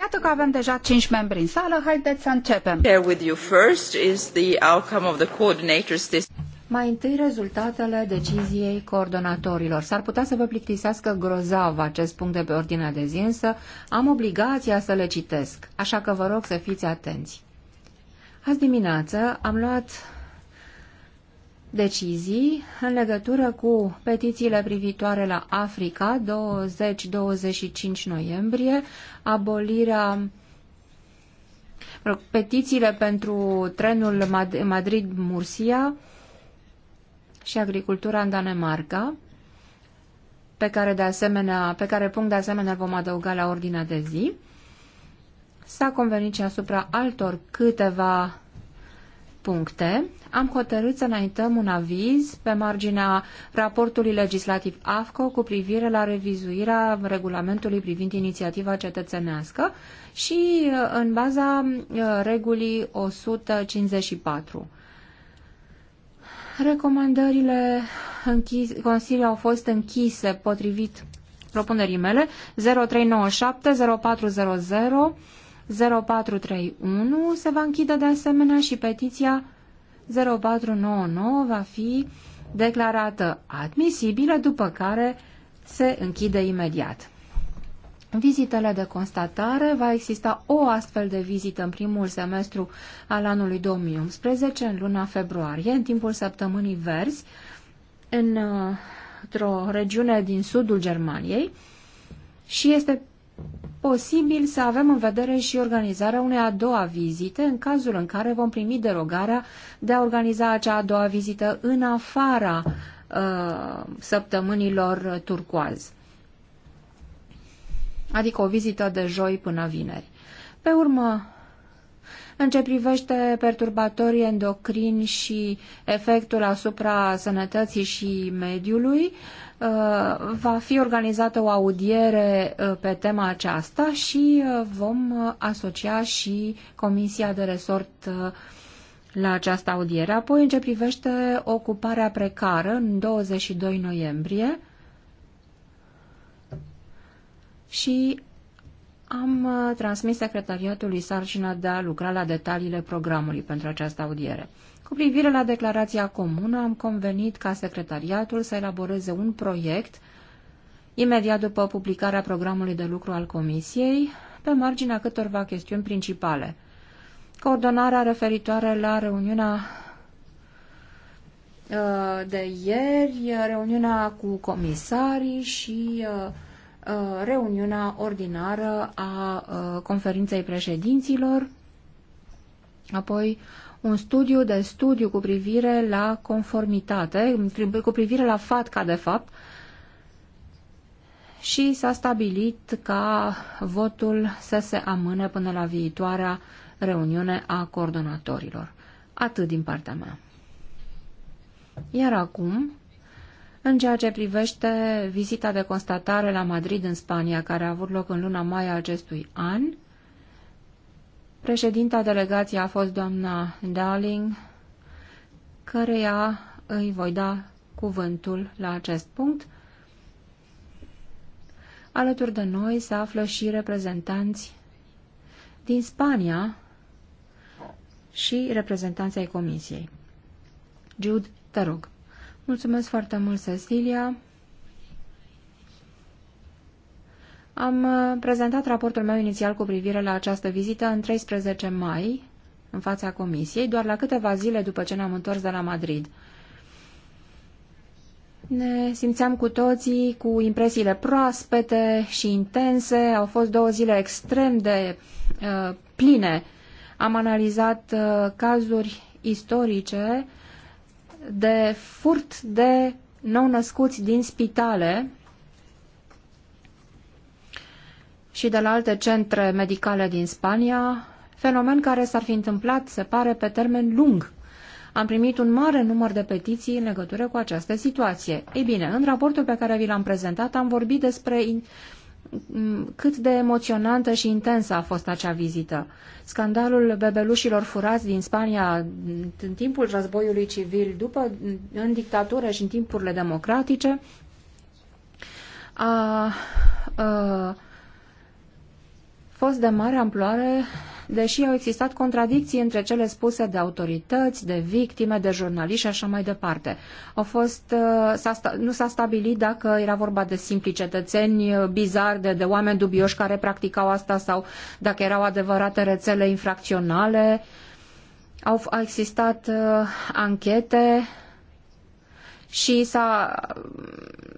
Iată că avem deja cinci membri în sală, haideți să începem. mai întâi rezultatele deciziei coordonatorilor. S-ar putea să vă plictisească grozav acest punct de pe ordinea de zi, însă am obligația să le citesc, așa că vă rog să fiți atenți. Azi dimineață am luat decizii în legătură cu petițiile privitoare la Africa 20-25 noiembrie, abolirea petițiile pentru trenul Madrid-Mursia și agricultura în Danemarca, pe care, de asemenea, pe care punct de asemenea vom adăuga la ordinea de zi. S-a convenit și asupra altor câteva puncte, am hotărât să înaintăm un aviz pe marginea raportului legislativ AFCO cu privire la revizuirea regulamentului privind inițiativa cetățenească și uh, în baza uh, regulii 154. Recomandările Consiliului au fost închise potrivit propunerii mele 0397 0400 0431 se va închide de asemenea și petiția 0499 va fi declarată admisibilă, după care se închide imediat. Vizitele de constatare va exista o astfel de vizită în primul semestru al anului 2011, în luna februarie, în timpul săptămânii verzi, uh, într-o regiune din sudul Germaniei și este posibil să avem în vedere și organizarea unei a doua vizite în cazul în care vom primi derogarea de a organiza acea a doua vizită în afara uh, săptămânilor turcoaz. Adică o vizită de joi până vineri. Pe urmă, în ce privește perturbatorii endocrini și efectul asupra sănătății și mediului, uh, Uh, va fi organizată o audiere uh, pe tema aceasta și uh, vom asocia și Comisia de Resort la această audiere. Apoi, în ce privește ocuparea precară, în 22 noiembrie, și am transmis secretariatului sarcina de a lucra la detaliile programului pentru această audiere. Cu privire la declarația comună, am convenit ca secretariatul să elaboreze un proiect imediat după publicarea programului de lucru al Comisiei, pe marginea câtorva chestiuni principale. Coordonarea referitoare la reuniunea uh, de ieri, reuniunea cu comisarii și uh, uh, reuniunea ordinară a conferinței președinților, apoi un studiu de studiu cu privire la conformitate, cu privire la FATCA, de fapt, și s-a stabilit ca votul să se amâne până la viitoarea reuniune a coordonatorilor. Atât din partea mea. Iar acum, în ceea ce privește vizita de constatare la Madrid în Spania, care a avut loc în luna mai a acestui an, Președinta delegației a fost doamna Darling, căreia îi voi da cuvântul la acest punct. Alături de noi se află și reprezentanți din Spania și reprezentanții ai Comisiei. Jude, te rog. Mulțumesc foarte mult, Cecilia. Am uh, prezentat raportul meu inițial cu privire la această vizită în 13 mai, în fața comisiei, doar la câteva zile după ce ne-am întors de la Madrid. Ne simțeam cu toții cu impresiile proaspete și intense. Au fost două zile extrem de uh, pline. Am analizat uh, cazuri istorice de furt de nou-născuți din spitale, și de la alte centre medicale din Spania, fenomen care s-ar fi întâmplat, se pare, pe termen lung. Am primit un mare număr de petiții în legătură cu această situație. Ei bine, în raportul pe care vi l-am prezentat am vorbit despre cât de emoționantă și intensă a fost acea vizită. Scandalul bebelușilor furați din Spania în timpul războiului civil, după, în dictatură și în timpurile democratice, a, a fost de mare amploare, deși au existat contradicții între cele spuse de autorități, de victime, de jurnaliști și așa mai departe. Au fost, uh, -a, nu s-a stabilit dacă era vorba de simpli cetățeni uh, bizari, de, de oameni dubioși care practicau asta sau dacă erau adevărate rețele infracționale. Au, au existat uh, anchete și s-a,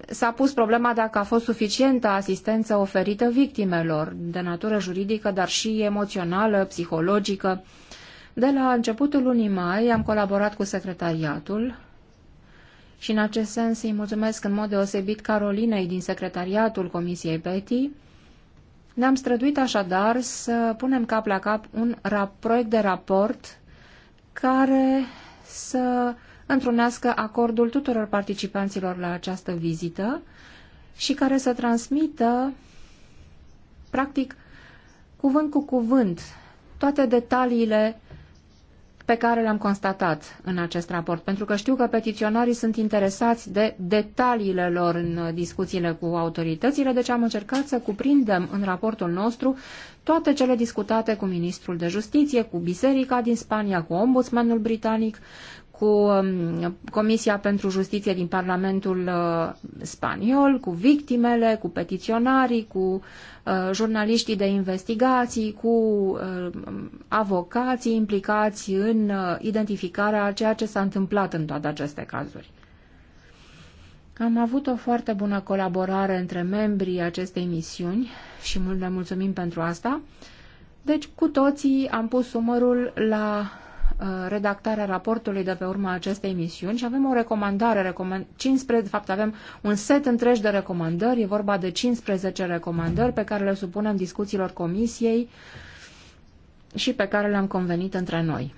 s-a pus problema dacă a fost suficientă asistență oferită victimelor, de natură juridică, dar și emoțională, psihologică. De la începutul lunii mai am colaborat cu secretariatul și în acest sens îi mulțumesc în mod deosebit Carolinei din secretariatul Comisiei PETI. Ne-am străduit așadar să punem cap la cap un proiect de raport care să întrunească acordul tuturor participanților la această vizită și care să transmită, practic, cuvânt cu cuvânt, toate detaliile pe care le-am constatat în acest raport, pentru că știu că petiționarii sunt interesați de detaliile lor în discuțiile cu autoritățile, deci am încercat să cuprindem în raportul nostru toate cele discutate cu Ministrul de Justiție, cu Biserica din Spania, cu Ombudsmanul Britanic, cu um, Comisia pentru Justiție din Parlamentul uh, Spaniol, cu victimele, cu petiționarii, cu uh, jurnaliștii de investigații, cu uh, avocații implicați în identificarea a ceea ce s-a întâmplat în toate aceste cazuri. Am avut o foarte bună colaborare între membrii acestei misiuni și mult le mulțumim pentru asta. Deci, cu toții am pus umărul la Uh, redactarea raportului de pe urma acestei misiuni și avem o recomandare, recomand, 15, de fapt avem un set întreg de recomandări, e vorba de 15 recomandări pe care le supunem discuțiilor comisiei și pe care le-am convenit între noi.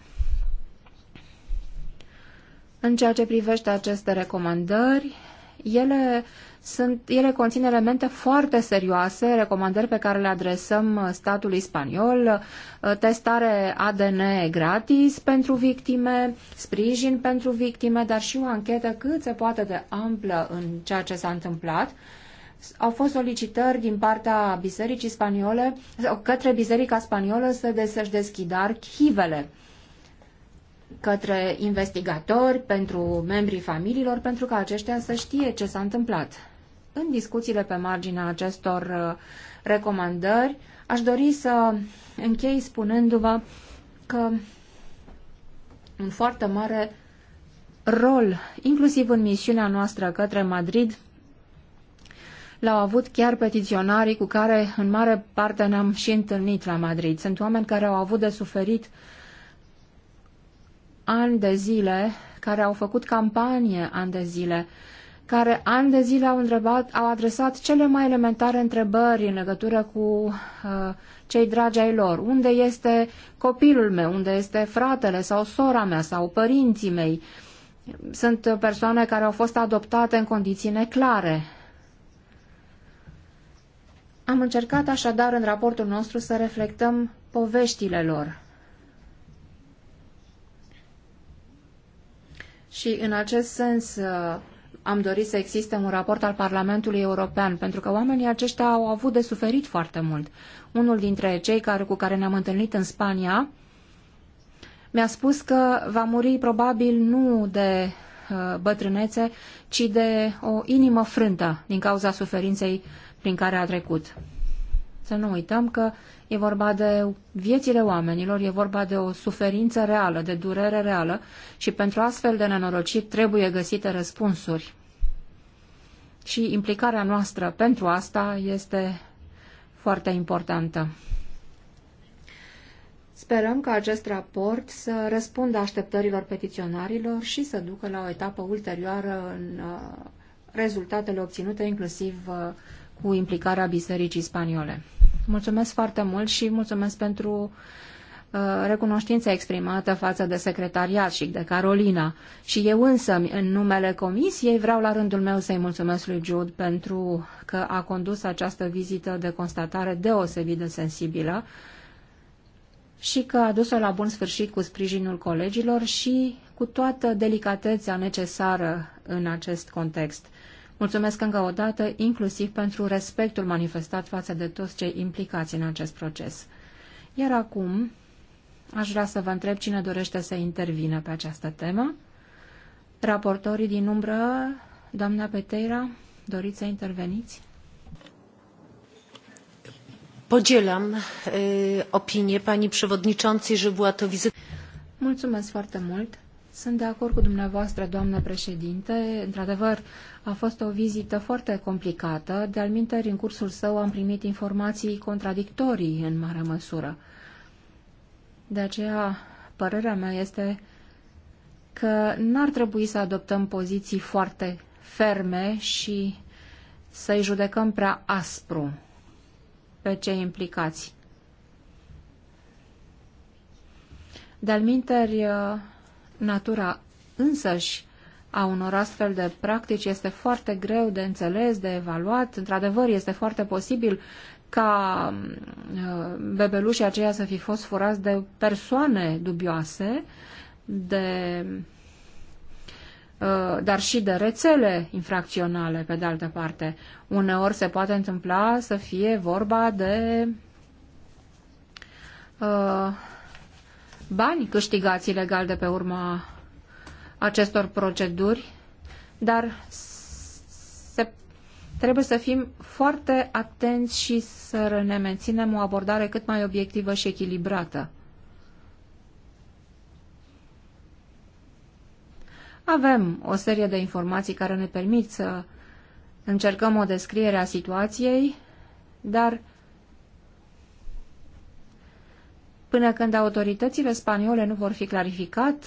În ceea ce privește aceste recomandări, ele sunt, ele conțin elemente foarte serioase, recomandări pe care le adresăm uh, statului spaniol, uh, testare ADN gratis pentru victime, sprijin pentru victime, dar și o anchetă cât se poate de amplă în ceea ce s-a întâmplat au fost solicitări din partea Bisericii Spaniole, către Biserica Spaniolă să și deschidă arhivele către investigatori, pentru membrii familiilor, pentru ca aceștia să știe ce s-a întâmplat. În discuțiile pe marginea acestor uh, recomandări, aș dori să închei spunându-vă că un foarte mare rol, inclusiv în misiunea noastră către Madrid, l-au avut chiar petiționarii cu care în mare parte ne-am și întâlnit la Madrid. Sunt oameni care au avut de suferit ani de zile, care au făcut campanie ani de zile, care ani de zile au, întrebat, au adresat cele mai elementare întrebări în legătură cu uh, cei dragi ai lor. Unde este copilul meu? Unde este fratele sau sora mea sau părinții mei? Sunt persoane care au fost adoptate în condiții neclare. Am încercat așadar în raportul nostru să reflectăm poveștile lor. Și în acest sens uh, am dorit să existe un raport al Parlamentului European, pentru că oamenii aceștia au avut de suferit foarte mult. Unul dintre cei care, cu care ne-am întâlnit în Spania mi-a spus că va muri probabil nu de uh, bătrânețe, ci de o inimă frântă din cauza suferinței prin care a trecut. Să nu uităm că E vorba de viețile oamenilor, e vorba de o suferință reală, de durere reală și pentru astfel de nenorociri trebuie găsite răspunsuri. Și implicarea noastră pentru asta este foarte importantă. Sperăm că acest raport să răspundă așteptărilor petiționarilor și să ducă la o etapă ulterioară în uh, rezultatele obținute, inclusiv uh, cu implicarea Bisericii Spaniole. Mulțumesc foarte mult și mulțumesc pentru uh, recunoștința exprimată față de secretariat și de Carolina. Și eu însă, în numele comisiei, vreau la rândul meu să-i mulțumesc lui Jude pentru că a condus această vizită de constatare deosebit de sensibilă și că a dus-o la bun sfârșit cu sprijinul colegilor și cu toată delicatețea necesară în acest context. Mulțumesc încă o dată, inclusiv pentru respectul manifestat față de toți cei implicați în acest proces. Iar acum aș vrea să vă întreb cine dorește să intervină pe această temă. Raportorii din umbră, doamna Peteira, doriți să interveniți? Podzielam opinie pani przewodniczącej, że była to wizyta. Mulțumesc foarte mult. Sunt de acord cu dumneavoastră, doamnă președinte. Într-adevăr, a fost o vizită foarte complicată. De-al în cursul său am primit informații contradictorii în mare măsură. De aceea, părerea mea este că n-ar trebui să adoptăm poziții foarte ferme și să-i judecăm prea aspru pe cei implicați. De-al natura însăși a unor astfel de practici este foarte greu de înțeles, de evaluat. Într-adevăr, este foarte posibil ca uh, bebelușii aceia să fi fost furați de persoane dubioase, de, uh, dar și de rețele infracționale, pe de altă parte. Uneori se poate întâmpla să fie vorba de uh, bani câștigați ilegal de pe urma acestor proceduri, dar se, trebuie să fim foarte atenți și să ne menținem o abordare cât mai obiectivă și echilibrată. Avem o serie de informații care ne permit să încercăm o descriere a situației, dar Până când autoritățile spaniole nu vor fi clarificat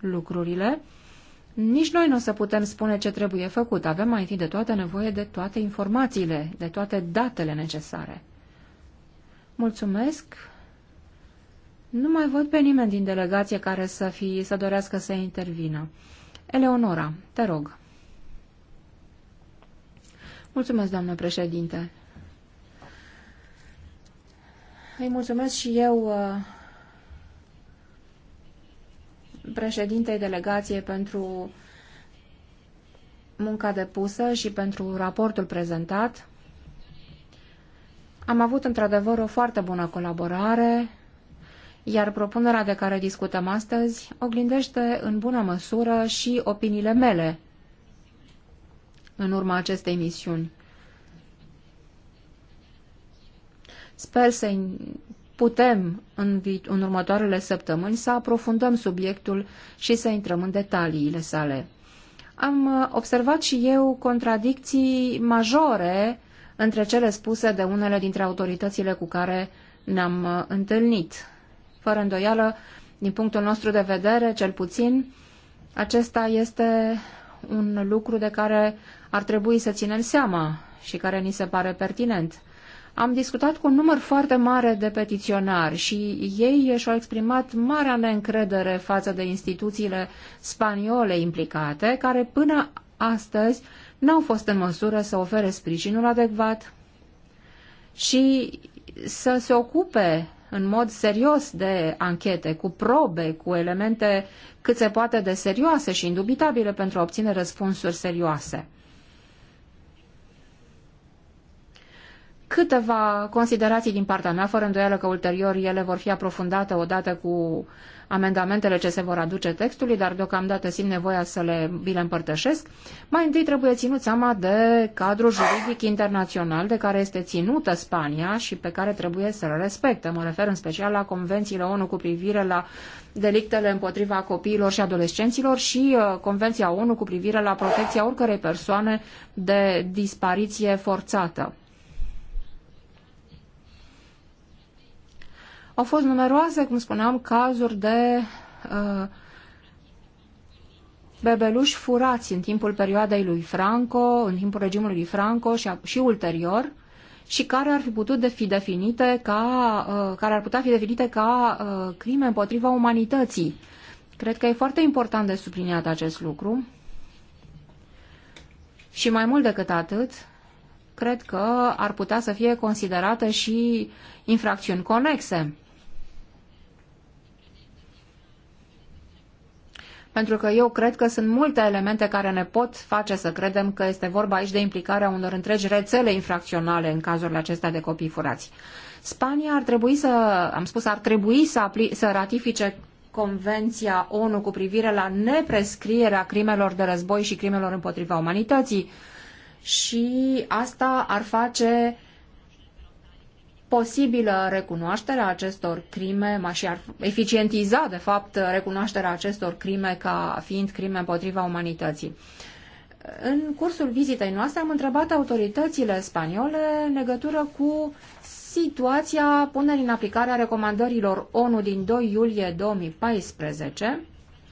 lucrurile, nici noi nu o să putem spune ce trebuie făcut. Avem mai întâi de toate nevoie de toate informațiile, de toate datele necesare. Mulțumesc! Nu mai văd pe nimeni din delegație care să, fi, să dorească să intervină. Eleonora, te rog. Mulțumesc, doamnă președinte. Îi mulțumesc și eu uh, președintei delegației pentru munca depusă și pentru raportul prezentat. Am avut într-adevăr o foarte bună colaborare, iar propunerea de care discutăm astăzi oglindește în bună măsură și opiniile mele în urma acestei misiuni. Sper să putem în, în următoarele săptămâni să aprofundăm subiectul și să intrăm în detaliile sale. Am uh, observat și eu contradicții majore între cele spuse de unele dintre autoritățile cu care ne-am uh, întâlnit. Fără îndoială, din punctul nostru de vedere, cel puțin, acesta este un lucru de care ar trebui să ținem seama și care ni se pare pertinent. Am discutat cu un număr foarte mare de petiționari și ei și-au exprimat marea neîncredere față de instituțiile spaniole implicate, care până astăzi n-au fost în măsură să ofere sprijinul adecvat și să se ocupe în mod serios de anchete, cu probe, cu elemente cât se poate de serioase și indubitabile pentru a obține răspunsuri serioase. câteva considerații din partea mea, fără îndoială că ulterior ele vor fi aprofundate odată cu amendamentele ce se vor aduce textului, dar deocamdată simt nevoia să le vi le împărtășesc. Mai întâi trebuie ținut seama de cadrul juridic internațional de care este ținută Spania și pe care trebuie să-l respecte. Mă refer în special la convențiile ONU cu privire la delictele împotriva copiilor și adolescenților și uh, Convenția ONU cu privire la protecția oricărei persoane de dispariție forțată. Au fost numeroase, cum spuneam, cazuri de uh, bebeluși furați în timpul perioadei lui Franco, în timpul regimului lui Franco și, și ulterior, și care ar fi putut de fi definite ca, uh, care ar putea fi definite ca uh, crime împotriva umanității. Cred că e foarte important de subliniat acest lucru. Și mai mult decât atât, cred că ar putea să fie considerate și infracțiuni conexe. pentru că eu cred că sunt multe elemente care ne pot face să credem că este vorba aici de implicarea unor întregi rețele infracționale în cazurile acestea de copii furați. Spania ar trebui să, am spus, ar trebui să, apli, să ratifice Convenția ONU cu privire la neprescrierea crimelor de război și crimelor împotriva umanității. Și asta ar face posibilă recunoașterea acestor crime și ar eficientiza, de fapt, recunoașterea acestor crime ca fiind crime împotriva umanității. În cursul vizitei noastre am întrebat autoritățile spaniole în legătură cu situația punerii în aplicare a recomandărilor ONU din 2 iulie 2014,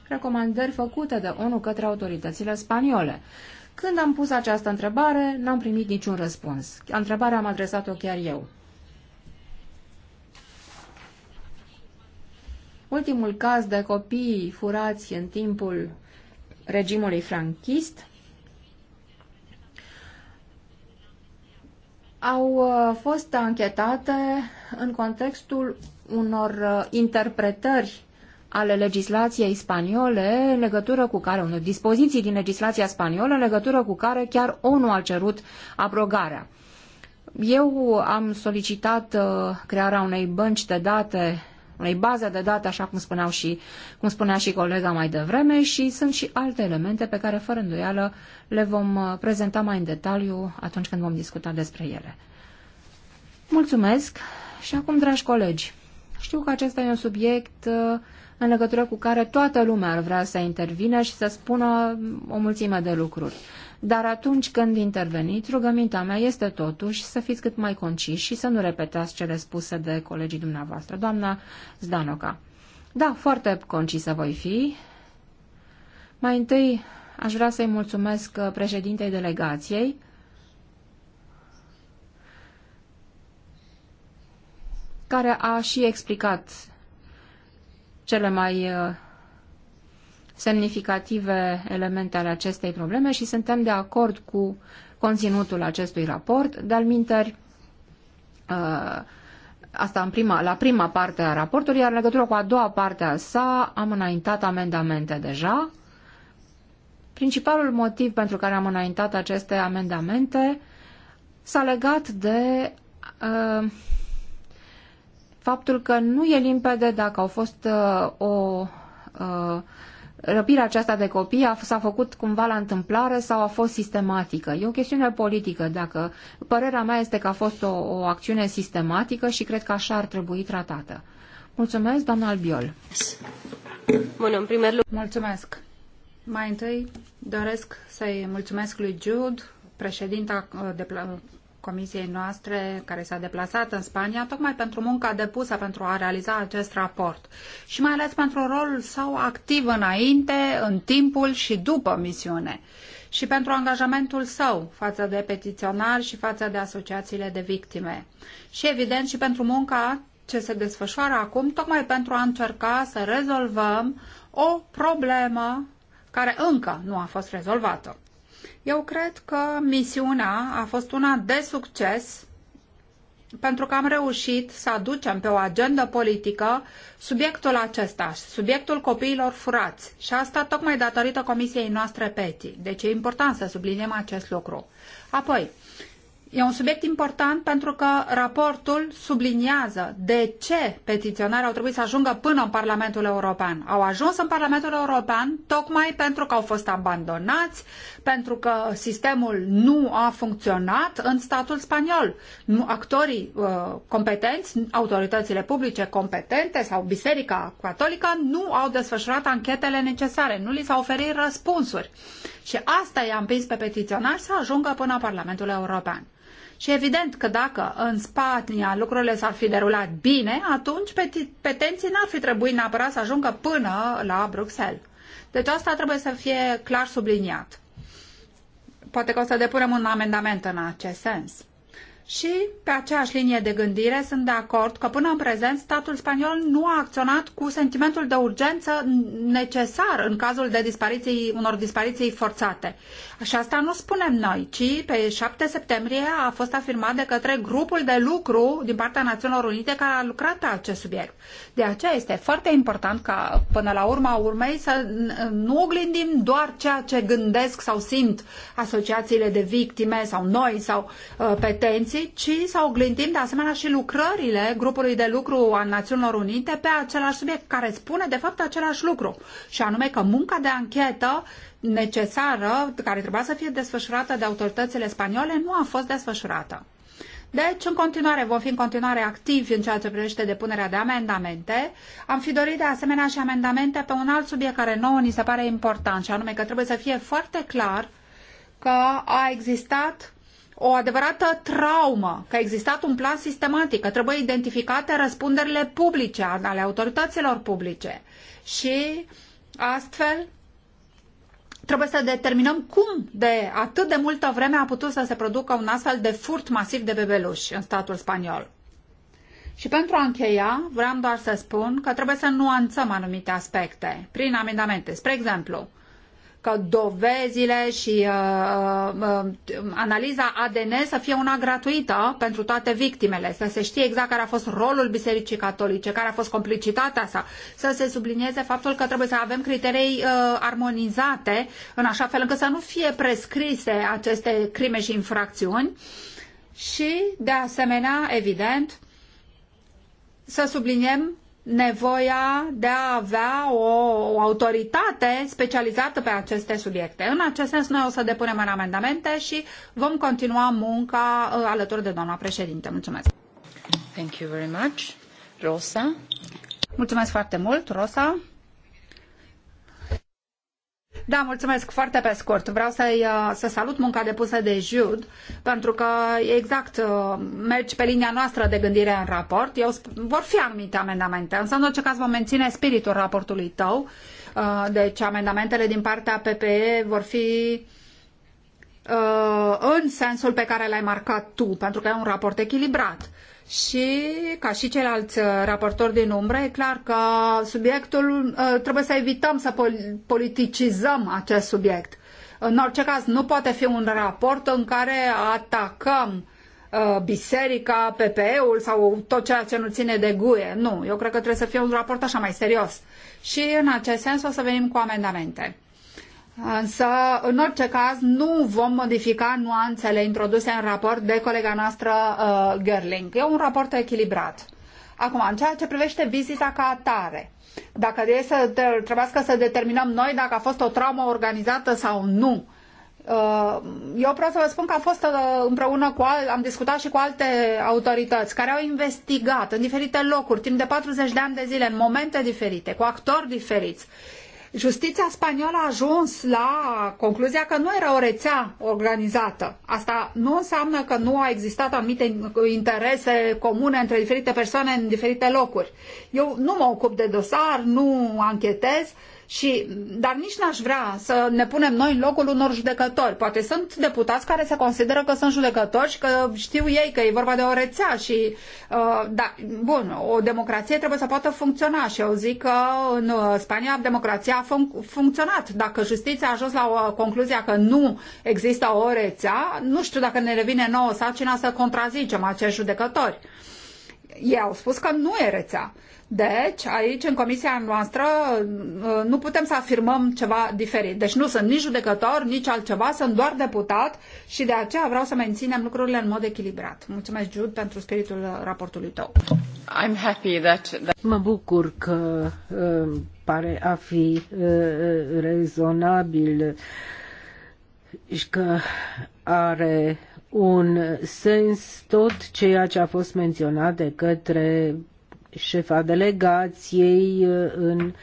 recomandări făcute de ONU către autoritățile spaniole. Când am pus această întrebare, n-am primit niciun răspuns. Întrebarea am adresat-o chiar eu. Ultimul caz de copii furați în timpul regimului franchist au uh, fost anchetate în contextul unor uh, interpretări ale legislației spaniole în legătură cu care, unor dispoziții din legislația spaniolă în legătură cu care chiar ONU a cerut abrogarea. Eu am solicitat uh, crearea unei bănci de date unei baze de date, așa cum, spuneau și, cum spunea și colega mai devreme, și sunt și alte elemente pe care, fără îndoială, le vom uh, prezenta mai în detaliu atunci când vom discuta despre ele. Mulțumesc și acum, dragi colegi, știu că acesta e un subiect uh, în legătură cu care toată lumea ar vrea să intervină și să spună um, o mulțime de lucruri dar atunci când interveniți, rugămintea mea este totuși să fiți cât mai conciși și să nu repetați cele spuse de colegii dumneavoastră. Doamna Zdanoca. Da, foarte concisă voi fi. Mai întâi aș vrea să-i mulțumesc uh, președintei delegației, care a și explicat cele mai uh, semnificative elemente ale acestei probleme și suntem de acord cu conținutul acestui raport. Dar minteri, uh, asta în prima, la prima parte a raportului, iar în legătură cu a doua parte a sa am înaintat amendamente deja. Principalul motiv pentru care am înaintat aceste amendamente s-a legat de uh, faptul că nu e limpede dacă au fost uh, o uh, Răpirea aceasta de copii s-a făcut cumva la întâmplare sau a fost sistematică? E o chestiune politică. Dacă părerea mea este că a fost o, o acțiune sistematică și cred că așa ar trebui tratată. Mulțumesc, doamna Albiol. Bună, în primer Mulțumesc. Mai întâi doresc să-i mulțumesc lui Jude, președinta uh, comisiei noastre care s-a deplasat în Spania, tocmai pentru munca depusă pentru a realiza acest raport și mai ales pentru rolul său activ înainte, în timpul și după misiune și pentru angajamentul său față de petiționari și față de asociațiile de victime. Și evident și pentru munca ce se desfășoară acum, tocmai pentru a încerca să rezolvăm o problemă care încă nu a fost rezolvată. Eu cred că misiunea a fost una de succes pentru că am reușit să aducem pe o agendă politică subiectul acesta, subiectul copiilor furați. Și asta tocmai datorită Comisiei noastre PETI. Deci e important să subliniem acest lucru. Apoi, e un subiect important pentru că raportul subliniază de ce petiționarii au trebuit să ajungă până în Parlamentul European. Au ajuns în Parlamentul European tocmai pentru că au fost abandonați, pentru că sistemul nu a funcționat în statul spaniol. Nu, actorii uh, competenți, autoritățile publice competente sau Biserica Catolică nu au desfășurat anchetele necesare, nu li s-au oferit răspunsuri. Și asta i-a împins pe petiționari să ajungă până la Parlamentul European. Și evident că dacă în Spania lucrurile s-ar fi derulat bine, atunci petenții n-ar fi trebuit neapărat să ajungă până la Bruxelles. Deci asta trebuie să fie clar subliniat. Poate că o să depunem un amendament în acest sens. Și pe aceeași linie de gândire sunt de acord că până în prezent statul spaniol nu a acționat cu sentimentul de urgență necesar în cazul de dispariții, unor dispariții forțate. Și asta nu spunem noi, ci pe 7 septembrie a fost afirmat de către grupul de lucru din partea Națiunilor Unite care a lucrat pe acest subiect. De aceea este foarte important ca până la urma urmei să nu oglindim doar ceea ce gândesc sau simt asociațiile de victime sau noi sau uh, petenții, Comisiei, ci să oglindim de asemenea și lucrările grupului de lucru al Națiunilor Unite pe același subiect, care spune de fapt același lucru, și anume că munca de anchetă necesară, care trebuia să fie desfășurată de autoritățile spaniole, nu a fost desfășurată. Deci, în continuare, vom fi în continuare activi în ceea ce privește depunerea de amendamente. Am fi dorit de asemenea și amendamente pe un alt subiect care nouă ni se pare important, și anume că trebuie să fie foarte clar că a existat o adevărată traumă, că a existat un plan sistematic, că trebuie identificate răspunderile publice ale autorităților publice și astfel trebuie să determinăm cum de atât de multă vreme a putut să se producă un astfel de furt masiv de bebeluși în statul spaniol. Și pentru a încheia, vreau doar să spun că trebuie să nuanțăm anumite aspecte prin amendamente. Spre exemplu, că dovezile și uh, uh, analiza ADN să fie una gratuită pentru toate victimele, să se știe exact care a fost rolul Bisericii Catolice, care a fost complicitatea sa, să se sublinieze faptul că trebuie să avem criterii uh, armonizate în așa fel încât să nu fie prescrise aceste crime și infracțiuni și, de asemenea, evident, să subliniem nevoia de a avea o, o autoritate specializată pe aceste subiecte. În acest sens, noi o să depunem în amendamente și vom continua munca uh, alături de doamna președinte. Mulțumesc! Thank you very much. Rosa? Mulțumesc foarte mult, Rosa. Da, mulțumesc foarte pe scurt. Vreau să, uh, să salut munca depusă de Jude, pentru că exact uh, mergi pe linia noastră de gândire în raport. Eu vor fi anumite amendamente, însă în orice caz vom menține spiritul raportului tău. Uh, deci amendamentele din partea PPE vor fi în sensul pe care l-ai marcat tu, pentru că e un raport echilibrat și, ca și ceilalți uh, raportori din umbră, e clar că subiectul uh, trebuie să evităm să politicizăm acest subiect. În orice caz, nu poate fi un raport în care atacăm uh, biserica, PPE-ul sau tot ceea ce nu ține de guie. Nu, eu cred că trebuie să fie un raport așa mai serios. Și în acest sens o să venim cu amendamente. Însă, în orice caz, nu vom modifica nuanțele introduse în raport de colega noastră uh, Gerling. E un raport echilibrat. Acum, în ceea ce privește vizita ca atare, dacă e să trebuiască să determinăm noi dacă a fost o traumă organizată sau nu, uh, eu vreau să vă spun că a fost uh, împreună cu al, am discutat și cu alte autorități care au investigat în diferite locuri timp de 40 de ani de zile, în momente diferite, cu actori diferiți Justiția spaniolă a ajuns la concluzia că nu era o rețea organizată. Asta nu înseamnă că nu au existat anumite interese comune între diferite persoane în diferite locuri. Eu nu mă ocup de dosar, nu anchetez, uh, și, dar nici n-aș vrea să ne punem noi în locul unor judecători. Poate sunt deputați care se consideră că sunt judecători și că știu ei că e vorba de o rețea și, uh, da, bun, o democrație trebuie să poată funcționa și eu zic că în uh, Spania democrația a func- funcționat. Dacă justiția a ajuns la o uh, concluzia că nu există o rețea, nu știu dacă ne revine nouă sarcina să contrazicem acești judecători. Ei au spus că nu e rețea. Deci, aici, în comisia noastră, nu putem să afirmăm ceva diferit. Deci nu sunt nici judecător, nici altceva, sunt doar deputat și de aceea vreau să menținem lucrurile în mod echilibrat. Mulțumesc, Jude, pentru spiritul raportului tău. I'm happy that, that... Mă bucur că uh, pare a fi uh, uh rezonabil și că are un sens tot ceea ce a fost menționat de către șefa delegației uh, în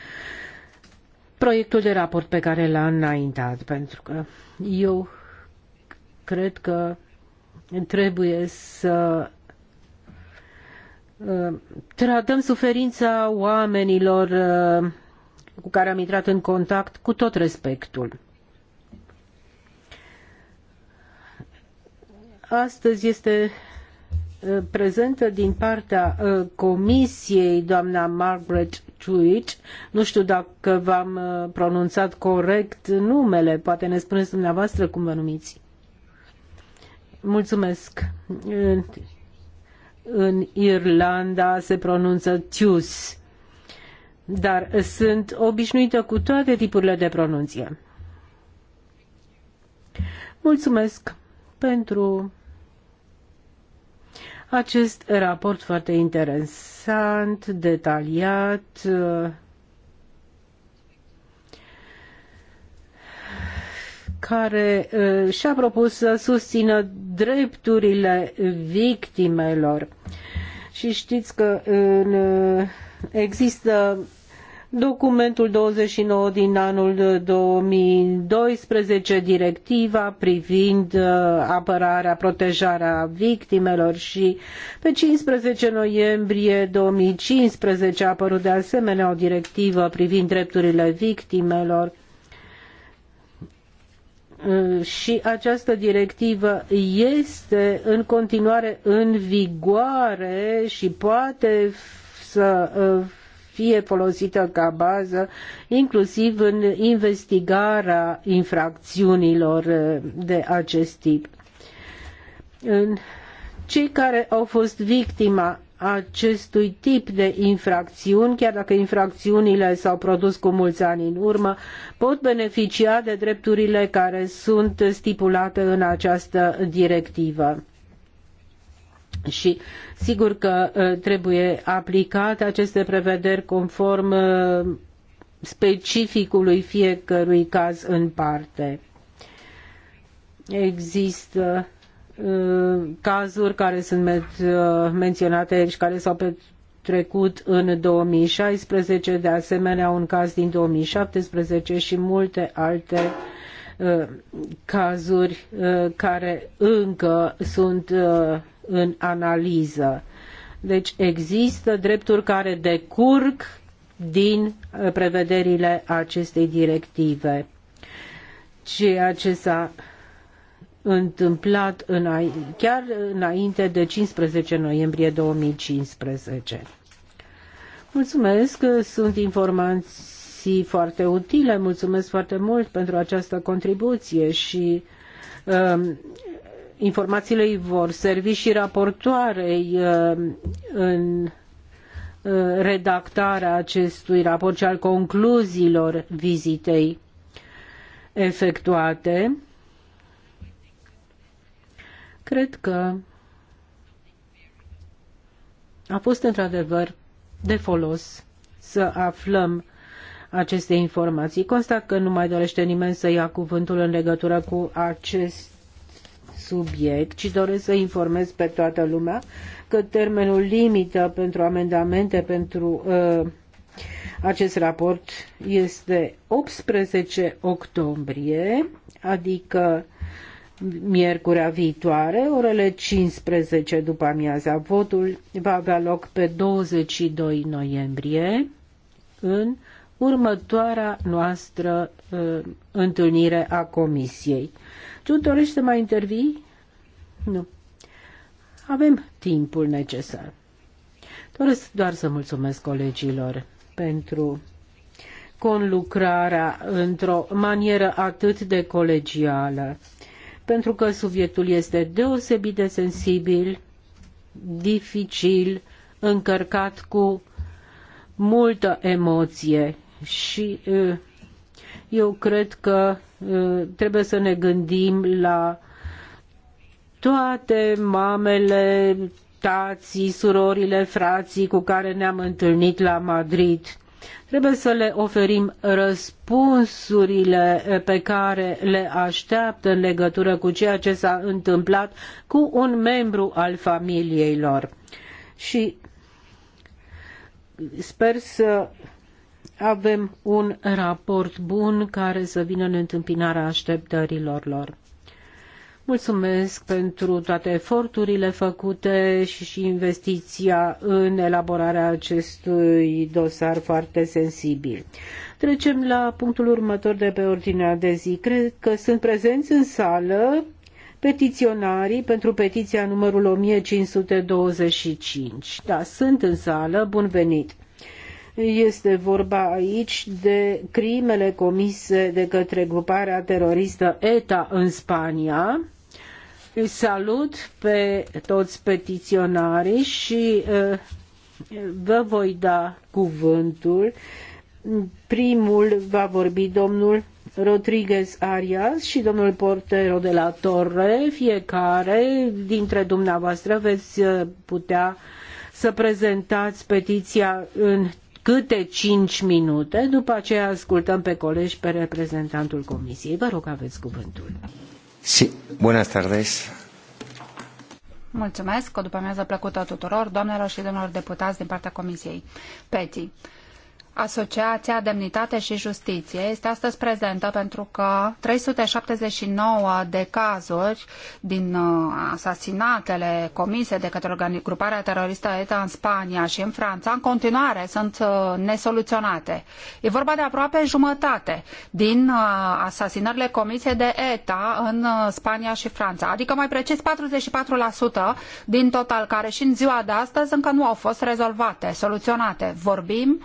proiectul de raport pe care l-a înaintat, pentru că eu cred că trebuie să uh, tratăm suferința oamenilor uh, cu care am intrat în contact cu tot respectul. Astăzi este prezentă din partea uh, comisiei doamna Margaret Chuich. Nu știu dacă v-am uh, pronunțat corect numele, poate ne spuneți dumneavoastră cum vă numiți. Mulțumesc. În Irlanda se pronunță Tius, dar sunt obișnuită cu toate tipurile de pronunție. Mulțumesc pentru acest raport foarte interesant, detaliat, care eh, și-a propus să susțină drepturile victimelor. Și știți că eh, există documentul 29 din anul 2012, directiva privind uh, apărarea, protejarea victimelor și pe 15 noiembrie 2015 a apărut de asemenea o directivă privind drepturile victimelor uh, și această directivă este în continuare în vigoare și poate să uh, fie folosită ca bază, inclusiv în investigarea infracțiunilor uh, de acest tip. Cei care au fost victima acestui tip de infracțiuni, chiar dacă infracțiunile s-au produs cu mulți ani în urmă, pot beneficia de drepturile care sunt stipulate în această directivă și sigur că uh, trebuie aplicate aceste prevederi conform uh, specificului fiecărui caz în parte. Există uh, cazuri care sunt menționate și care s-au trecut în 2016, de asemenea un caz din 2017 și multe alte cazuri care încă sunt în analiză. Deci există drepturi care decurg din uh, prevederile acestei directive. Ceea ce s-a întâmplat în, chiar înainte de 15 noiembrie 2015. Mulțumesc, sunt informații foarte utile, mulțumesc foarte mult pentru această contribuție și um, informațiile îi vor servi și raportoarei uh, în uh, redactarea acestui raport și al concluziilor vizitei efectuate. Cred că a fost într-adevăr de folos să aflăm aceste informații. Constat că nu mai dorește nimeni să ia cuvântul în legătură cu acest subiect, ci doresc să informez pe toată lumea că termenul limită pentru amendamente pentru uh, acest raport este 18 octombrie, adică miercurea viitoare, orele 15 după amiaza. Votul va avea loc pe 22 noiembrie în următoarea noastră uh, întâlnire a Comisiei. Tu dorești să mai intervii? Nu. Avem timpul necesar. Doresc doar să mulțumesc colegilor pentru conlucrarea într-o manieră atât de colegială, pentru că subiectul este deosebit de sensibil, dificil, încărcat cu multă emoție și uh, eu cred că uh, trebuie să ne gândim la toate mamele, tații, surorile, frații cu care ne-am întâlnit la Madrid. Trebuie să le oferim răspunsurile pe care le așteaptă în legătură cu ceea ce s-a întâmplat cu un membru al familiei lor. Și sper să avem un raport bun care să vină în întâmpinarea așteptărilor lor. Mulțumesc pentru toate eforturile făcute și investiția în elaborarea acestui dosar foarte sensibil. Trecem la punctul următor de pe ordinea de zi. Cred că sunt prezenți în sală petiționarii pentru petiția numărul 1525. Da, sunt în sală, bun venit. Este vorba aici de crimele comise de către gruparea teroristă ETA în Spania. Îi salut pe toți petiționarii și vă voi da cuvântul. Primul va vorbi domnul Rodriguez Arias și domnul Portero de la Torre, fiecare dintre dumneavoastră veți putea să prezentați petiția în câte 5 minute, după aceea ascultăm pe colegi, pe reprezentantul comisiei. Vă rog, aveți cuvântul. Sí, buenas tardes. Mulțumesc, o după amiază plăcută tuturor, doamnelor și domnilor deputați din partea Comisiei PETI. Asociația Demnitate și Justiție este astăzi prezentă pentru că 379 de cazuri din uh, asasinatele comise de către gruparea teroristă ETA în Spania și în Franța în continuare sunt uh, nesoluționate. E vorba de aproape jumătate din uh, asasinările comise de ETA în Spania și Franța, adică mai precis 44% din total care și în ziua de astăzi încă nu au fost rezolvate, soluționate. Vorbim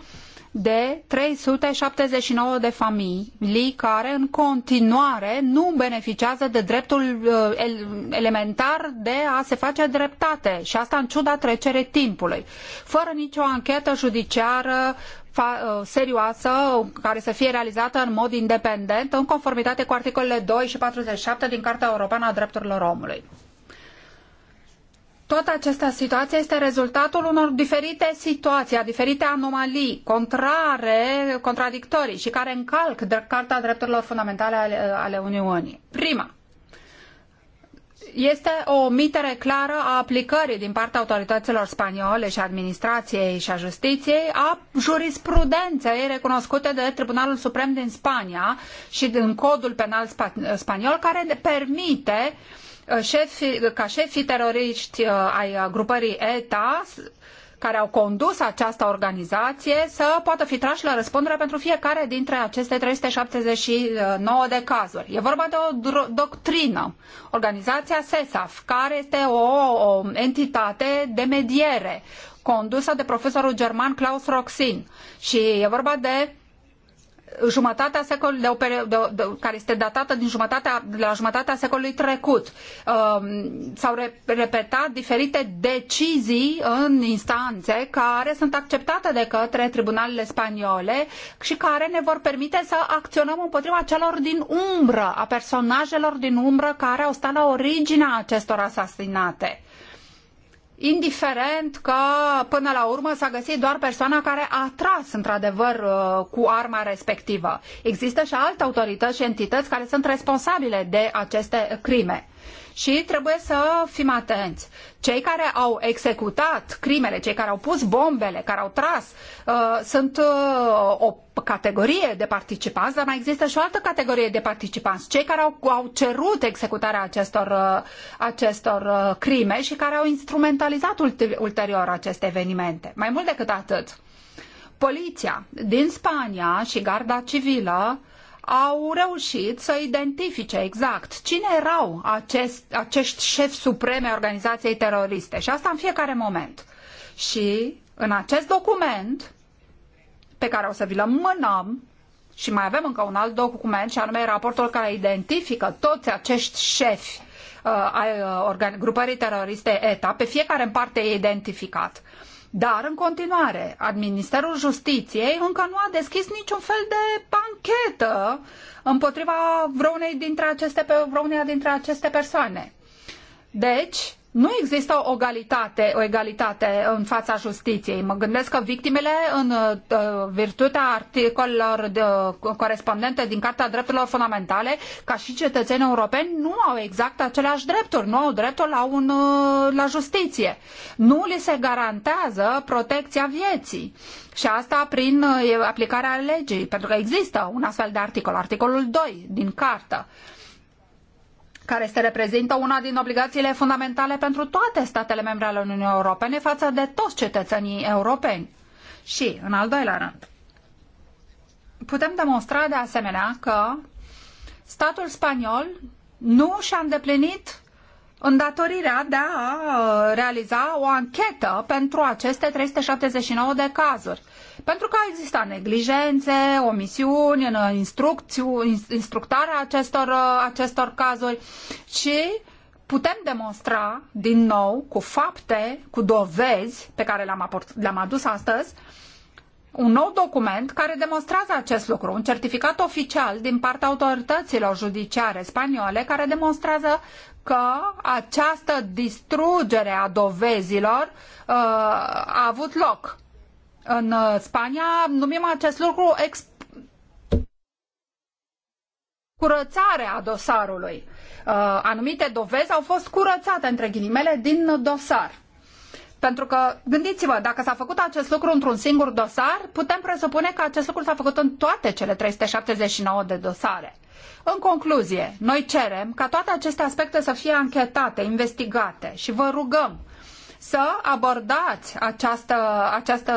de 379 de familii care în continuare nu beneficiază de dreptul uh, elementar de a se face dreptate și asta în ciuda trecerii timpului, fără nicio anchetă judiciară uh, serioasă care să fie realizată în mod independent în conformitate cu articolele 2 și 47 din Carta Europeană a Drepturilor Omului toată această situație este rezultatul unor diferite situații, a diferite anomalii, contrare, contradictorii și care încalc Carta Drepturilor Fundamentale ale, ale Uniunii. Prima, este o omitere clară a aplicării din partea autorităților spaniole și administrației și a justiției a jurisprudenței recunoscute de Tribunalul Suprem din Spania și din codul penal spaniol care permite uh, Uh, șefii, ca șefii teroriști uh, ai uh, grupării ETA care au condus această organizație să poată fi trași la răspundere pentru fiecare dintre aceste 379 de cazuri. E vorba de o doctrină. Organizația SESAF, care este o, o entitate de mediere condusă de profesorul german Klaus Roxin. Și e vorba de jumătatea secolului, de o de, de, care este datată din jumătatea, de la jumătatea secolului trecut. Uh, s-au re, repetat diferite decizii în instanțe care sunt acceptate de către tribunalele spaniole și care ne vor permite să acționăm împotriva celor din umbră, a personajelor din umbră care au stat la originea acestor asasinate indiferent că până la urmă s-a găsit doar persoana care a tras într-adevăr uh, cu arma respectivă. Există și alte autorități și entități care sunt responsabile de aceste crime și trebuie să fim atenți. Cei care au executat crimele, cei care au pus bombele, care au tras, uh, sunt uh, o categorie de participanți, dar mai există și o altă categorie de participanți, cei care au, au cerut executarea acestor, uh, acestor uh, crime și care au instrumentalizat ulterior aceste evenimente. Mai mult decât atât, poliția din Spania și garda civilă au reușit să identifice exact cine erau acest, acești șefi supreme ai organizației teroriste și asta în fiecare moment. Și în acest document pe care o să vi-l mânăm și mai avem încă un alt document și anume raportul care identifică toți acești șefi uh, ai uh, grupării teroriste ETA, pe fiecare în parte e identificat. Dar, în continuare, Ministerul Justiției încă nu a deschis niciun fel de panchetă împotriva vreunei dintre aceste, vreunea dintre aceste persoane. Deci, nu există o egalitate, o egalitate în fața justiției. Mă gândesc că victimele, în uh, virtutea articolelor de, uh, corespondente din Carta Drepturilor Fundamentale, ca și cetățenii europeni, nu au exact aceleași drepturi, nu au dreptul la, un, uh, la justiție. Nu li se garantează protecția vieții. Și asta prin aplicarea legii, pentru că există un astfel de articol, articolul 2 din Carta. Uh, care se reprezintă una din obligațiile fundamentale pentru toate statele membre ale Uniunii Europene față de toți cetățenii europeni. Și, în al doilea rând, putem demonstra de asemenea că statul spaniol nu și-a îndeplinit îndatorirea de a uh, realiza o anchetă pentru aceste 379 de cazuri. Pentru că au existat neglijențe, omisiuni în uh, instructarea acestor, uh, acestor cazuri și putem demonstra din nou cu fapte, cu dovezi pe care le-am, le adus astăzi, un nou document care demonstrează acest lucru, un certificat oficial din partea autorităților judiciare spaniole care demonstrează că această distrugere a dovezilor uh, a avut loc în uh, Spania numim acest lucru ex- curățarea dosarului. Uh, anumite dovezi au fost curățate, între ghilimele, din dosar. Pentru că, gândiți-vă, dacă s-a făcut acest lucru într-un singur dosar, putem presupune că acest lucru s-a făcut în toate cele 379 de dosare. În concluzie, noi cerem ca toate aceste aspecte să fie anchetate, investigate și vă rugăm să abordați această, această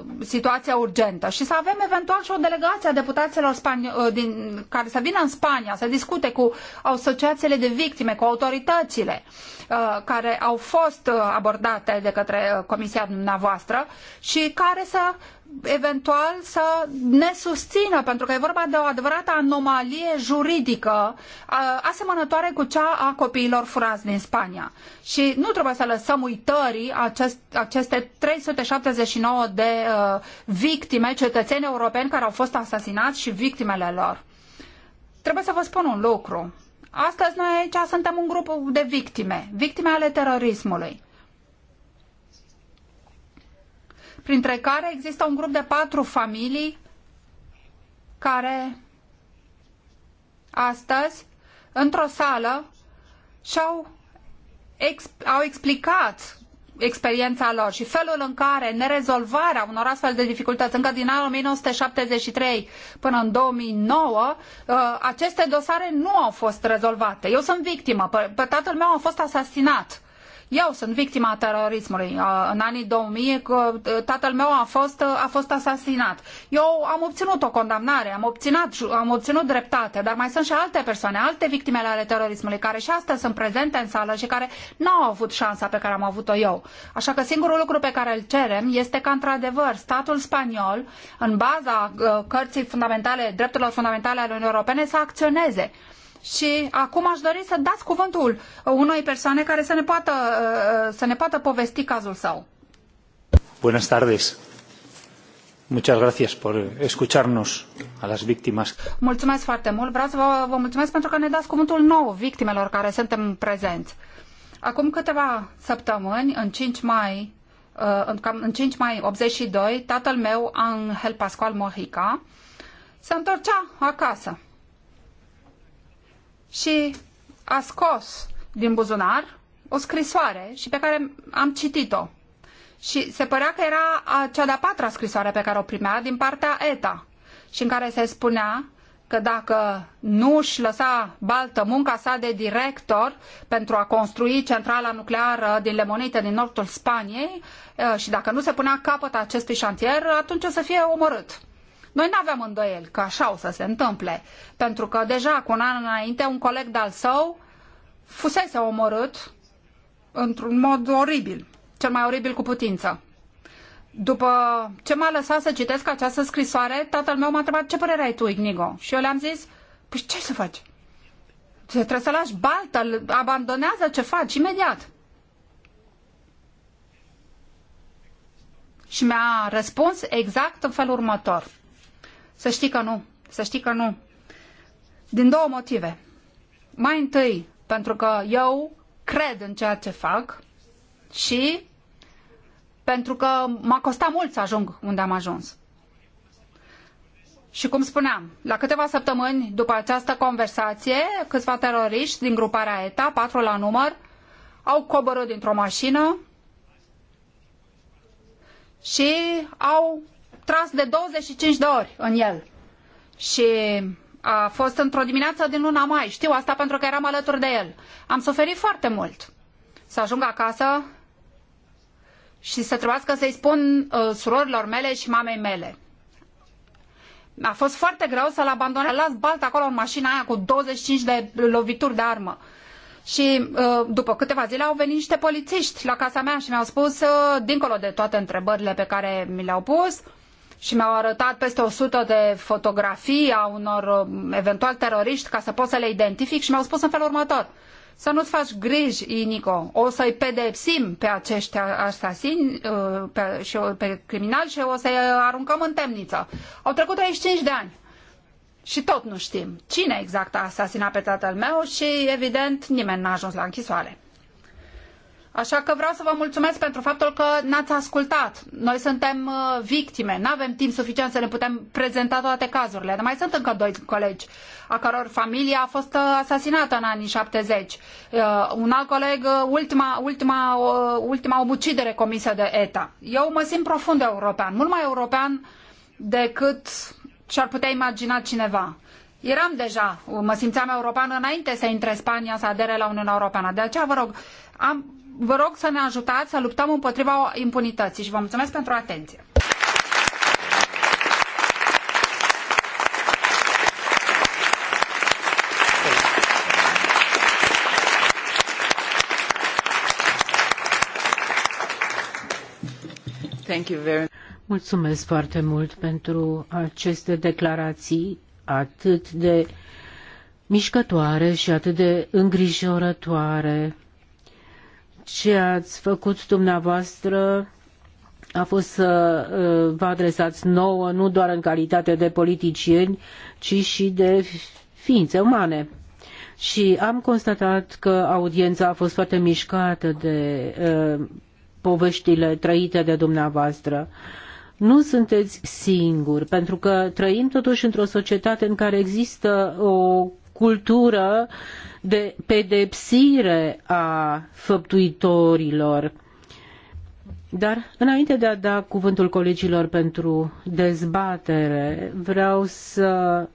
uh, situație urgentă și să avem eventual și o delegație a deputaților spani- uh, din, care să vină în Spania să discute cu asociațiile de victime, cu autoritățile uh, care au fost uh, abordate de către Comisia dumneavoastră și care să eventual să ne susțină, pentru că e vorba de o adevărată anomalie juridică asemănătoare cu cea a copiilor furați din Spania. Și nu trebuie să lăsăm uitării acest, aceste 379 de uh, victime, cetățeni europeni care au fost asasinați și victimele lor. Trebuie să vă spun un lucru. Astăzi noi aici suntem un grup de victime, victime ale terorismului. printre care există un grup de patru familii care astăzi, într-o sală, și-au exp au explicat experiența lor și felul în care nerezolvarea unor astfel de dificultăți încă din anul 1973 până în 2009, uh, aceste dosare nu au fost rezolvate. Eu sunt victimă, tatăl meu a fost asasinat eu sunt victima terorismului. În anii 2000, ă, tatăl meu a fost, ă, a fost asasinat. Eu am obținut o condamnare, am obținut, am obținut dreptate, dar mai sunt și alte persoane, alte victime ale terorismului, care și astăzi sunt prezente în sală și care nu au avut șansa pe care am avut-o eu. Așa că singurul lucru pe care îl cerem este că într-adevăr, statul spaniol, în baza ă, cărții fundamentale, drepturilor fundamentale ale Uniunii Europene, să acționeze. Și acum aș dori să dați cuvântul unei persoane care să ne poată, să ne poată povesti cazul său. Buenas tardes. Muchas gracias por escucharnos a las víctimas. Mulțumesc foarte mult. Vreau să vă, vă mulțumesc pentru că ne dați cuvântul nou victimelor care suntem prezenți. Acum câteva săptămâni, în 5 mai, uh, în 5 mai 82, tatăl meu, Angel Pascual Mojica, se întorcea acasă și a scos din buzunar o scrisoare și pe care am citit-o. Și se părea că era cea de-a patra scrisoare pe care o primea din partea ETA și în care se spunea că dacă nu își lăsa baltă munca sa de director pentru a construi centrala nucleară din Lemonite, din nordul Spaniei, și dacă nu se punea capăt acestui șantier, atunci o să fie omorât. Noi nu aveam îndoieli că așa o să se întâmple, pentru că deja cu un an înainte un coleg de-al său fusese omorât într-un mod oribil, cel mai oribil cu putință. După ce m-a lăsat să citesc această scrisoare, tatăl meu m-a întrebat ce părere ai tu, Ignigo? Și eu le-am zis, păi ce să faci? Trebuie să lași baltă, abandonează ce faci imediat. Și mi-a răspuns exact în felul următor. Să știi că nu. Să știi că nu. Din două motive. Mai întâi, pentru că eu cred în ceea ce fac și pentru că m-a costat mult să ajung unde am ajuns. Și cum spuneam, la câteva săptămâni după această conversație, câțiva teroriști din gruparea ETA, patru la număr, au coborât dintr-o mașină și au tras de 25 de ori în el. Și a fost într-o dimineață din luna mai. Știu asta pentru că eram alături de el. Am suferit foarte mult. Să ajung acasă și să trebuiască să-i spun uh, surorilor mele și mamei mele. A fost foarte greu să-l abandonez. Las balt acolo în mașina aia cu 25 de lovituri de armă. Și uh, după câteva zile au venit niște polițiști la casa mea și mi-au spus, uh, dincolo de toate întrebările pe care mi le-au pus, uh, și mi-au arătat peste 100 de fotografii a unor um, eventual teroriști ca să pot să le identific și mi-au spus în felul următor. Să nu-ți faci griji, Inico, o să-i pedepsim pe acești asasini uh, pe, și pe criminali și o să-i aruncăm în temniță. Au trecut 35 de ani și tot nu știm cine exact a asasinat pe tatăl meu și, evident, nimeni n-a ajuns la închisoare. Așa că vreau să vă mulțumesc pentru faptul că n-ați ascultat. Noi suntem uh, victime, nu avem timp suficient să ne putem prezenta toate cazurile. Dar mai sunt încă doi colegi a căror familie a fost uh, asasinată în anii 70. Uh, un alt coleg, ultima, ultima, ultima omucidere comisă de ETA. Eu mă simt profund european, mult mai european decât și-ar putea imagina cineva. Eram deja, mă simțeam european înainte să intre Spania să adere la Uniunea Europeană. De aceea vă rog, am, vă rog să ne ajutați să luptăm împotriva impunității și vă mulțumesc pentru atenție. Mulțumesc foarte mult pentru aceste declarații atât de mișcătoare și atât de îngrijorătoare ce ați făcut dumneavoastră a fost să uh, vă adresați nouă, nu doar în calitate de politicieni, ci și de ființe umane. Și am constatat că audiența a fost foarte mișcată de uh, poveștile trăite de dumneavoastră. Nu sunteți singuri, pentru că trăim totuși într-o societate în care există o cultură de pedepsire a făptuitorilor. Dar înainte de a da cuvântul colegilor pentru dezbatere, vreau să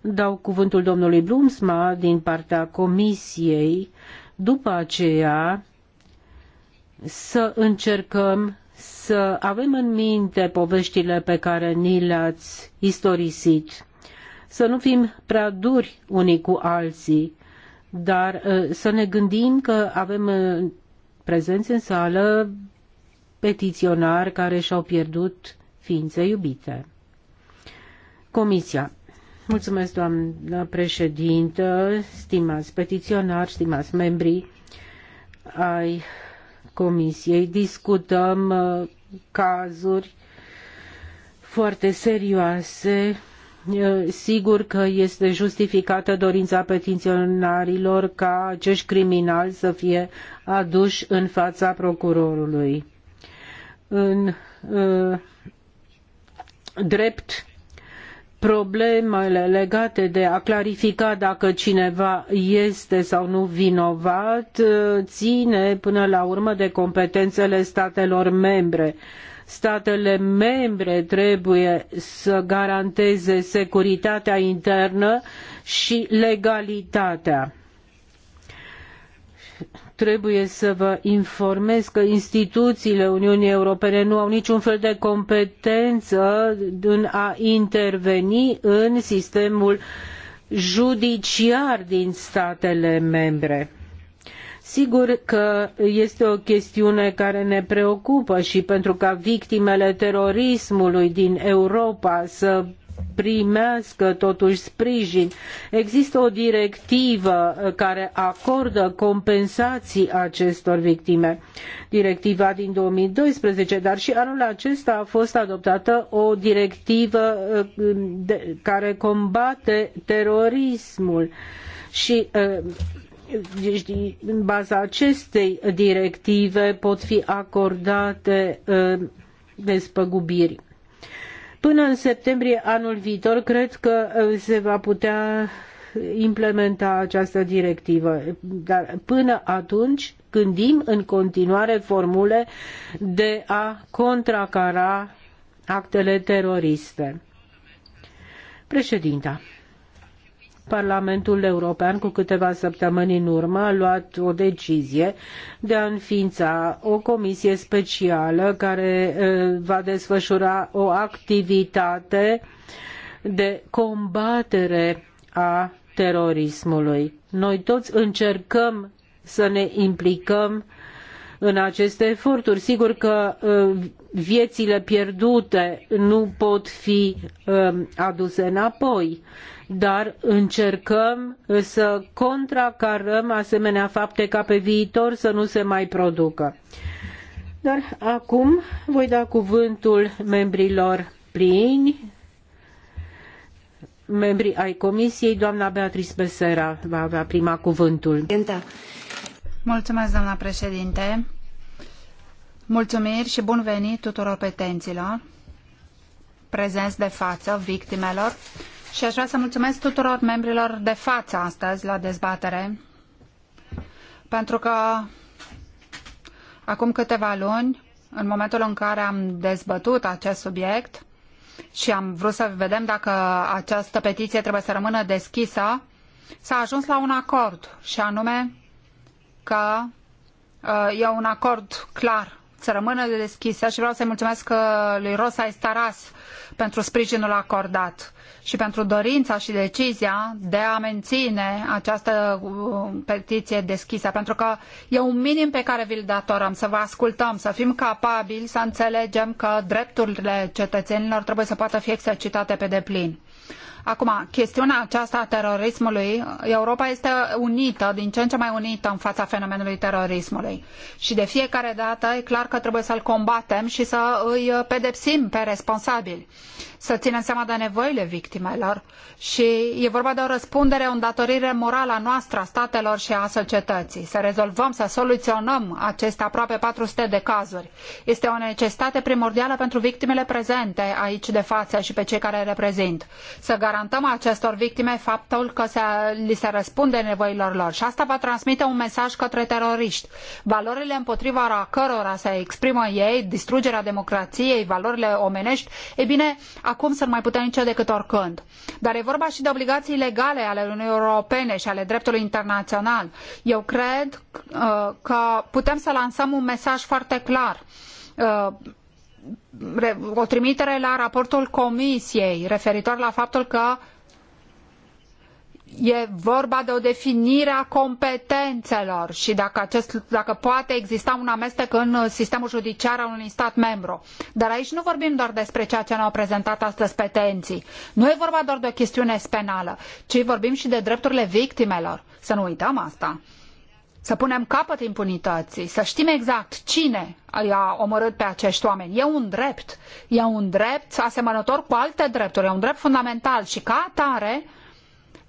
dau cuvântul domnului Blumsma din partea comisiei, după aceea să încercăm să avem în minte poveștile pe care ni le-ați istorisit să nu fim prea duri unii cu alții, dar ă, să ne gândim că avem ă, prezenți în sală petiționari care și-au pierdut ființe iubite. Comisia. Mulțumesc, doamnă președintă, stimați petiționari, stimați membri ai Comisiei. Discutăm ă, cazuri foarte serioase Sigur că este justificată dorința petiționarilor ca acești criminali să fie aduși în fața procurorului. În uh, drept problemele legate de a clarifica dacă cineva este sau nu vinovat uh, ține până la urmă de competențele statelor membre statele membre trebuie să garanteze securitatea internă și legalitatea trebuie să vă informez că instituțiile Uniunii Europene nu au niciun fel de competență în a interveni în sistemul judiciar din statele membre. Sigur că este o chestiune care ne preocupă și pentru ca victimele terorismului din Europa să primească totuși sprijin. Există o directivă care acordă compensații acestor victime. Directiva din 2012, dar și anul acesta a fost adoptată o directivă eh, care combate terorismul. Și eh, deci, în baza acestei directive pot fi acordate uh, despăgubiri. Până în septembrie anul viitor, cred că uh, se va putea implementa această directivă. Dar până atunci gândim în continuare formule de a contracara actele teroriste. Președinta. Parlamentul European cu câteva săptămâni în urmă a luat o decizie de a înființa o comisie specială care va desfășura o activitate de combatere a terorismului. Noi toți încercăm să ne implicăm în aceste eforturi. Sigur că viețile pierdute nu pot fi aduse înapoi, dar încercăm să contracarăm asemenea fapte ca pe viitor să nu se mai producă. Dar acum voi da cuvântul membrilor plini, membrii ai comisiei. Doamna Beatrice Besera va avea prima cuvântul. Mulțumesc, doamna președinte. Mulțumiri și bun venit tuturor petenților prezenți de față, victimelor și aș vrea să mulțumesc tuturor membrilor de față astăzi la dezbatere, pentru că acum câteva luni, în momentul în care am dezbătut acest subiect și am vrut să vedem dacă această petiție trebuie să rămână deschisă, s-a ajuns la un acord și anume că uh, e un acord clar să rămână deschisă și vreau să-i mulțumesc uh, lui Rosa Estaras pentru sprijinul acordat și pentru dorința și decizia de a menține această uh, petiție deschisă, pentru că e un minim pe care vi-l datorăm, să vă ascultăm, să fim capabili să înțelegem că drepturile cetățenilor trebuie să poată fi exercitate pe deplin. Acum, chestiunea aceasta a terorismului, Europa este unită, din ce în ce mai unită în fața fenomenului terorismului. Și de fiecare dată e clar că trebuie să-l combatem și să îi pedepsim pe responsabili, să ținem seama de nevoile victimelor. Și e vorba de o răspundere, o îndatorire morală a noastră, a statelor și a societății. Să rezolvăm, să soluționăm aceste aproape 400 de cazuri. Este o necesitate primordială pentru victimele prezente aici de față și pe cei care reprezint. Să garantăm garantăm acestor victime faptul că se, li se răspunde nevoilor lor. Și asta va transmite un mesaj către teroriști. Valorile împotriva cărora se exprimă ei, distrugerea democrației, valorile omenești, e bine, acum sunt mai puternice decât oricând. Dar e vorba și de obligații legale ale Uniunii Europene și ale dreptului internațional. Eu cred uh, că putem să lansăm un mesaj foarte clar uh, o trimitere la raportul Comisiei referitor la faptul că e vorba de o definire a competențelor și dacă, acest, dacă poate exista un amestec în sistemul judiciar al unui stat membru. Dar aici nu vorbim doar despre ceea ce ne-au prezentat astăzi petenții. Nu e vorba doar de o chestiune penală, ci vorbim și de drepturile victimelor. Să nu uităm asta să punem capăt impunității, să știm exact cine i-a omorât pe acești oameni. E un drept, e un drept asemănător cu alte drepturi, e un drept fundamental și ca atare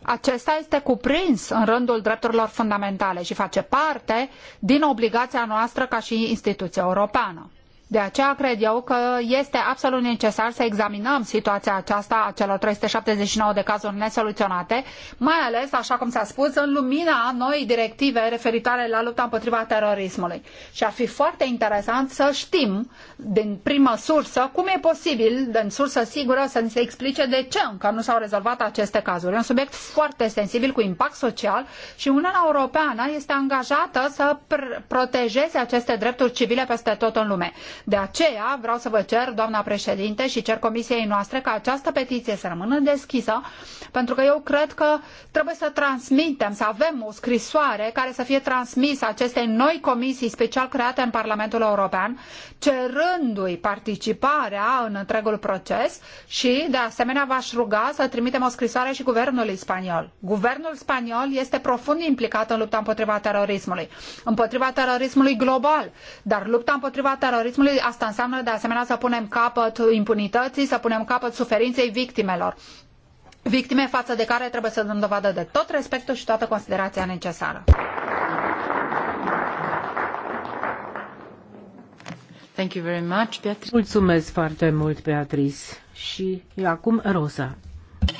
acesta este cuprins în rândul drepturilor fundamentale și face parte din obligația noastră ca și instituție europeană. De aceea cred eu că este absolut necesar să examinăm situația aceasta a celor 379 de cazuri nesoluționate, mai ales, așa cum s-a spus, în lumina noii directive referitoare la lupta împotriva terorismului. Și ar fi foarte interesant să știm din primă sursă cum e posibil, din sursă sigură, să ni se explice de ce încă nu s-au rezolvat aceste cazuri. E un subiect foarte sensibil cu impact social și Uniunea Europeană este angajată să protejeze aceste drepturi civile peste tot în lume. De aceea vreau să vă cer, doamna președinte, și cer comisiei noastre ca această petiție să rămână deschisă, pentru că eu cred că trebuie să transmitem, să avem o scrisoare care să fie transmisă acestei noi comisii special create în Parlamentul European, cerându-i participarea în întregul proces și, de asemenea, v-aș ruga să trimitem o scrisoare și guvernului spaniol. Guvernul spaniol este profund implicat în lupta împotriva terorismului, împotriva terorismului global, dar lupta împotriva terorismului reguli, asta înseamnă de asemenea să punem capăt impunității, să punem capăt suferinței victimelor. Victime față de care trebuie să dăm dovadă de tot respectul și toată considerația necesară. Thank you very much, Beatrice. Mulțumesc foarte mult, Beatrice. Și acum Rosa.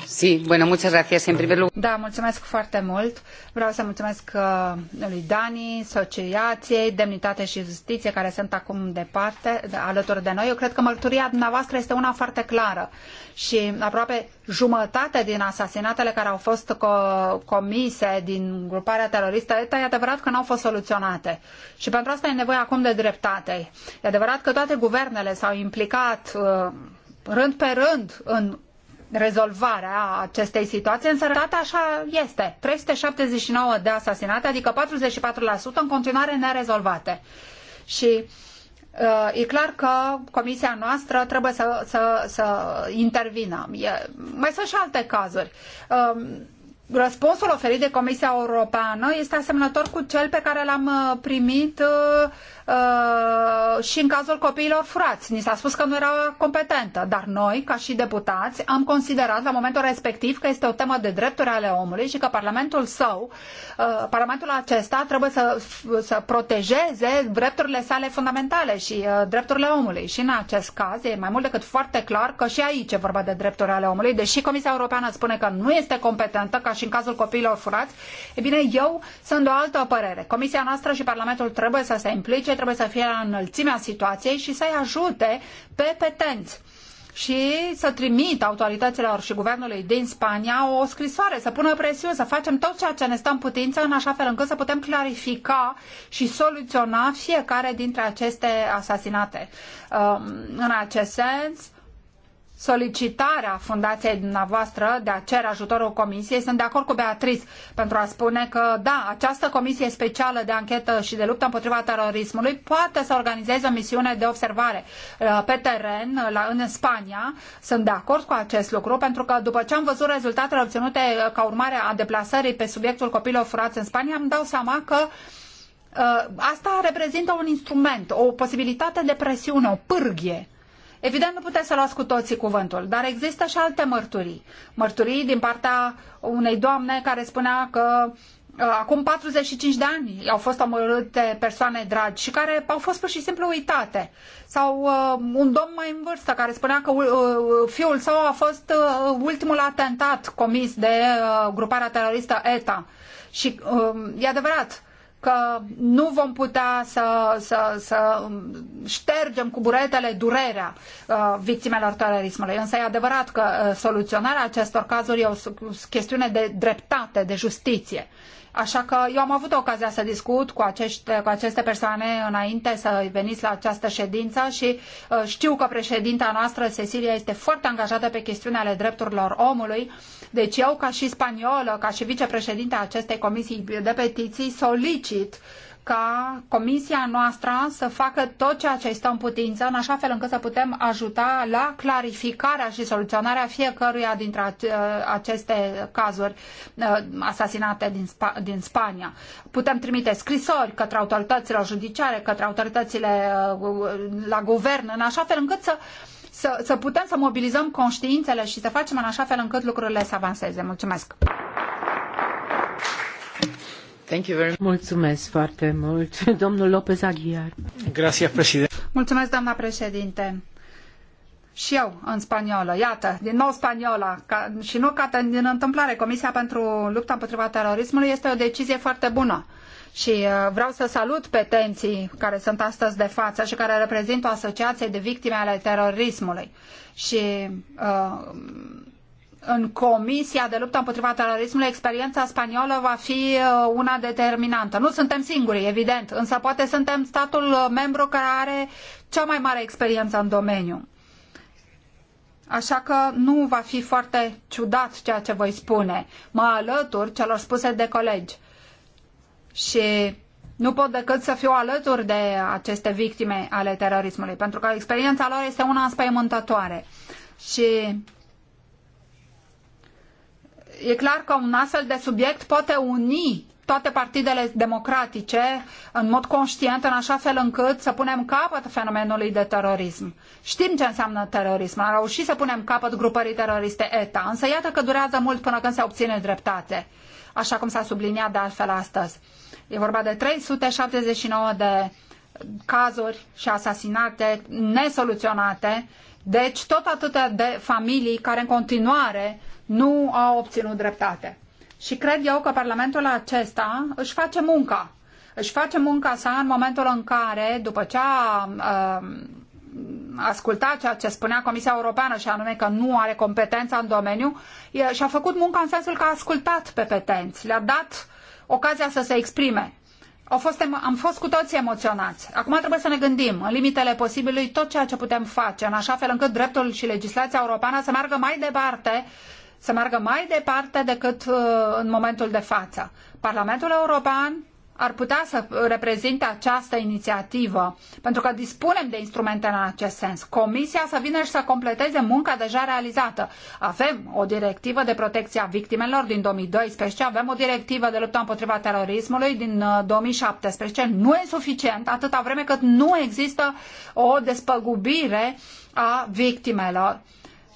Sí, bueno, muchas gracias. En primer lugar... Da, mulțumesc foarte mult. Vreau să mulțumesc uh, lui Dani, Asociației Demnitate și Justiție, care sunt acum departe, alături de noi. Eu cred că mărturia dumneavoastră este una foarte clară și aproape jumătate din asasinatele care au fost co- comise din gruparea teroristă ETA, e adevărat că nu au fost soluționate. Și pentru asta e nevoie acum de dreptate. E adevărat că toate guvernele s-au implicat uh, rând pe rând în rezolvarea acestei situații, însă data așa este. 379 de asasinate, adică 44% în continuare nerezolvate. Și uh, E clar că comisia noastră trebuie să, să, să intervină. E, mai sunt și alte cazuri. Um, răspunsul oferit de Comisia Europeană este asemănător cu cel pe care l-am uh, primit uh, Uh, și în cazul copiilor furați. Ni s-a spus că nu era competentă, dar noi, ca și deputați, am considerat la momentul respectiv că este o temă de drepturi ale omului și că Parlamentul său, uh, Parlamentul acesta trebuie să, să protejeze drepturile sale fundamentale și uh, drepturile omului. Și în acest caz e mai mult decât foarte clar că și aici e vorba de drepturi ale omului, deși Comisia Europeană spune că nu este competentă, ca și în cazul copiilor furați, e bine, eu sunt de o altă părere. Comisia noastră și Parlamentul trebuie să se implice trebuie să fie la înălțimea situației și să-i ajute pe petenți și să trimit autorităților și guvernului din Spania o scrisoare, să pună presiune, să facem tot ceea ce ne stă în putință, în așa fel încât să putem clarifica și soluționa fiecare dintre aceste asasinate. Um, în acest sens, solicitarea fundației dumneavoastră de a cere ajutorul comisiei. Sunt de acord cu Beatriz pentru a spune că, da, această comisie specială de anchetă și de luptă împotriva terorismului poate să organizeze o misiune de observare uh, pe teren uh, la, în Spania. Sunt de acord cu acest lucru pentru că după ce am văzut rezultatele obținute uh, ca urmare a deplasării pe subiectul copiilor furați în Spania, îmi dau seama că asta reprezintă un instrument, o posibilitate de presiune, o pârghie Evident, nu puteți să luați cu toții cuvântul, dar există și alte mărturii. Mărturii din partea unei doamne care spunea că ă, acum 45 de ani au fost omorâte persoane dragi și care au fost pur și simplu uitate. Sau uh, un domn mai în vârstă care spunea că uh, fiul său a fost uh, ultimul atentat comis de uh, gruparea teroristă ETA. Și uh, e adevărat, că nu vom putea să, să, să ștergem cu buretele durerea uh, victimelor terorismului. Însă e adevărat că uh, soluționarea acestor cazuri e o chestiune de dreptate, de justiție. Așa că eu am avut ocazia să discut cu, acești, cu aceste persoane înainte să veniți la această ședință și uh, știu că președinta noastră, Cecilia, este foarte angajată pe chestiunea ale drepturilor omului uh, deci eu, ca și spaniolă, ca și vicepreședinte a acestei comisii de petiții, solicit ca comisia noastră să facă tot ceea ce este în putință, în așa fel încât să putem ajuta la clarificarea și soluționarea fiecăruia dintre aceste cazuri uh, asasinate din, Sp din Spania. Putem trimite scrisori către autoritățile judiciare, către autoritățile uh, la guvern, în așa fel încât să să, să putem să mobilizăm conștiințele și să facem în așa fel încât lucrurile să avanseze. Mulțumesc! Mulțumesc foarte mult, domnul Lopez Aguiar. Gracias, președinte. Mulțumesc, doamna președinte. Și eu, în spaniolă, iată, din nou spaniola, ca, și nu ca din întâmplare, Comisia pentru Lupta împotriva terorismului este o decizie foarte bună și uh, vreau să salut petenții care sunt astăzi de față și care reprezintă o asociație de victime ale terorismului. Și uh, în Comisia de Luptă împotriva Terorismului, experiența spaniolă va fi uh, una determinantă. Nu suntem singuri, evident, însă poate suntem statul uh, membru care are cea mai mare experiență în domeniu. Așa că nu va fi foarte ciudat ceea ce voi spune. Mă alătur celor spuse de colegi și nu pot decât să fiu alături de aceste victime ale terorismului, pentru că experiența lor este una înspăimântătoare. Și e clar că un astfel de subiect poate uni toate partidele democratice în mod conștient, în așa fel încât să punem capăt fenomenului de terorism. Știm ce înseamnă terorism. Am reușit să punem capăt grupării teroriste ETA, însă iată că durează mult până când se obține dreptate, așa cum s-a subliniat de altfel astăzi. E vorba de 379 de cazuri și asasinate nesoluționate, deci tot atâtea de familii care în continuare nu au obținut dreptate. Și cred eu că Parlamentul acesta își face munca. Își face munca sa în momentul în care, după ce a a um, ascultat ceea ce spunea Comisia Europeană și anume că nu are competența în domeniu, și-a făcut munca în sensul că a ascultat pe petenți, le-a dat ocazia să se exprime. Au fost, am fost cu toții emoționați. Acum trebuie să ne gândim, în limitele posibilului, tot ceea ce putem face, în așa fel încât dreptul și legislația europeană să meargă mai departe, să meargă mai departe decât uh, în momentul de față. Parlamentul European ar putea să reprezinte această inițiativă, pentru că dispunem de instrumente în acest sens. Comisia să vină și să completeze munca deja realizată. Avem o directivă de protecție a victimelor din 2012, avem o directivă de luptă împotriva terorismului din 2017. Uh, nu e suficient atâta vreme cât nu există o despăgubire a victimelor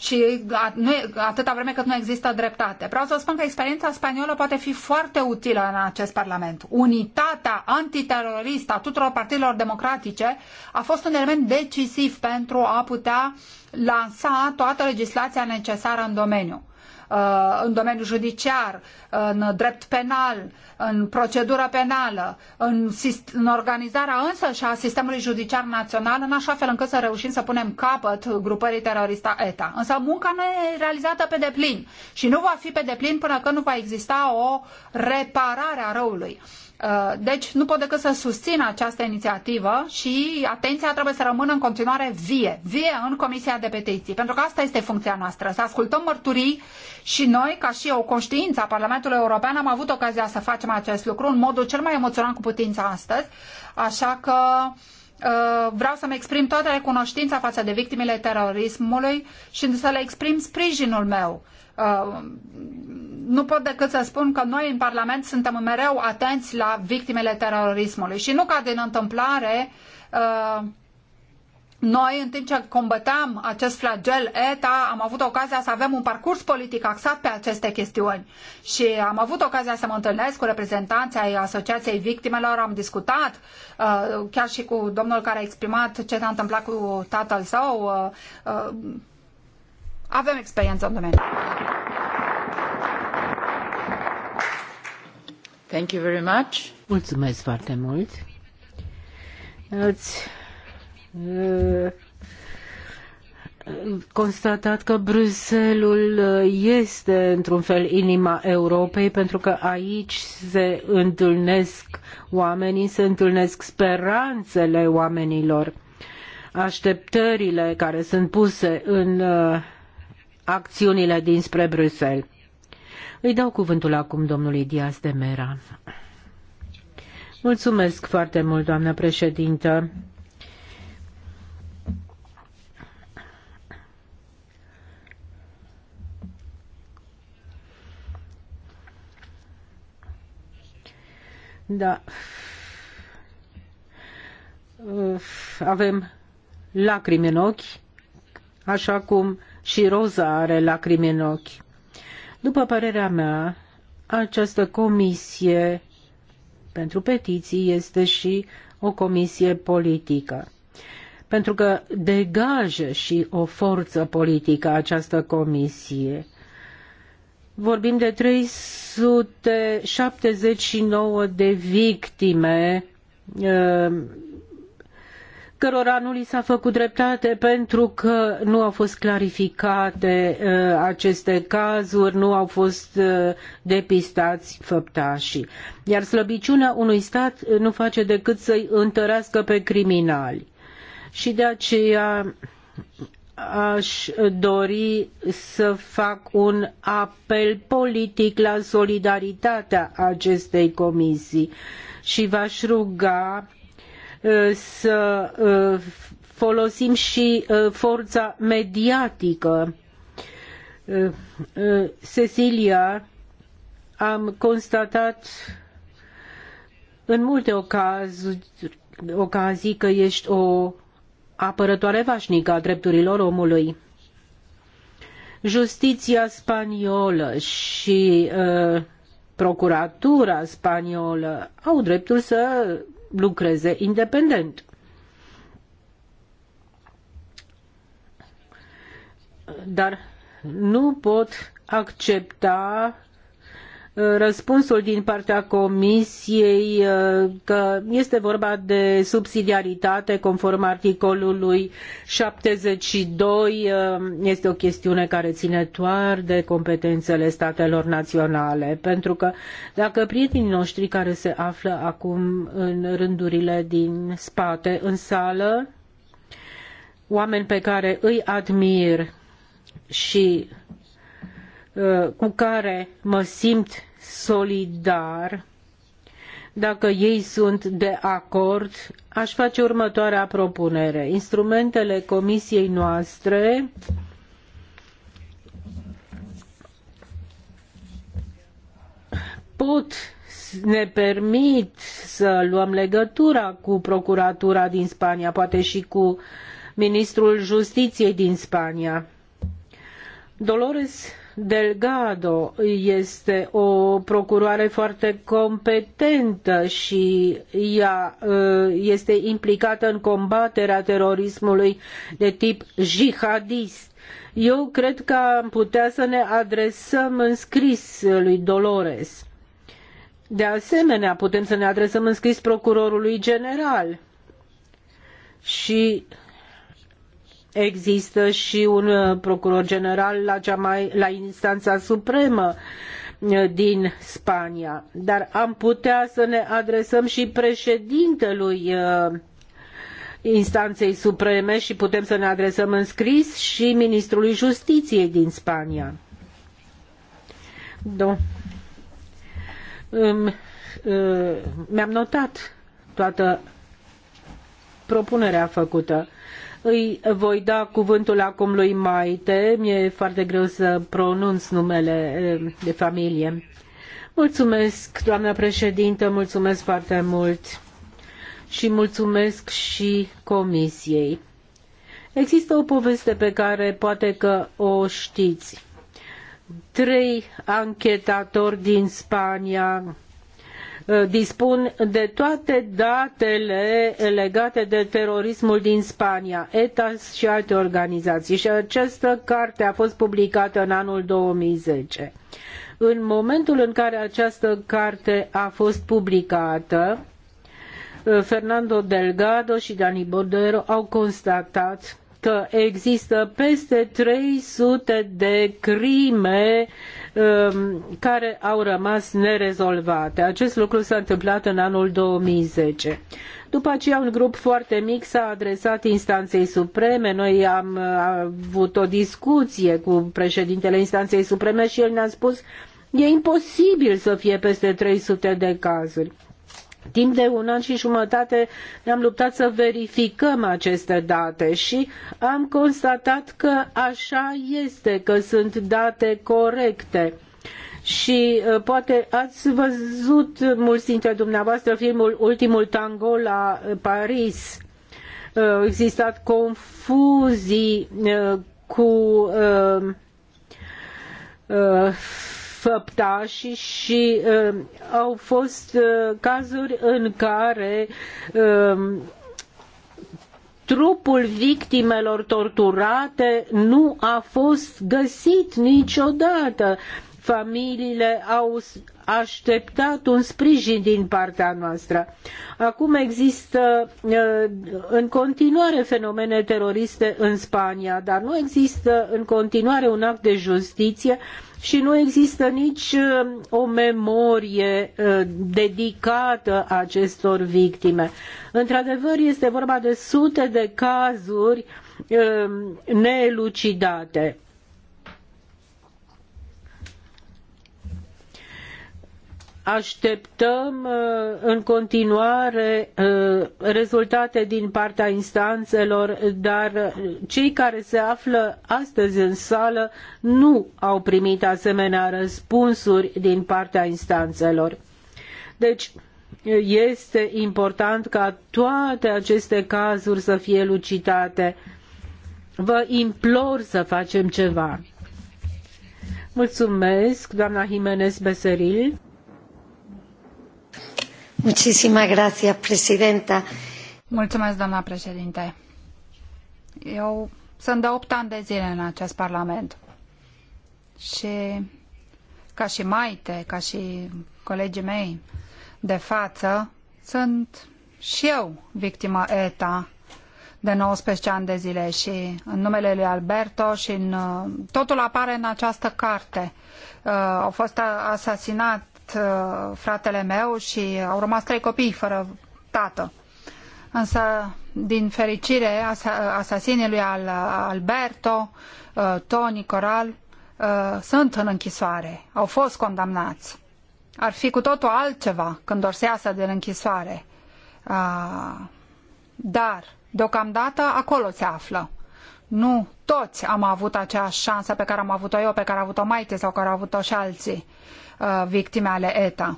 și nu, atâta vreme cât nu există dreptate. Vreau să spun că experiența spaniolă poate fi foarte utilă în acest Parlament. Unitatea antiteroristă a tuturor partidelor democratice a fost un element decisiv pentru a putea lansa toată legislația necesară în domeniu. Uh, în domeniul judiciar, în drept penal, în procedură penală, în, în organizarea însă și a sistemului judiciar național, în așa fel încât să reușim să punem capăt grupării terorista ETA. Însă munca nu e realizată pe deplin și nu va fi pe deplin până când nu va exista o reparare a răului. Uh, deci nu pot decât să susțin această inițiativă și atenția trebuie să rămână în continuare vie, vie în Comisia de Petiții, pentru că asta este funcția noastră, să ascultăm mărturii și noi, ca și o conștiință a Parlamentului European, am avut ocazia să facem acest lucru în modul cel mai emoționant cu putință astăzi, așa că uh, vreau să-mi exprim toată recunoștința față de victimele terorismului și să le exprim sprijinul meu uh, nu pot decât să spun că noi în Parlament suntem mereu atenți la victimele terorismului și nu ca din întâmplare uh, noi, în timp ce combăteam acest flagel ETA, am avut ocazia să avem un parcurs politic axat pe aceste chestiuni și am avut ocazia să mă întâlnesc cu reprezentanții ai Asociației Victimelor, am discutat uh, chiar și cu domnul care a exprimat ce s-a întâmplat cu tatăl său. Uh, avem experiență în domeniu. Thank Mulțumesc foarte mult. Ați uh, constatat că Bruselul uh, este într-un fel inima Europei pentru că aici se întâlnesc oamenii, se întâlnesc speranțele oamenilor, așteptările care sunt puse în uh, acțiunile dinspre Bruxelles. Îi dau cuvântul acum domnului Diaz de Mera. Mulțumesc foarte mult, doamnă președintă. Da. Avem lacrimi în ochi, așa cum și Roza are lacrimi în ochi. După părerea mea, această comisie pentru petiții este și o comisie politică. Pentru că degajă și o forță politică această comisie. Vorbim de 379 de victime uh, cărora nu li s-a făcut dreptate pentru că nu au fost clarificate uh, aceste cazuri, nu au fost uh, depistați făptașii. Iar slăbiciunea unui stat uh, nu face decât să-i întărească pe criminali. Și de aceea aș dori să fac un apel politic la solidaritatea acestei comisii și v-aș ruga Uh, să uh, folosim și uh, forța mediatică. Cecilia, am constatat în multe ocazii, ocazii că ești o apărătoare vașnică a drepturilor omului. Justiția spaniolă și uh, procuratura spaniolă au dreptul să lucreze independent. Dar nu pot accepta răspunsul din partea Comisiei uh, că este vorba de subsidiaritate conform articolului 72 uh, este o chestiune care ține doar de competențele statelor naționale. Pentru că dacă prietenii noștri care se află acum în rândurile din spate, în sală, oameni pe care îi admir și Uh, cu care mă simt solidar, dacă ei sunt de acord, aș face următoarea propunere. Instrumentele comisiei noastre pot ne permit să luăm legătura cu procuratura din Spania, poate și cu ministrul justiției din Spania. Dolores Delgado este o procuroare foarte competentă și ea ă, este implicată în combaterea terorismului de tip jihadist. Eu cred că am putea să ne adresăm în scris lui Dolores. De asemenea, putem să ne adresăm în scris procurorului general. Și Există și un uh, procuror general la, cea mai, la instanța supremă uh, din Spania, dar am putea să ne adresăm și președintelui uh, instanței supreme și putem să ne adresăm în scris și ministrului justiției din Spania. Do. mi-am notat toată propunerea făcută. Îi voi da cuvântul acum lui Maite. Mi-e foarte greu să pronunț numele eh, de familie. Mulțumesc, doamna președintă, mulțumesc foarte mult și mulțumesc și comisiei. Există o poveste pe care poate că o știți. Trei anchetatori din Spania Uh, dispun de toate datele legate de terorismul din Spania, ETAS și alte organizații. Și această carte a fost publicată în anul 2010. În momentul în care această carte a fost publicată, uh, Fernando Delgado și Dani Bordero au constatat că există peste 300 de crime uh, Um, care au rămas nerezolvate. Acest lucru s-a întâmplat în anul 2010. După aceea, un grup foarte mic s-a adresat instanței supreme. Noi am avut o discuție cu președintele instanței supreme și el ne-a spus E imposibil să fie peste 300 de cazuri. Timp de un an și jumătate ne-am luptat să verificăm aceste date și am constatat că așa este, că sunt date corecte. Și uh, poate ați văzut mulți dintre dumneavoastră filmul Ultimul tango la uh, Paris. Uh, au existat confuzii cu făptași și um, au fost uh, cazuri în care um, trupul victimelor torturate nu a fost găsit niciodată familiile au așteptat un sprijin din partea noastră. Acum există uh, în continuare fenomene teroriste în Spania, dar nu există în continuare un act de justiție și nu există nici uh, o memorie uh, dedicată acestor victime. Într-adevăr, este vorba de sute de cazuri neelucidate. Așteptăm uh, în continuare uh, rezultate din partea instanțelor, dar uh, cei care se află astăzi în sală nu au primit asemenea răspunsuri din partea instanțelor. Deci, este important ca toate aceste cazuri să fie lucitate. Vă implor să facem ceva. Mulțumesc, doamna Jimenez Beseril. Muchísimas Mulțumesc, doamna președinte. Eu sunt de 8 ani de zile în acest Parlament și ca și Maite, ca și colegii mei de față, sunt și eu victima ETA de 19 ani de zile și în numele lui Alberto și în, uh, totul apare în această carte. Uh, au fost asasinat murit uh, fratele meu și au rămas trei copii fără tată. Însă, din fericire, asasinii lui Alberto, uh, Toni Coral, uh, sunt în închisoare, au fost condamnați. Ar fi cu totul altceva când or să iasă din închisoare. Dar, deocamdată, acolo se află. Nu toți am avut aceeași șansă pe care am avut-o eu, pe care a avut-o Maite sau care au avut-o și alții. Uh, victime ale ETA,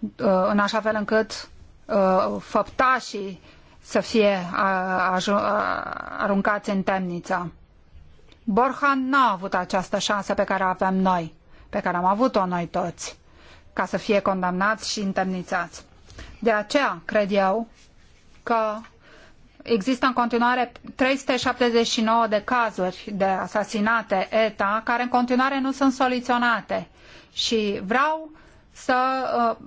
uh, în așa fel încât uh, făptașii să fie aruncați în temniță. Borhan n-a avut această șansă pe care o avem noi, pe care am avut-o noi toți, ca să fie condamnați și întemnițați. De aceea, cred eu, că există în continuare 379 de cazuri de asasinate ETA care în continuare nu sunt soluționate și vreau să uh,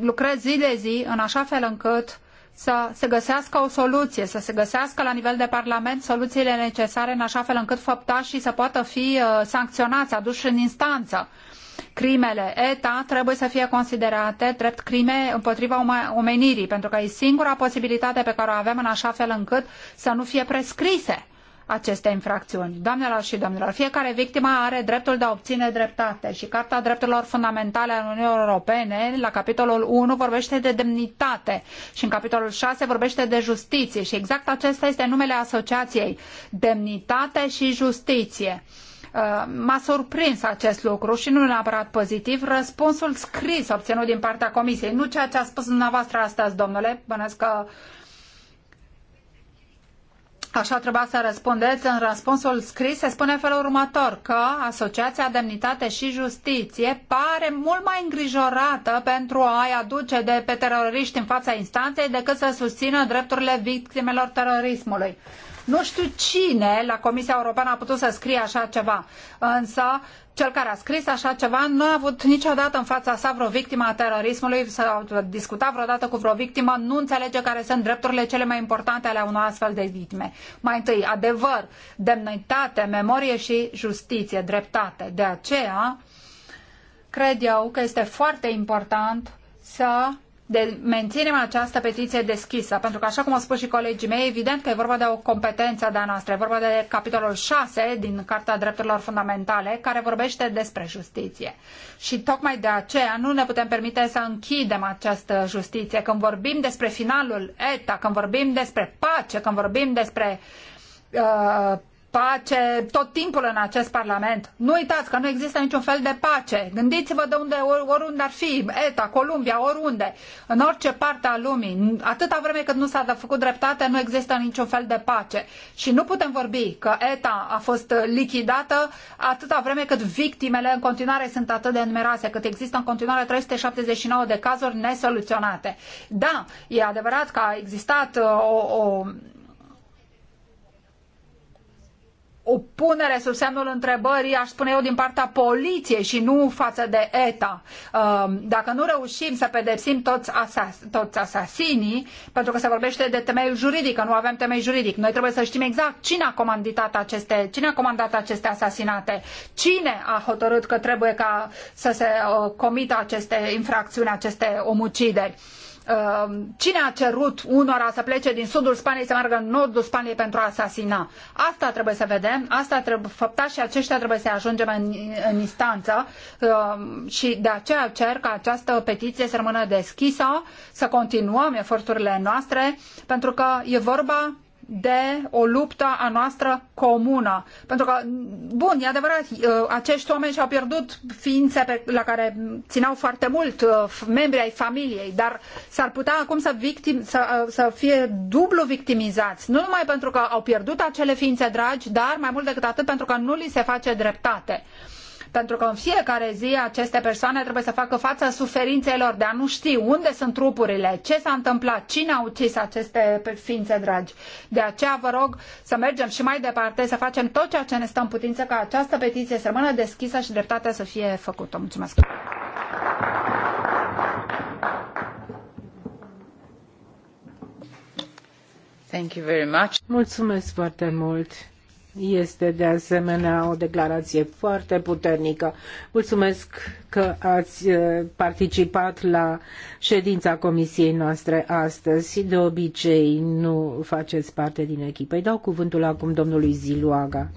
lucrez zi de zi în așa fel încât să se găsească o soluție, să se găsească la nivel de Parlament soluțiile necesare în așa fel încât făptașii să poată fi uh, sancționați, aduși în instanță. Crimele ETA trebuie să fie considerate drept crime împotriva omenirii, pentru că e singura posibilitate pe care o avem în așa fel încât să nu fie prescrise aceste infracțiuni. Doamnelor și domnilor, fiecare victimă are dreptul de a obține dreptate și Carta Drepturilor Fundamentale a Uniunii Europene, la capitolul 1, vorbește de demnitate și în capitolul 6 vorbește de justiție și exact acesta este numele asociației, demnitate și justiție. Uh, m-a surprins acest lucru și nu neapărat pozitiv răspunsul scris obținut din partea Comisiei, nu ceea ce a spus dumneavoastră astăzi, domnule, bănesc că uh, Așa trebuia să răspundeți. În răspunsul scris se spune felul următor, că Asociația Demnitate și Justiție pare mult mai îngrijorată pentru a-i aduce de pe teroriști în fața instanței decât să susțină drepturile victimelor terorismului. Nu știu cine la Comisia Europeană a putut să scrie așa ceva, însă cel care a scris așa ceva nu a avut niciodată în fața sa vreo victimă a terorismului sau a discutat vreodată cu vreo victimă, nu înțelege care sunt drepturile cele mai importante ale unor astfel de victime. Mai întâi, adevăr, demnitate, memorie și justiție, dreptate. De aceea, cred eu că este foarte important să de, menținem această petiție deschisă, pentru că, așa cum au spus și colegii mei, evident că e vorba de o competență de-a noastră, e vorba de capitolul 6 din Carta Drepturilor Fundamentale, care vorbește despre justiție. Și tocmai de aceea nu ne putem permite să închidem această justiție. Când vorbim despre finalul ETA, când vorbim despre pace, când vorbim despre uh, pace tot timpul în acest Parlament. Nu uitați că nu există niciun fel de pace. Gândiți-vă de unde, or, oriunde ar fi, ETA, Columbia, oriunde, în orice parte a lumii. Atâta vreme cât nu s-a făcut dreptate, nu există niciun fel de pace. Și nu putem vorbi că ETA a fost lichidată atâta vreme cât victimele în continuare sunt atât de numeroase, cât există în continuare 379 de cazuri nesoluționate. Da, e adevărat că a existat uh, o, o o punere sub semnul întrebării, aș spune eu, din partea poliției și nu față de ETA. Um, dacă nu reușim să pedepsim toți, asas, toți asasinii, pentru că se vorbește de temeiul juridic, că nu avem temei juridic, noi trebuie să știm exact cine a comandat aceste, cine a comandat aceste asasinate, cine a hotărât că trebuie ca să se uh, comită aceste infracțiuni, aceste omucideri. Um, cine a cerut unora să plece din sudul Spaniei să meargă în nordul Spaniei pentru a asasina. Asta trebuie să vedem, asta trebuie, făptașii aceștia trebuie să ajungem în, în instanță um, și de aceea cer ca această petiție să rămână deschisă, să continuăm eforturile noastre, pentru că e vorba de o luptă a noastră comună. Pentru că, bun, e adevărat, uh, acești oameni și-au pierdut ființe pe, la care țineau foarte mult uh, membrii ai familiei, dar s-ar putea acum să, victim, să, uh, să fie dublu victimizați. Nu numai pentru că au pierdut acele ființe dragi, dar mai mult decât atât pentru că nu li se face dreptate pentru că în fiecare zi aceste persoane trebuie să facă față suferințelor de a nu ști unde sunt trupurile, ce s-a întâmplat, cine a ucis aceste ființe dragi. De aceea vă rog să mergem și mai departe, să facem tot ceea ce ne stă în putință ca această petiție să rămână deschisă și dreptatea să fie făcută. Mulțumesc! Thank you very much. Mulțumesc foarte mult! Este de asemenea o declarație foarte puternică. Mulțumesc că ați uh, participat la ședința comisiei noastre astăzi. De obicei nu faceți parte din echipă. Îi dau cuvântul acum domnului Ziluaga.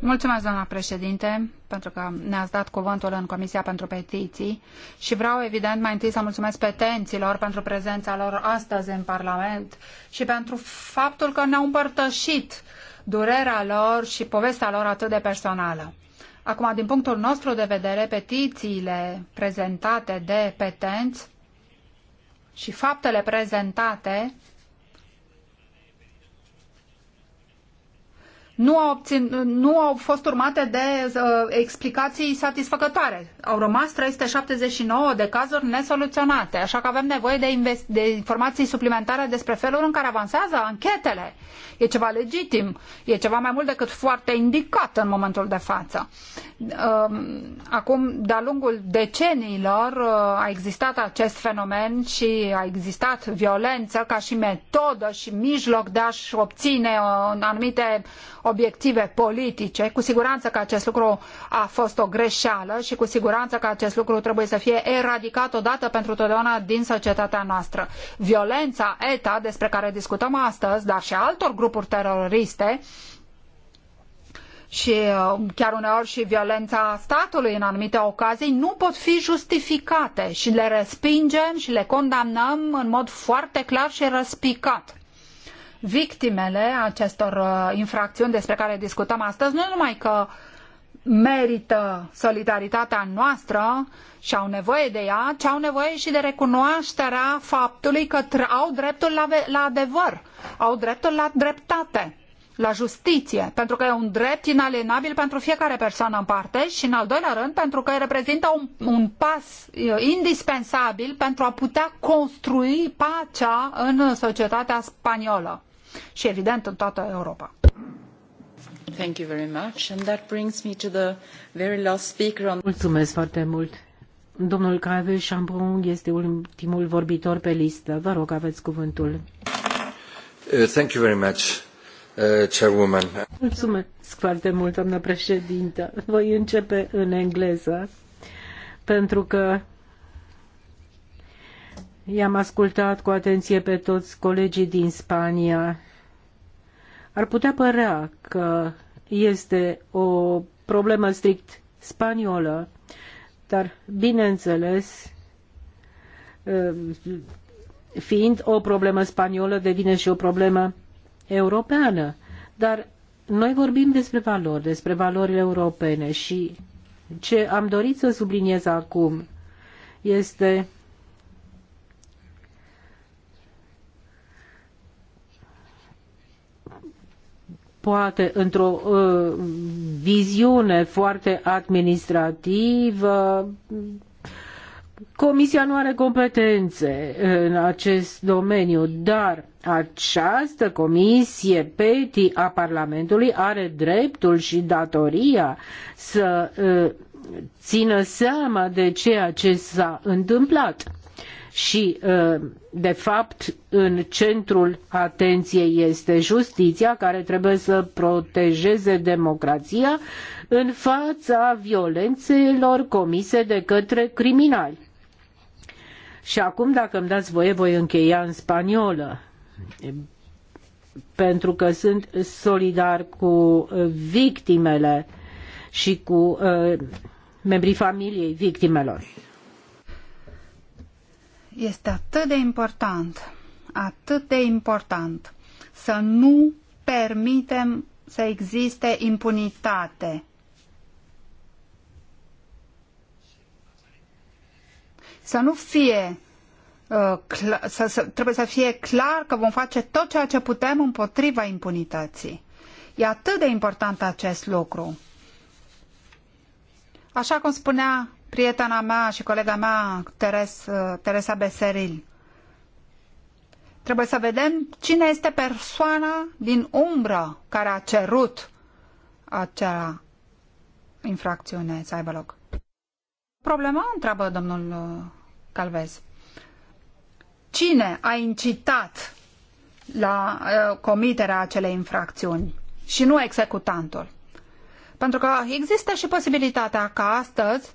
Mulțumesc, doamna președinte pentru că ne-ați dat cuvântul în Comisia pentru Petiții și vreau evident mai întâi să mulțumesc petenților pentru prezența lor astăzi în Parlament și pentru faptul că ne-au împărtășit durerea lor și povestea lor atât de personală. Acum, din punctul nostru de vedere, petițiile prezentate de petenți și faptele prezentate nu au, nu au fost urmate de uh, explicații satisfăcătoare. Au rămas 379 de cazuri nesoluționate, așa că avem nevoie de, de informații suplimentare despre felul în care avansează anchetele. E ceva legitim, e ceva mai mult decât foarte indicat în momentul de față. Uh, acum, de-a lungul deceniilor uh, a existat acest fenomen și a existat violență ca și metodă și mijloc de a-și obține uh, anumite obiective politice. Cu siguranță că acest lucru a fost o greșeală și cu siguranță că acest lucru trebuie să fie eradicat odată pentru totdeauna din societatea noastră. Violența ETA, despre care discutăm astăzi, dar și altor grupuri teroriste, și uh, chiar uneori și violența statului în anumite ocazii nu pot fi justificate și le respingem și le condamnăm în mod foarte clar și răspicat victimele acestor uh, infracțiuni despre care discutăm astăzi nu numai că merită solidaritatea noastră și au nevoie de ea, ci au nevoie și de recunoașterea faptului că au dreptul la, la adevăr, au dreptul la dreptate, la justiție, pentru că e un drept inalienabil pentru fiecare persoană în parte și, în al doilea rând, pentru că reprezintă un, un pas uh, indispensabil pentru a putea construi pacea în societatea spaniolă și, evident, în toată Europa. Thank you very much. And that brings me to the very last speaker on... Mulțumesc foarte mult. Domnul Cave Chambon este ultimul vorbitor pe listă. Vă rog, aveți cuvântul. Uh, thank you very much. Uh, Chairwoman. Mulțumesc foarte mult, doamnă președintă. Voi începe în engleză, pentru că i-am ascultat cu atenție pe toți colegii din Spania ar putea părea că este o problemă strict spaniolă, dar bineînțeles, ehm, fiind o problemă spaniolă, devine și o problemă europeană. Dar noi vorbim despre valori, despre valorile europene și ce am dorit să subliniez acum este poate într-o uh, viziune foarte administrativă. Comisia nu are competențe în acest domeniu, dar această comisie PETI a Parlamentului are dreptul și datoria să uh, țină seama de ceea ce s-a întâmplat și, uh, de fapt, în centrul atenției este justiția, care trebuie să protejeze democrația în fața violențelor comise de către criminali. Și acum, dacă îmi dați voie, voi încheia în spaniolă pentru că sunt solidar cu victimele și cu uh, membrii familiei victimelor. Este atât de important, atât de important să nu permitem să existe impunitate. Să nu fie uh, să, să, trebuie să fie clar că vom face tot ceea ce putem împotriva impunității. E atât de important acest lucru. Așa cum spunea prietena mea și colega mea, Teres, Teresa Beseril. Trebuie să vedem cine este persoana din umbră care a cerut acea infracțiune să aibă loc. Problema, întreabă domnul uh, Calvez. Cine a incitat la uh, comiterea acelei infracțiuni și nu executantul? Pentru că există și posibilitatea ca astăzi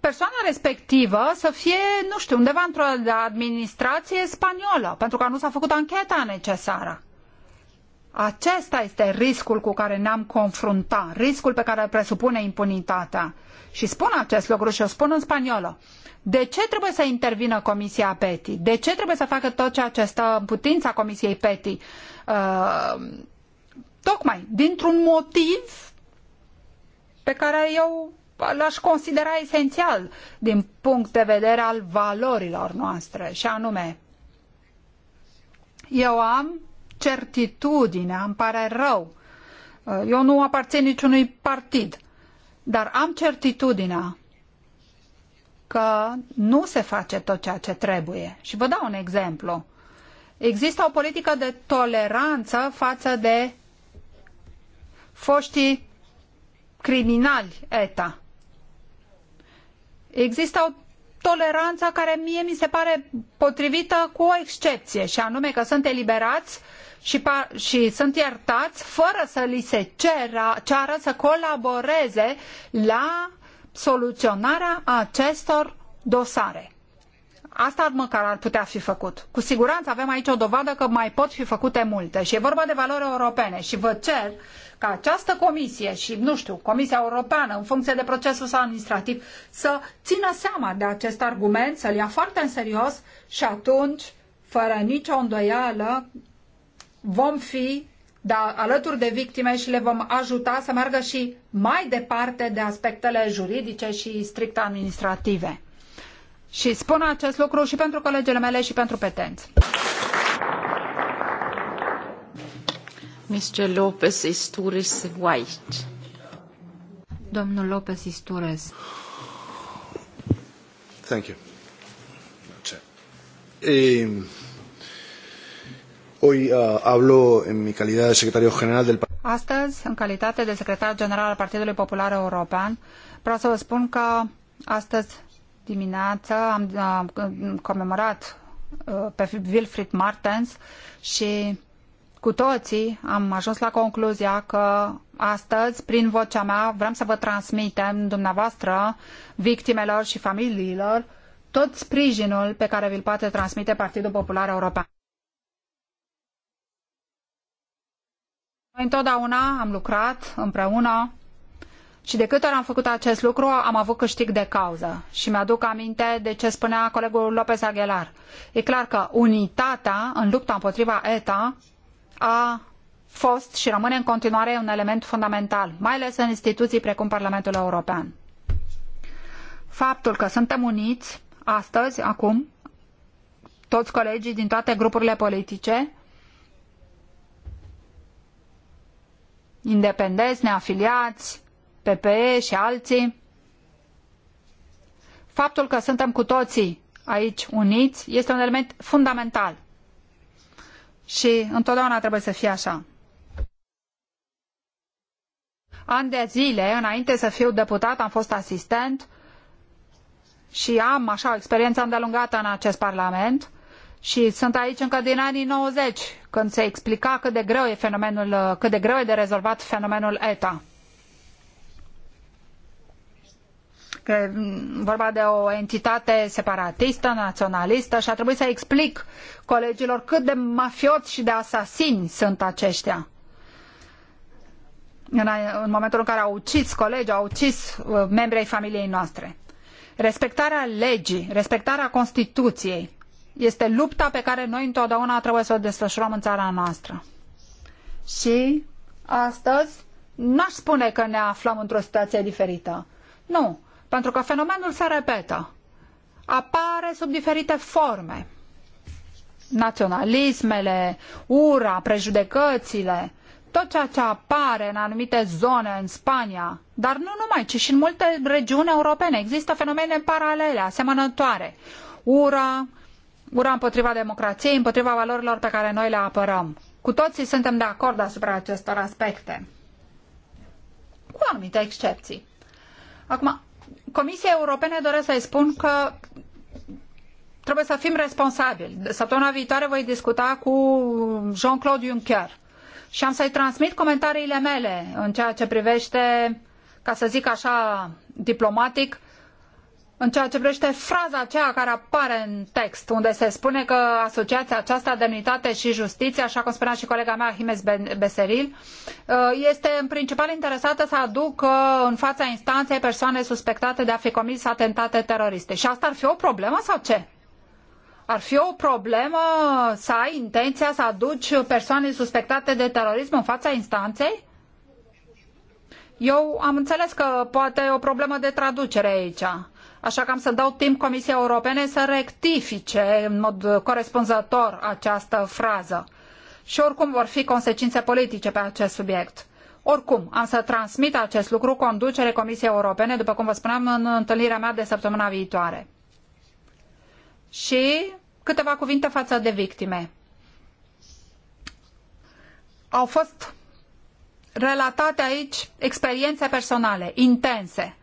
persoana respectivă să fie, nu știu, undeva într-o administrație spaniolă, pentru că nu s-a făcut ancheta necesară. Acesta este riscul cu care ne-am confruntat, riscul pe care îl presupune impunitatea. Și spun acest lucru și o spun în spaniolă. De ce trebuie să intervină Comisia PETI? De ce trebuie să facă tot ceea ce stă în putința Comisiei PETI? Uh, tocmai dintr-un motiv pe care eu l-aș considera esențial din punct de vedere al valorilor noastre, și anume, eu am certitudinea, îmi pare rău, eu nu aparțin niciunui partid, dar am certitudinea că nu se face tot ceea ce trebuie. Și vă dau un exemplu. Există o politică de toleranță față de foștii criminali ETA există o toleranță care mie mi se pare potrivită cu o excepție, și anume că sunt eliberați și, și sunt iertați fără să li se cera, ceară să colaboreze la soluționarea acestor dosare. Asta măcar ar putea fi făcut. Cu siguranță avem aici o dovadă că mai pot fi făcute multe și e vorba de valori europene și vă cer ca această comisie și, nu știu, Comisia Europeană, în funcție de procesul său administrativ, să țină seama de acest argument, să-l ia foarte în serios și atunci, fără nicio îndoială, vom fi da, alături de victime și le vom ajuta să meargă și mai departe de aspectele juridice și strict administrative. Și spun acest lucru și pentru colegele mele și pentru petenți. Mr. Lopez Isturiz White. Domnul Lopez Isturiz. Thank you. hoy uh, hablo en mi calidad de secretario general del Astăzi, în calitate de secretar general al Partidului Popular European, vreau să vă spun că astăzi dimineață am, am ah, comemorat ah, pe Wilfried Martens și cu toții am ajuns la concluzia că astăzi, prin vocea mea, vrem să vă transmitem dumneavoastră, victimelor și familiilor, tot sprijinul pe care vi-l poate transmite Partidul Popular European. Noi întotdeauna am lucrat împreună și de câte ori am făcut acest lucru, am avut câștig de cauză. Și mi-aduc aminte de ce spunea colegul López Aguilar. E clar că unitatea în lupta împotriva ETA a fost și rămâne în continuare un element fundamental, mai ales în instituții precum Parlamentul European. Faptul că suntem uniți astăzi, acum, toți colegii din toate grupurile politice, independenți, neafiliați, PPE și alții, faptul că suntem cu toții aici uniți este un element fundamental și întotdeauna trebuie să fie așa. An de zile, înainte să fiu deputat, am fost asistent și am așa o experiență îndelungată în acest parlament și sunt aici încă din anii 90, când se explica cât de greu e fenomenul, cât de greu e de rezolvat fenomenul ETA. că vorba de o entitate separatistă, naționalistă și a trebuit să explic colegilor cât de mafioți și de asasini sunt aceștia. În, în momentul în care au ucis colegi, au ucis uh, membrii familiei noastre. Respectarea legii, respectarea Constituției este lupta pe care noi întotdeauna trebuie să o desfășurăm în țara noastră. Și astăzi n-aș spune că ne aflăm într-o situație diferită. Nu pentru că fenomenul se repetă. Apare sub diferite forme. Naționalismele, ura, prejudecățile, tot ceea ce apare în anumite zone în Spania, dar nu numai, ci și în multe regiuni europene. Există fenomene paralele, asemănătoare. Ura, ura împotriva democrației, împotriva valorilor pe care noi le apărăm. Cu toții suntem de acord asupra acestor aspecte, cu anumite excepții. Acum, Comisiei Europene doresc să-i spun că trebuie să fim responsabili. Săptămâna viitoare voi discuta cu Jean-Claude Juncker și am să-i transmit comentariile mele în ceea ce privește, ca să zic așa diplomatic, în ceea ce privește fraza aceea care apare în text, unde se spune că asociația aceasta, demnitate și justiție, așa cum spunea și colega mea, Himes Beseril, uh, este în principal interesată să aducă în fața instanței persoane suspectate de a fi comis atentate teroriste. Și asta ar fi o problemă sau ce? Ar fi o problemă să ai intenția să aduci persoane suspectate de terorism în fața instanței? Eu am înțeles că poate e o problemă de traducere aici. Așa că am să dau timp Comisiei Europene să rectifice în mod corespunzător această frază. Și oricum vor fi consecințe politice pe acest subiect. Oricum, am să transmit acest lucru conducerii Comisiei Europene, după cum vă spuneam, în întâlnirea mea de săptămâna viitoare. Și câteva cuvinte față de victime. Au fost relatate aici experiențe personale, intense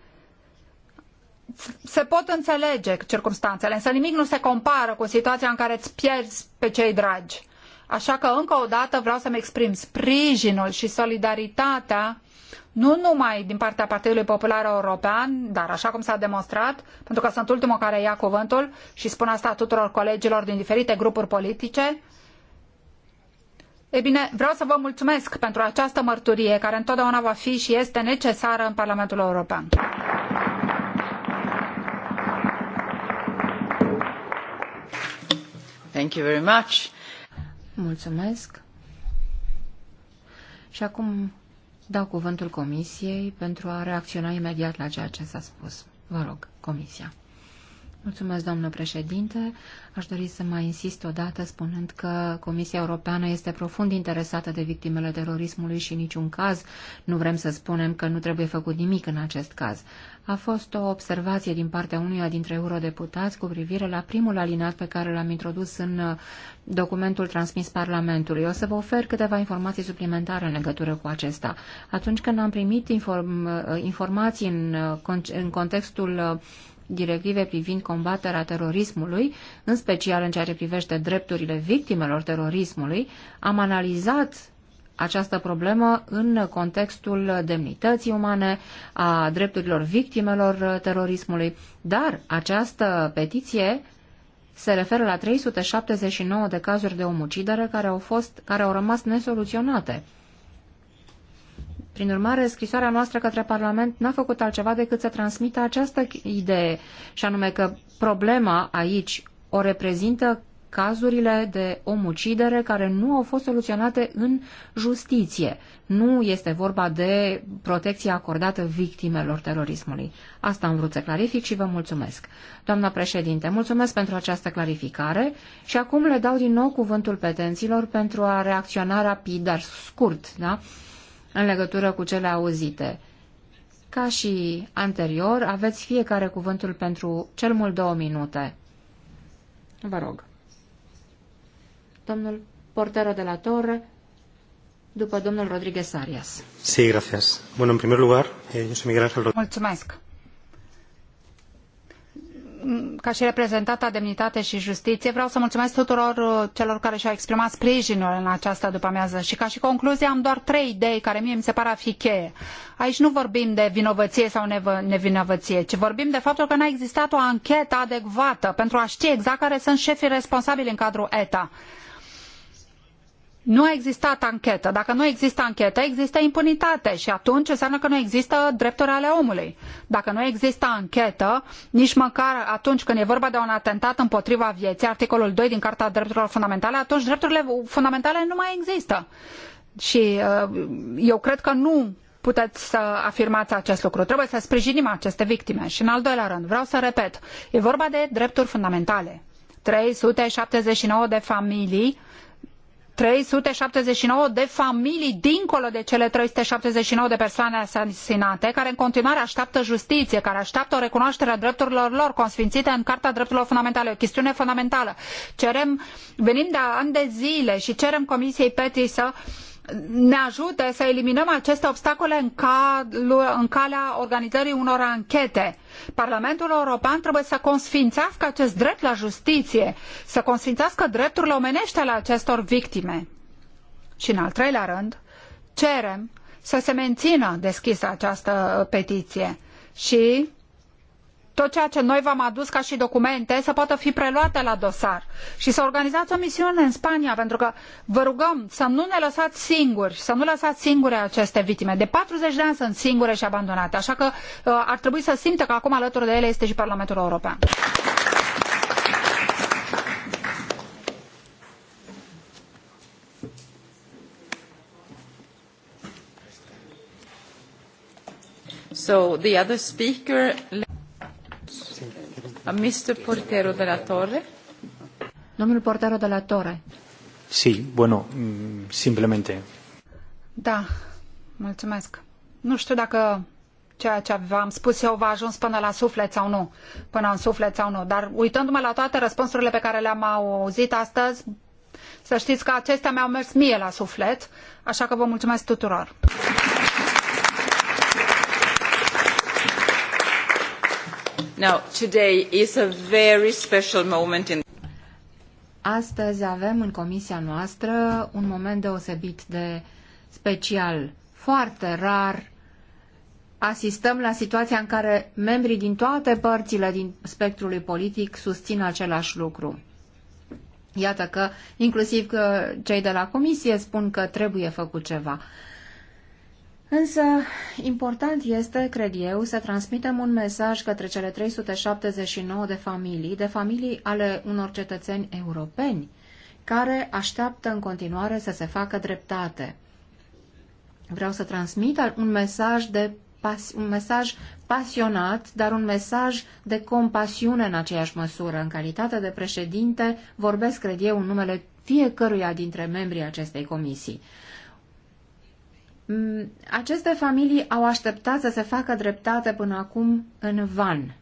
se pot înțelege circumstanțele, însă nimic nu se compară cu situația în care îți pierzi pe cei dragi. Așa că, încă o dată, vreau să-mi exprim sprijinul și solidaritatea nu numai din partea Partidului Popular European, dar așa cum s-a demonstrat, pentru că sunt ultimul care ia cuvântul și spun asta tuturor colegilor din diferite grupuri politice, e bine, vreau să vă mulțumesc pentru această mărturie care întotdeauna va fi și este necesară în Parlamentul European. Mulțumesc. Și acum dau cuvântul Comisiei pentru a reacționa imediat la ceea ce s-a spus. Vă rog, Comisia. Mulțumesc, doamnă președinte. Aș dori să mai insist o dată spunând că Comisia Europeană este profund interesată de victimele terorismului și în niciun caz nu vrem să spunem că nu trebuie făcut nimic în acest caz. A fost o observație din partea unuia dintre eurodeputați cu privire la primul alinat pe care l-am introdus în uh, documentul transmis Parlamentului. O să vă ofer câteva informații suplimentare în legătură cu acesta. Atunci când am primit inform, uh, informații în, uh, în contextul directive privind combaterea terorismului, în special în ceea ce privește drepturile victimelor terorismului, am analizat această problemă în contextul demnității umane, a drepturilor victimelor terorismului, dar această petiție se referă la 379 de cazuri de omucidere care au, fost, care au rămas nesoluționate. Prin urmare, scrisoarea noastră către Parlament n-a făcut altceva decât să transmită această idee, și anume că problema aici o reprezintă cazurile de omucidere care nu au fost soluționate în justiție. Nu este vorba de protecție acordată victimelor terorismului. Asta am vrut să clarific și vă mulțumesc. Doamna președinte, mulțumesc pentru această clarificare și acum le dau din nou cuvântul petenților pentru a reacționa rapid, dar scurt, da? în legătură cu cele auzite. Ca și anterior, aveți fiecare cuvântul pentru cel mult două minute. Vă rog. Domnul Portero de la Torre, după domnul Rodríguez Arias. Sí, gracias. Bueno, en primer lugar, eh, yo soy Miguel Ángel Rodríguez. Mulțumesc ca și reprezentanta Demnitate și Justiție, vreau să mulțumesc tuturor uh, celor care și-au exprimat sprijinul în această după-amiază și ca și concluzie am doar trei idei care mie mi se par a fi cheie. Aici nu vorbim de vinovăție sau nevinovăție, ci vorbim de faptul că n-a existat o anchetă adecvată pentru a ști exact care sunt șefii responsabili în cadrul ETA nu a existat anchetă. Dacă nu există anchetă, există impunitate și atunci înseamnă că nu există drepturi ale omului. Dacă nu există anchetă, nici măcar atunci când e vorba de un atentat împotriva vieții, articolul 2 din Carta Drepturilor Fundamentale, atunci drepturile fundamentale nu mai există. Și uh, eu cred că nu puteți să afirmați acest lucru. Trebuie să sprijinim aceste victime. Și în al doilea rând, vreau să repet, e vorba de drepturi fundamentale. 379 de familii 379 de familii dincolo de cele 379 de persoane asasinate, care în continuare așteaptă justiție, care așteaptă o recunoaștere a drepturilor lor consfințite în Carta Drepturilor Fundamentale, o chestiune fundamentală. Cerem, venim de ani de zile și cerem Comisiei PETI să ne ajute să eliminăm aceste obstacole în, în calea organizării unor anchete. Parlamentul European trebuie să consfințească acest drept la justiție, să consfințească drepturile omenești ale acestor victime. Și în al treilea rând, cerem să se mențină deschisă această uh, petiție și tot ceea ce noi v-am adus ca și documente să poată fi preluate la dosar și să organizați o misiune în Spania, pentru că vă rugăm să nu ne lăsați singuri, să nu lăsați singure aceste victime. De 40 de ani sunt singure și abandonate, așa că uh, ar trebui să simtă că acum alături de ele este și Parlamentul European. So the other speaker de la Torre. Domnul Portero de la Torre. Sí, bueno, mm, simplemente. Da, mulțumesc. Nu știu dacă ceea ce v-am spus eu v-a ajuns până la suflet sau nu, până în suflet sau nu, dar uitându-mă la toate răspunsurile pe care le-am auzit astăzi, să știți că acestea mi-au mers mie la suflet, așa că vă mulțumesc tuturor. Now, today is a very special moment in... Astăzi avem în comisia noastră un moment deosebit de special, foarte rar. Asistăm la situația în care membrii din toate părțile din spectrului politic susțin același lucru. Iată că inclusiv că cei de la comisie spun că trebuie făcut ceva. Însă, important este, cred eu, să transmitem un mesaj către cele 379 de familii, de familii ale unor cetățeni europeni, care așteaptă în continuare să se facă dreptate. Vreau să transmit un mesaj de un mesaj pasionat, dar un mesaj de compasiune în aceeași măsură. În calitate de președinte, vorbesc, cred eu, în numele fiecăruia dintre membrii acestei comisii. Mm, aceste familii au așteptat să se facă dreptate până acum în van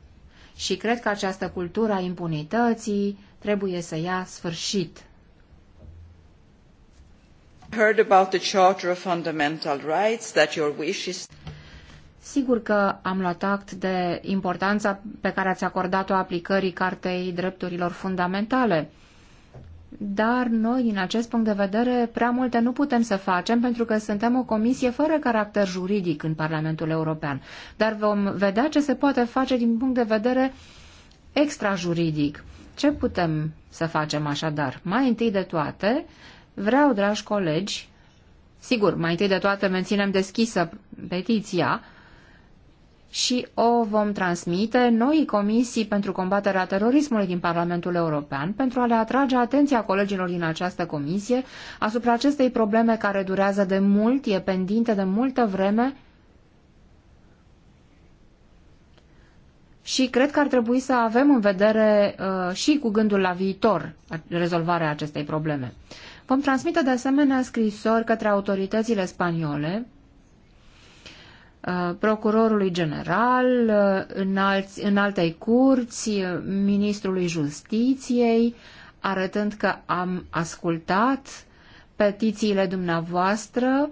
și cred că această cultură a impunității trebuie să ia sfârșit. Heard about the Charter of Fundamental Rights that your wish is Sigur că am luat act de importanța pe care ați acordat-o aplicării Cartei Drepturilor Fundamentale dar noi, din acest punct de vedere, prea multe nu putem să facem pentru că suntem o comisie fără caracter juridic în Parlamentul European. Dar vom vedea ce se poate face din punct de vedere extrajuridic. Ce putem să facem așadar? Mai întâi de toate, vreau, dragi colegi, sigur, mai întâi de toate menținem deschisă petiția, și o vom transmite noii comisii pentru combaterea terorismului din Parlamentul European pentru a le atrage atenția colegilor din această comisie asupra acestei probleme care durează de mult, e pendinte de multă vreme și cred că ar trebui să avem în vedere uh, și cu gândul la viitor rezolvarea acestei probleme. Vom transmite de asemenea scrisori către autoritățile spaniole Uh, procurorului general, uh, în, alți, în altei curți, uh, ministrului justiției, arătând că am ascultat petițiile dumneavoastră,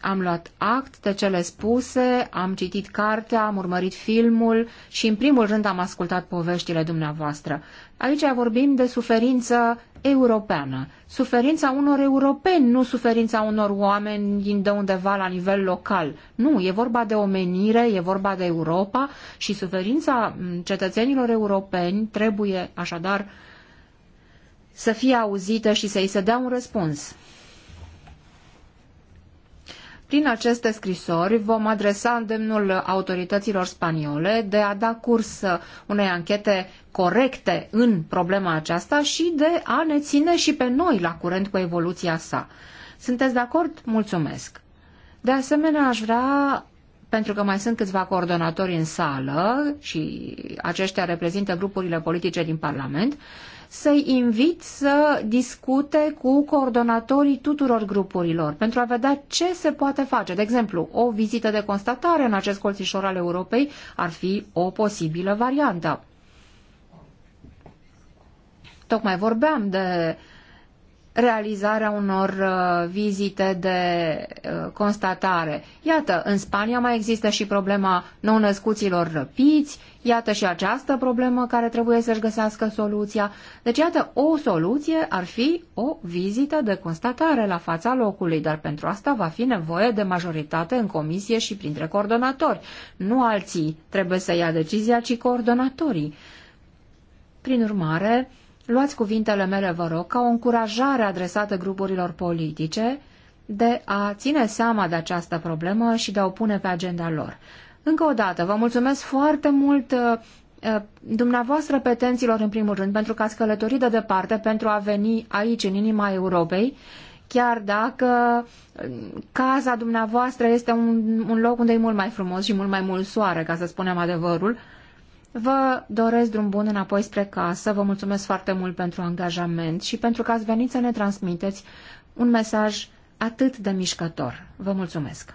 am luat act de cele spuse, am citit cartea, am urmărit filmul și în primul rând am ascultat poveștile dumneavoastră. Aici vorbim de suferință europeană, suferința unor europeni, nu suferința unor oameni din de undeva la nivel local. Nu, e vorba de omenire, e vorba de Europa și suferința mm, cetățenilor europeni trebuie așadar să fie auzită și să i se dea un răspuns. Prin aceste scrisori vom adresa îndemnul autorităților spaniole de a da curs unei anchete corecte în problema aceasta și de a ne ține și pe noi la curent cu evoluția sa. Sunteți de acord? Mulțumesc! De asemenea, aș vrea pentru că mai sunt câțiva coordonatori în sală și aceștia reprezintă grupurile politice din Parlament, să-i invit să discute cu coordonatorii tuturor grupurilor pentru a vedea ce se poate face. De exemplu, o vizită de constatare în acest colțișor al Europei ar fi o posibilă variantă. Tocmai vorbeam de uh, realizarea unor uh, vizite de uh, constatare. Iată, în Spania mai există și problema nou-născuților răpiți, iată și această problemă care trebuie să-și găsească soluția. Deci, iată, o soluție ar fi o vizită de constatare la fața locului, dar pentru asta va fi nevoie de majoritate în comisie și printre coordonatori. Nu alții trebuie să ia decizia, ci coordonatorii. Prin urmare, luați cuvintele mele, vă rog, ca o încurajare adresată grupurilor politice de a ține seama de această problemă și de a o pune pe agenda lor. Încă o dată, vă mulțumesc foarte mult uh, uh, dumneavoastră petenților în primul rând pentru că ați călătorit de departe pentru a veni aici în inima Europei chiar dacă uh, casa dumneavoastră este un, un loc unde e mult mai frumos și mult mai mult soare, ca să spunem adevărul, Vă doresc drum bun înapoi spre casă, vă mulțumesc foarte mult pentru angajament și pentru că ați venit să ne transmiteți un mesaj atât de mișcător. Vă mulțumesc!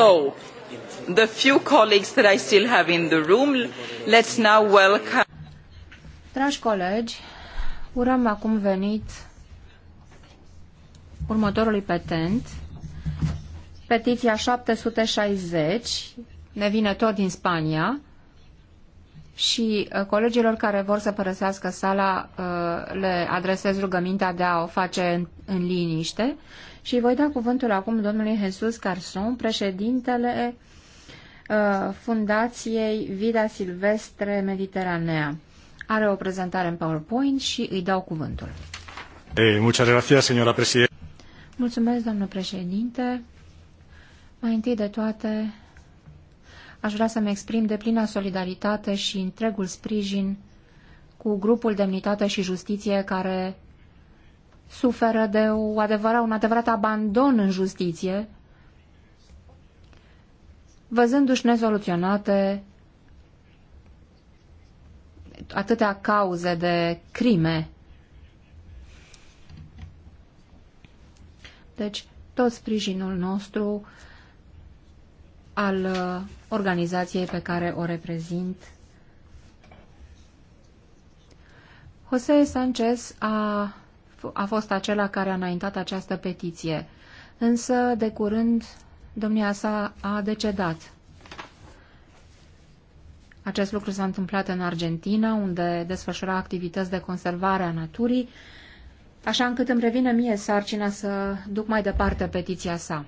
So, the few colleagues that I still have in the room, let's now welcome. Dragi colegi, urăm acum venit următorului petent. Petiția 760 ne vine tot din Spania și uh, colegilor care vor să părăsească sala uh, le adresez rugămintea de a o face în, în liniște. Și voi da cuvântul acum domnului Jesus Carson, președintele uh, Fundației Vida Silvestre Mediteranea. Are o prezentare în PowerPoint și îi dau cuvântul. Ei, eh, muchas gracias, señora presidente. Mulțumesc, domnul președinte. Mai întâi de toate, aș vrea să-mi exprim de plină solidaritate și întregul sprijin cu grupul Demnitate și Justiție care suferă de o adevărat, un adevărat abandon în justiție, văzându-și nesoluționate atâtea cauze de crime. Deci, tot sprijinul nostru al uh, organizației pe care o reprezint. Jose Sanchez a a fost acela care a înaintat această petiție. Însă, de curând, domnia sa a decedat. Acest lucru s-a întâmplat în Argentina, unde desfășura activități de conservare a naturii, așa încât îmi revine mie sarcina să duc mai departe petiția sa.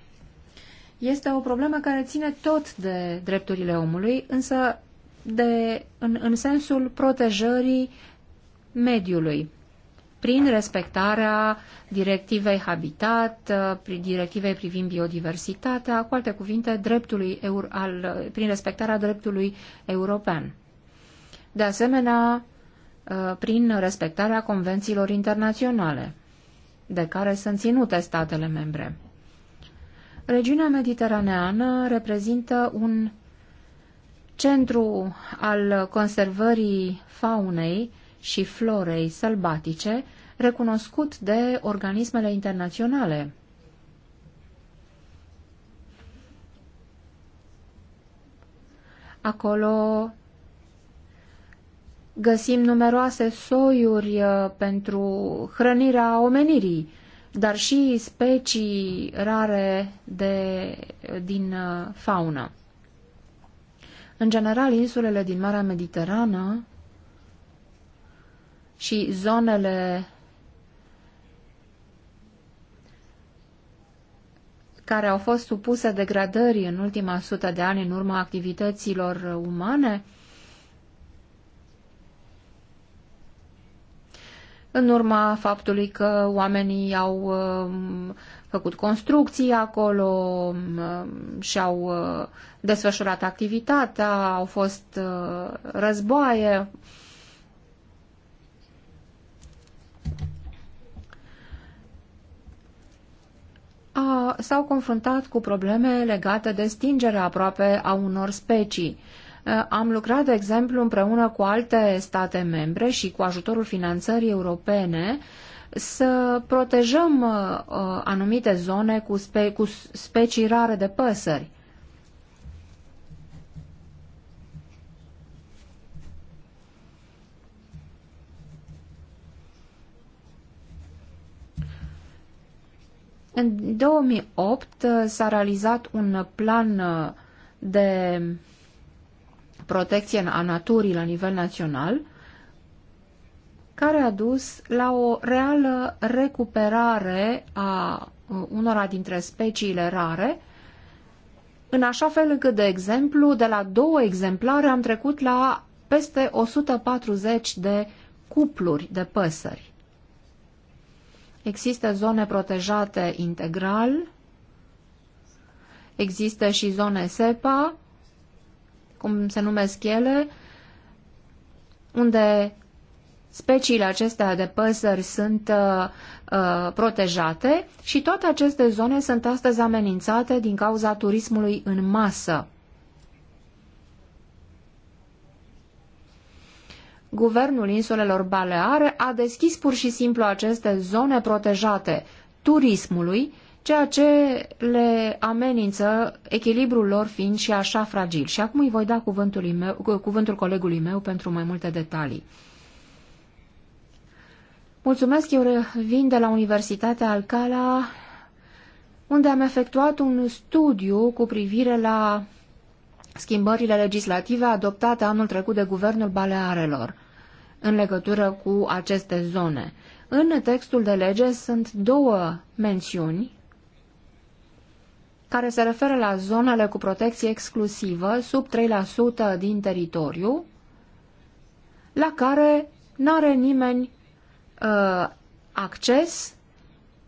Este o problemă care ține tot de drepturile omului, însă de, în, în sensul protejării mediului prin respectarea directivei Habitat, uh, prin directivei privind biodiversitatea, cu alte cuvinte, dreptului, al, prin respectarea dreptului european. De asemenea, uh, prin respectarea convențiilor internaționale, de care sunt ținute statele membre. Regiunea mediteraneană reprezintă un centru al conservării faunei și florei sălbatice, recunoscut de organismele internaționale. Acolo găsim numeroase soiuri uh, pentru hrănirea omenirii, dar și specii rare de, din uh, faună. În general, insulele din Marea Mediterană și zonele care au fost supuse degradării în ultima sută de ani în urma activităților umane, în urma faptului că oamenii au um, făcut construcții acolo, um, și-au uh, desfășurat activitatea, au fost uh, războaie, s-au confruntat cu probleme legate de stingerea aproape a unor specii. Am lucrat, de exemplu, împreună cu alte state membre și cu ajutorul finanțării europene să protejăm anumite zone cu, spe- cu specii rare de păsări. În 2008 uh, s-a realizat un plan uh, de protecție a naturii la nivel național, care a dus la o reală recuperare a uh, unora dintre speciile rare, în așa fel încât, de exemplu, de la două exemplare am trecut la peste 140 de cupluri de păsări. Există zone protejate integral, există și zone SEPA, cum se numesc ele, unde speciile acestea de păsări sunt uh, uh protejate și toate aceste zone sunt astăzi amenințate din cauza turismului în masă. guvernul insulelor Baleare a deschis pur și simplu aceste zone protejate turismului, ceea ce le amenință echilibrul lor fiind și așa fragil. Și acum îi voi da cuvântul, meu, cuvântul colegului meu pentru mai multe detalii. Mulțumesc, eu vin de la Universitatea Alcala, unde am efectuat un studiu cu privire la schimbările legislative adoptate anul trecut de Guvernul Balearelor în legătură cu aceste zone. În textul de lege sunt două mențiuni care se referă la zonele cu protecție exclusivă sub 3% din teritoriu, la care nu are nimeni uh, acces,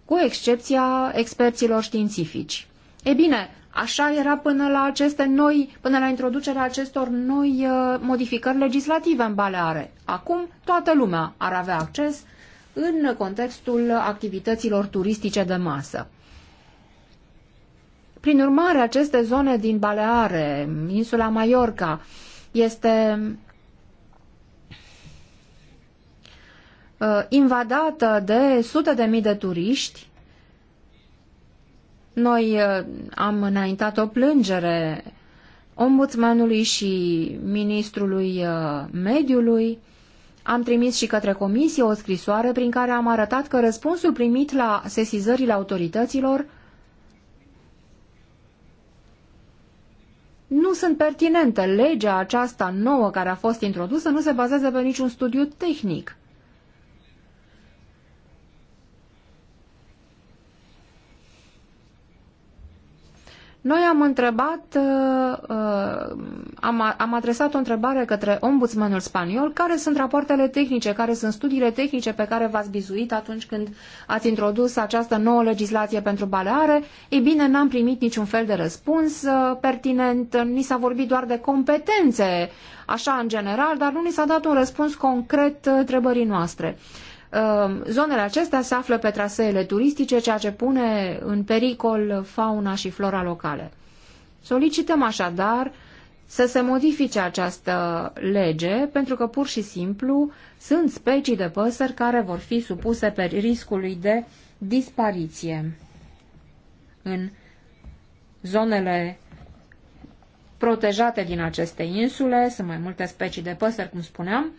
cu excepția experților științifici. E bine, Așa era până la aceste noi, până la introducerea acestor noi uh, modificări legislative în baleare. Acum toată lumea ar avea acces în contextul activităților turistice de masă. Prin urmare, aceste zone din Baleare, insula Mallorca, este uh, invadată de sute de mii de turiști noi uh, am înaintat o plângere ombudsmanului și ministrului uh, mediului. Am trimis și către comisie o scrisoare prin care am arătat că răspunsul primit la sesizările autorităților nu sunt pertinente. Legea aceasta nouă care a fost introdusă nu se bazează pe niciun studiu tehnic. Noi am întrebat, uh, uh, am, am adresat o întrebare către ombudsmanul spaniol, care sunt rapoartele tehnice, care sunt studiile tehnice pe care v-ați bizuit atunci când ați introdus această nouă legislație pentru baleare. Ei bine, n-am primit niciun fel de răspuns uh, pertinent, ni s-a vorbit doar de competențe, așa în general, dar nu ni s-a dat un răspuns concret întrebării noastre. Um, zonele acestea se află pe traseele turistice, ceea ce pune în pericol fauna și flora locale. Solicităm așadar să se modifice această lege, pentru că pur și simplu sunt specii de păsări care vor fi supuse pe riscului de dispariție în zonele protejate din aceste insule, sunt mai multe specii de păsări, cum spuneam,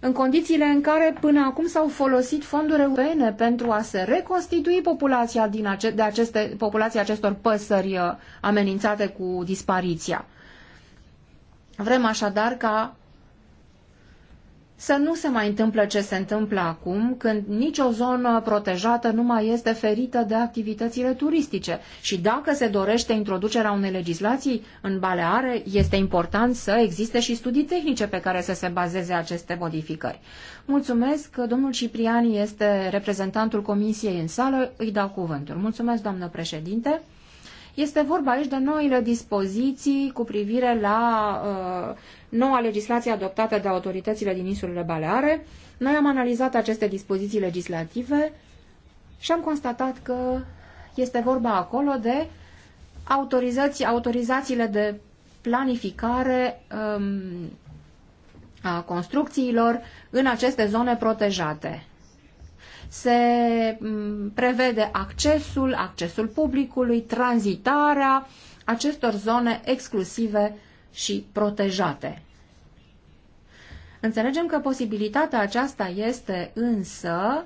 în condițiile în care până acum s-au folosit fonduri europene pentru a se reconstitui populația, din ace- de aceste, populația acestor păsări uh, amenințate cu dispariția. Vrem așadar ca să nu se mai întâmple ce se întâmplă acum, când nicio zonă protejată nu mai este ferită de activitățile turistice. Și dacă se dorește introducerea unei legislații în Baleare, este important să existe și studii tehnice pe care să se bazeze aceste modificări. Mulțumesc, domnul Cipriani este reprezentantul Comisiei în sală, îi dau cuvântul. Mulțumesc, doamnă președinte. Este vorba aici de noile dispoziții cu privire la uh, noua legislație adoptată de autoritățile din insulele Baleare. Noi am analizat aceste dispoziții legislative și am constatat că este vorba acolo de autorizații, autorizațiile de planificare um, a construcțiilor în aceste zone protejate se mm, prevede accesul, accesul publicului, tranzitarea acestor zone exclusive și protejate. Înțelegem că posibilitatea aceasta este însă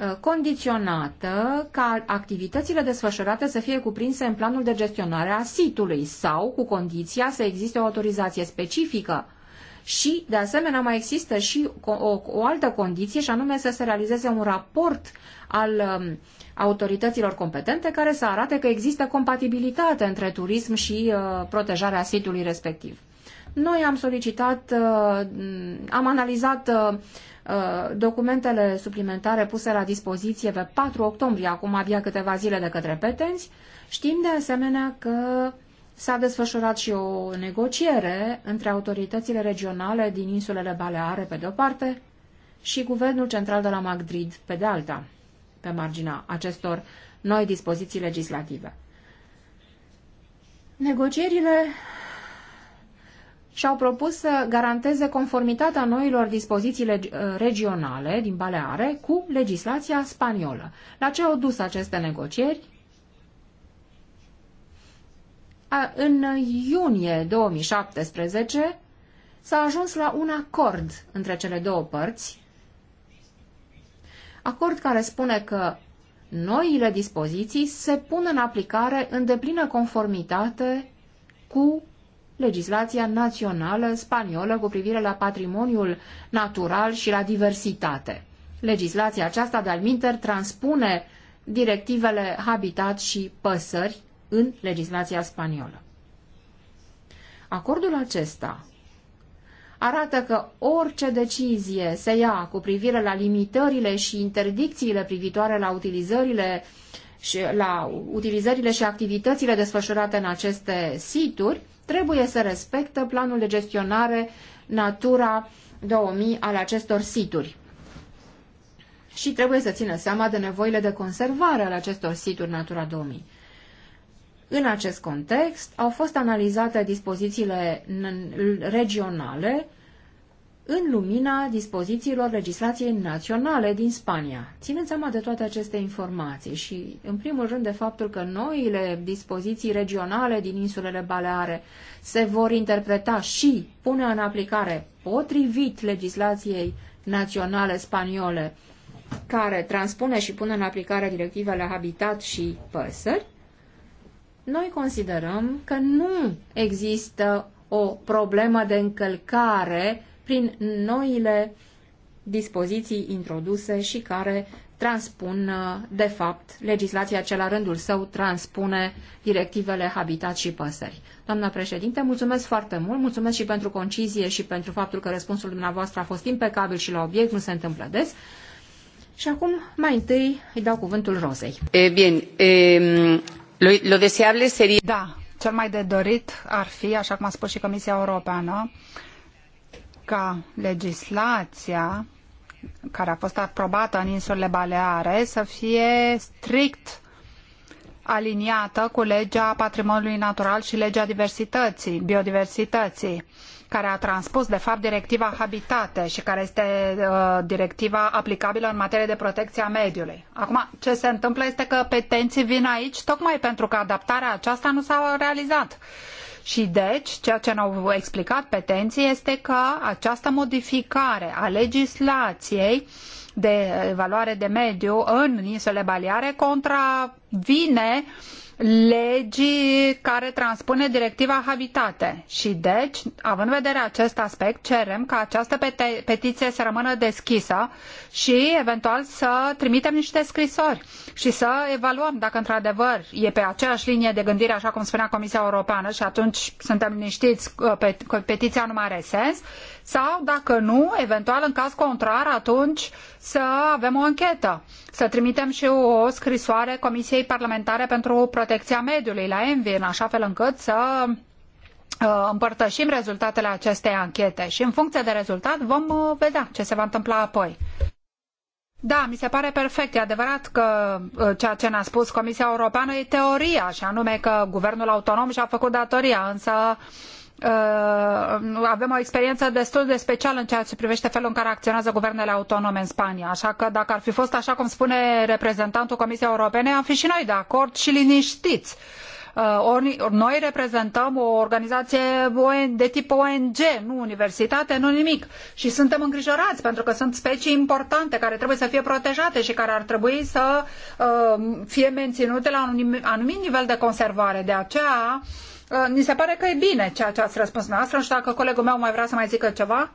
ă, condiționată ca activitățile desfășurate să fie cuprinse în planul de gestionare a sitului sau cu condiția să existe o autorizație specifică și, de asemenea, mai există și o, o altă condiție, și anume să se realizeze un raport al um, autorităților competente care să arate că există compatibilitate între turism și uh, protejarea sitului respectiv. Noi am solicitat, uh, am analizat uh, uh, documentele suplimentare puse la dispoziție pe 4 octombrie, acum abia câteva zile de către petenți. Știm de asemenea că S-a desfășurat și o negociere între autoritățile regionale din insulele Baleare, pe de-o parte, și Guvernul Central de la Madrid, pe de alta, pe marginea acestor noi dispoziții legislative. Negocierile și-au propus să garanteze conformitatea noilor dispoziții uh, regionale din Baleare cu legislația spaniolă. La ce au dus aceste negocieri? în iunie 2017 s-a ajuns la un acord între cele două părți, acord care spune că noile dispoziții se pun în aplicare în deplină conformitate cu legislația națională spaniolă cu privire la patrimoniul natural și la diversitate. Legislația aceasta, de-al transpune directivele Habitat și Păsări în legislația spaniolă. Acordul acesta arată că orice decizie se ia cu privire la limitările și interdicțiile privitoare la utilizările și la utilizările și activitățile desfășurate în aceste situri, trebuie să respectă planul de gestionare Natura 2000 al acestor situri. Și trebuie să țină seama de nevoile de conservare ale acestor situri Natura 2000. În acest context au fost analizate dispozițiile regionale în lumina dispozițiilor legislației naționale din Spania. Ținând seama de toate aceste informații și, în primul rând, de faptul că noile dispoziții regionale din insulele Baleare se vor interpreta și pune în aplicare potrivit legislației naționale spaniole, care transpune și pune în aplicare directivele Habitat și Păsări, noi considerăm că nu există o problemă de încălcare prin noile dispoziții introduse și care transpun, uh, de fapt, legislația ce la rândul său transpune directivele Habitat și Păsări. Doamna președinte, mulțumesc foarte mult, mulțumesc și pentru concizie și pentru faptul că răspunsul dumneavoastră a fost impecabil și la obiect, nu se întâmplă des. Și acum, mai întâi, îi dau cuvântul Rozei. E, eh, bine, e, eh, Lo, deseable seria... Da, cel mai de dorit ar fi, așa cum a spus și Comisia Europeană, ca legislația care a fost aprobată în insulele Baleare să fie strict aliniată cu legea patrimoniului natural și legea diversității, biodiversității care a transpus, de fapt, directiva Habitate și care este uh, directiva aplicabilă în materie de protecție a mediului. Acum, ce se întâmplă este că petenții vin aici tocmai pentru că adaptarea aceasta nu s-a realizat. Și deci, ceea ce ne-au explicat petenții este că această modificare a legislației de evaluare de mediu în insulele Baleare contravine uh, legii care transpune directiva Habitate. Și deci, având în vedere acest aspect, cerem ca această petiție să rămână deschisă și eventual să trimitem niște scrisori și să evaluăm dacă într-adevăr e pe aceeași linie de gândire, așa cum spunea Comisia Europeană și atunci suntem liniștiți uh, că petiția nu mai are sens sau, dacă nu, eventual, în caz contrar, atunci să avem o anchetă, să trimitem și o scrisoare Comisiei Parlamentare pentru Protecția Mediului la ENVI, în așa fel încât să uh, împărtășim rezultatele acestei anchete și în funcție de rezultat vom uh, vedea ce se va întâmpla apoi. Da, mi se pare perfect. E adevărat că uh, ceea ce ne-a spus Comisia Europeană e teoria, și anume că guvernul autonom și-a făcut datoria, însă uh, Uh, avem o experiență destul de specială în ceea ce privește felul în care acționează guvernele autonome în Spania. Așa că dacă ar fi fost așa cum spune reprezentantul Comisiei Europene, am fi și noi de acord și liniștiți. Uh, noi reprezentăm o organizație de tip ONG, nu universitate, nu nimic. Și suntem îngrijorați pentru că sunt specii importante care trebuie să fie protejate și care ar trebui să uh, fie menținute la un anumit nivel de conservare. De aceea, mi uh, se pare că e bine ceea ce ați răspuns noastră. Nu știu dacă colegul meu mai vrea să mai zică ceva.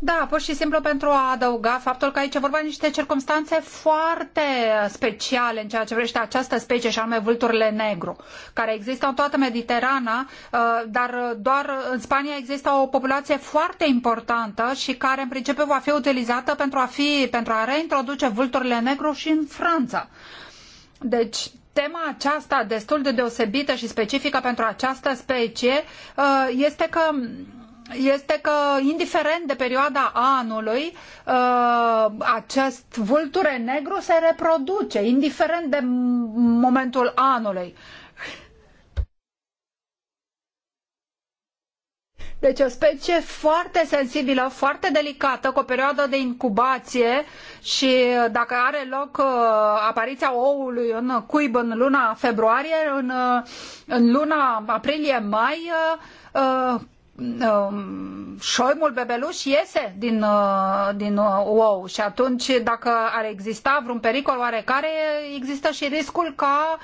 Da, pur și simplu pentru a adăuga faptul că aici e vorba de niște circunstanțe foarte speciale în ceea ce vrește această specie și anume vulturile negru, care există în toată Mediterana, uh, dar doar în Spania există o populație foarte importantă și care în principiu va fi utilizată pentru a, fi, pentru a reintroduce vulturile negru și în Franța. Deci, tema aceasta destul de deosebită și specifică pentru această specie uh, este că este că, indiferent de perioada anului, uh, acest vulture negru se reproduce, indiferent de momentul anului. Deci o specie foarte sensibilă, foarte delicată, cu o perioadă de incubație și uh, dacă are loc uh, apariția oului în cuib în luna februarie, în, uh, în luna aprilie-mai, um, șoimul bebeluș iese din, din ou și atunci dacă ar exista vreun pericol oarecare, există și riscul ca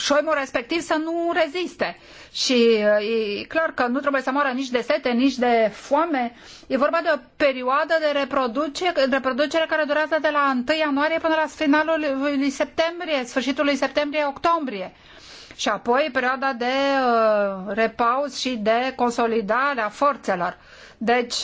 șoimul respectiv să nu reziste. Și uh, e clar că nu trebuie să moară nici de sete, nici de foame. E vorba de o perioadă de reproducere, reproducere care durează de la 1 ianuarie până la finalul lui septembrie, sfârșitul lui septembrie-octombrie. Și apoi perioada de uh, repaus și de consolidare a forțelor. Uh, deci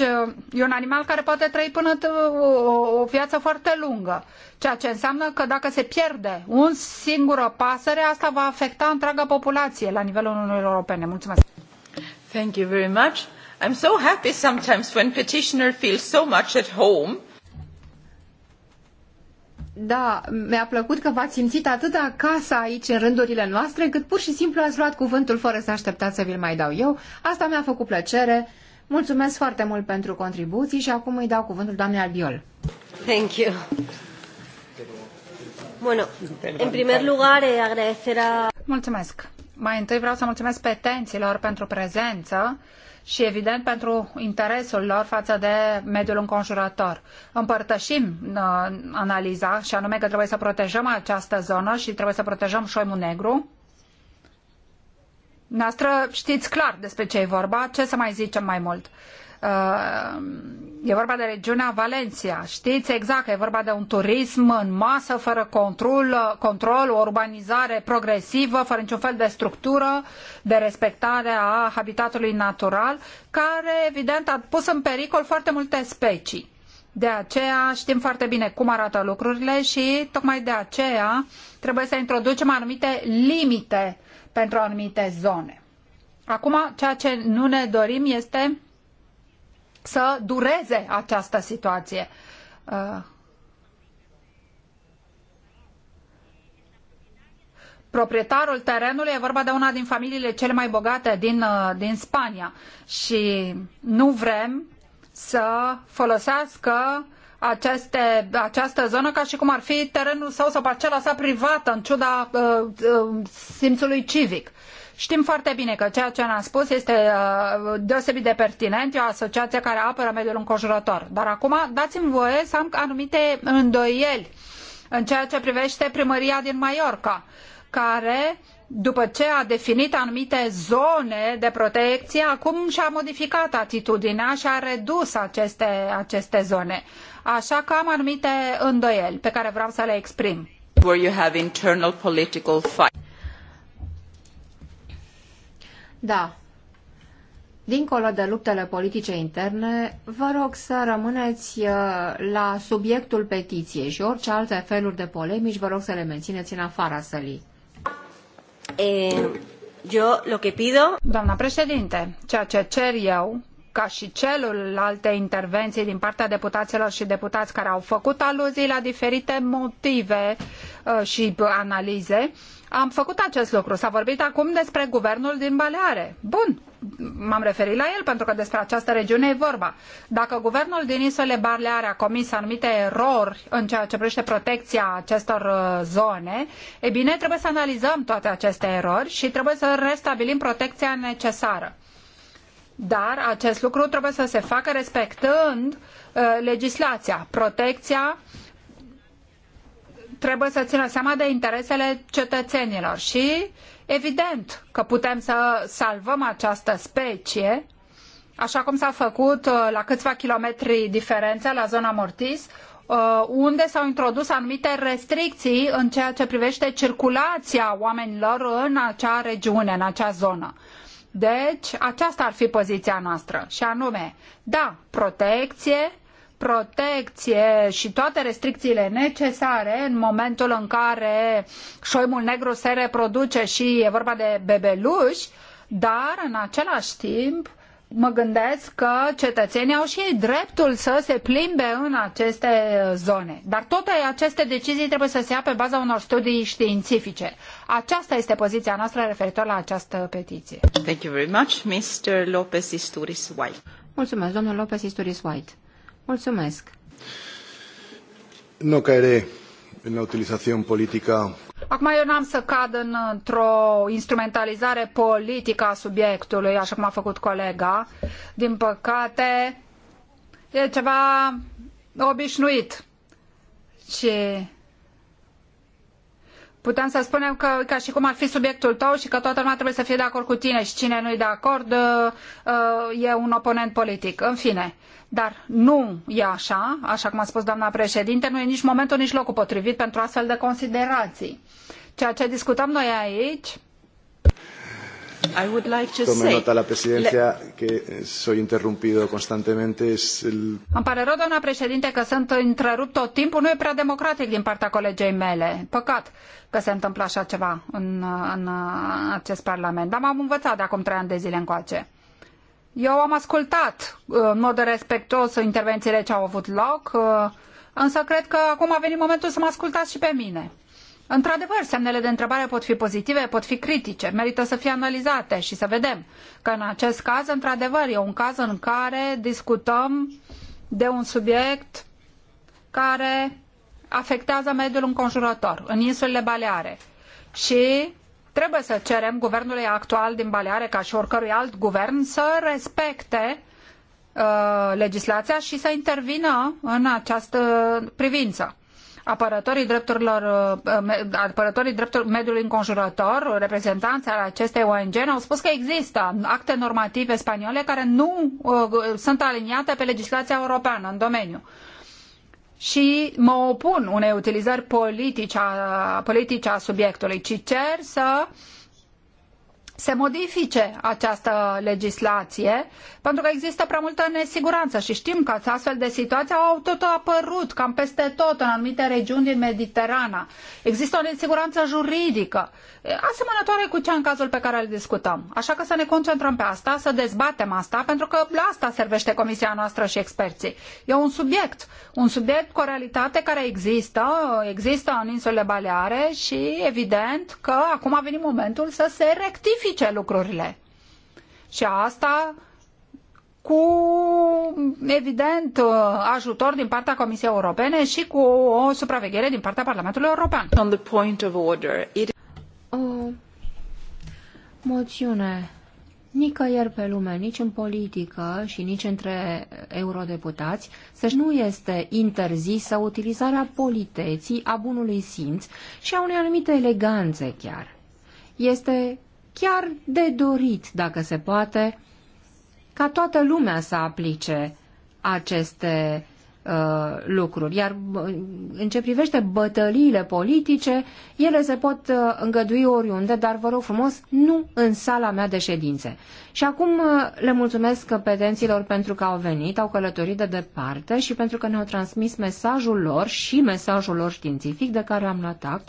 e un animal care poate trăi până o, o viață foarte lungă, ceea ce înseamnă că dacă se pierde un singură pasăre, asta va afecta întreaga populație la nivelul Uniunii Europene. Mulțumesc! Thank you very much. I'm so happy sometimes when petitioner feels so much at home da, mi-a plăcut că v-ați simțit atât de acasă aici în rândurile noastre, cât pur și simplu ați luat cuvântul fără să așteptați să vi-l mai dau eu. Asta mi-a făcut plăcere. Mulțumesc foarte mult pentru contribuții și acum îi dau cuvântul doamnei Albiol. Thank you. Bueno, en primer lugar, eh, agradecer a... Mulțumesc. Mai întâi vreau să mulțumesc petenților pentru prezență și evident pentru interesul lor față de mediul înconjurător. Împărtășim uh, analiza și anume că trebuie să protejăm această zonă și trebuie să protejăm șoimul negru Noastră știți clar despre ce e vorba, ce să mai zicem mai mult. Uh, e vorba de regiunea Valencia. Știți exact că e vorba de un turism în masă, fără control, control, o urbanizare progresivă, fără niciun fel de structură, de respectare a habitatului natural, care evident a pus în pericol foarte multe specii. De aceea știm foarte bine cum arată lucrurile și tocmai de aceea trebuie să introducem anumite limite pentru anumite zone. Acum, ceea ce nu ne dorim este să dureze această situație. Uh, proprietarul terenului e vorba de una din familiile cele mai bogate din, uh, din Spania și nu vrem să folosească aceste, această zonă ca și cum ar fi terenul său sau parcela sa privată, în ciuda uh, uh, simțului civic. Știm foarte bine că ceea ce ne-a spus este uh, deosebit de pertinent, e o asociație care apără mediul înconjurător. Dar acum dați-mi voie să am anumite îndoieli în ceea ce privește primăria din Mallorca, care uh, după ce a definit anumite zone de protecție, acum și-a modificat atitudinea și a redus aceste, aceste zone. Așa că am anumite îndoieli pe care vreau să le exprim. Where you have internal political fight. Da. Dincolo de luptele politice interne, vă rog să rămâneți uh, la subiectul petiției și orice alte feluri de polemici, vă rog să le mențineți în afara sălii. Eu, eh, lo que pido... Doamna președinte, ceea ce cer eu ca și celelalte intervenții din partea deputaților și deputați care au făcut aluzii la diferite motive uh, și uh, analize. Am făcut acest lucru. S-a vorbit acum despre guvernul din Baleare. Bun, m-am referit la el pentru că despre această regiune e vorba. Dacă guvernul din insulele Baleare a comis anumite erori în ceea ce privește protecția acestor uh, zone, e bine, trebuie să analizăm toate aceste erori și trebuie să restabilim protecția necesară. Dar acest lucru trebuie să se facă respectând uh, legislația, protecția trebuie să țină seama de interesele cetățenilor și uh, Evident că putem să salvăm această specie, așa cum s-a făcut uh, la câțiva kilometri diferență la zona Mortis, uh, unde s-au introdus anumite restricții în ceea ce privește circulația oamenilor în acea regiune, în acea zonă. Deci, aceasta ar fi poziția noastră, și anume, da, protecție, protecție și toate restricțiile necesare în momentul în care șoimul negru se reproduce și e vorba de bebeluși, dar în același timp mă gândesc că cetățenii au și ei dreptul să se plimbe în aceste zone. Dar toate aceste decizii trebuie să se ia pe baza unor studii științifice. Aceasta este poziția noastră referitor la această petiție. Thank you very much, Mr. Lopez Isturiz White. Mulțumesc, domnul Lopez Isturiz White. Mulțumesc! Nu caere în utilizațion politică. Acum eu n-am să cad în, într-o instrumentalizare politică a subiectului, așa cum a făcut colega. Din păcate, e ceva obișnuit. Și putem să spunem că ca și cum ar fi subiectul tău și că toată lumea trebuie să fie de acord cu tine și cine nu e de acord uh, uh, e un oponent politic. În fine, dar nu e așa, așa cum a spus doamna președinte, nu e nici momentul, nici locul potrivit pentru astfel de considerații. Ceea ce discutăm noi aici I would like to Tome nota la presidencia le... que soy interrumpido constantemente. el... Îmi pare rău, doamna președinte, că sunt întrerupt tot timpul. Nu e prea democratic din partea colegei mele. Păcat că se întâmplă așa ceva în, în acest parlament. Dar m-am învățat de acum trei ani de zile încoace. Eu am ascultat uh, în mod respectuos intervențiile ce au avut loc, uh, însă cred că acum a venit momentul să mă ascultați și pe mine. Într-adevăr, semnele de întrebare pot fi pozitive, pot fi critice, merită să fie analizate și să vedem că în acest caz, într-adevăr, e un caz în care discutăm de un subiect care afectează mediul înconjurător, în insulele Baleare. Și Trebuie să cerem guvernului actual din Baleare, ca și oricărui alt guvern, să respecte uh, legislația și să intervină în această privință apărătorii drepturilor, uh, apărătorii drepturilor mediului înconjurător, reprezentanții al acestei ONG, au spus că există acte normative spaniole care nu uh, sunt aliniate pe legislația europeană în domeniu și mă opun unei utilizări politice a, politice a subiectului, ci cer să uh, se modifice această legislație, pentru că există prea multă nesiguranță și știm că astfel de situații au tot apărut cam peste tot în anumite regiuni din Mediterana. Există o nesiguranță juridică, asemănătoare cu cea în cazul pe care îl discutăm. Așa că să ne concentrăm pe asta, să dezbatem asta, pentru că la asta servește comisia noastră și experții. E un subiect, un subiect cu o realitate care există, există în insulele Baleare și evident că acum a venit momentul să se rectifice simplifice lucrurile. Și asta cu, evident, ajutor din partea Comisiei Europene și cu o supraveghere din partea Parlamentului European. On the point of order, it... O moțiune nicăieri pe lume, nici în politică și nici între eurodeputați, să nu este interzisă utilizarea politeții, a bunului simț și a unei anumite eleganțe chiar. Este chiar de dorit, dacă se poate, ca toată lumea să aplice aceste uh, lucruri. Iar uh, în ce privește bătăliile politice, ele se pot uh, îngădui oriunde, dar vă rog frumos, nu în sala mea de ședințe. Și acum uh, le mulțumesc competenților pentru că au venit, au călătorit de departe și pentru că ne-au transmis mesajul lor și mesajul lor științific de care am luat act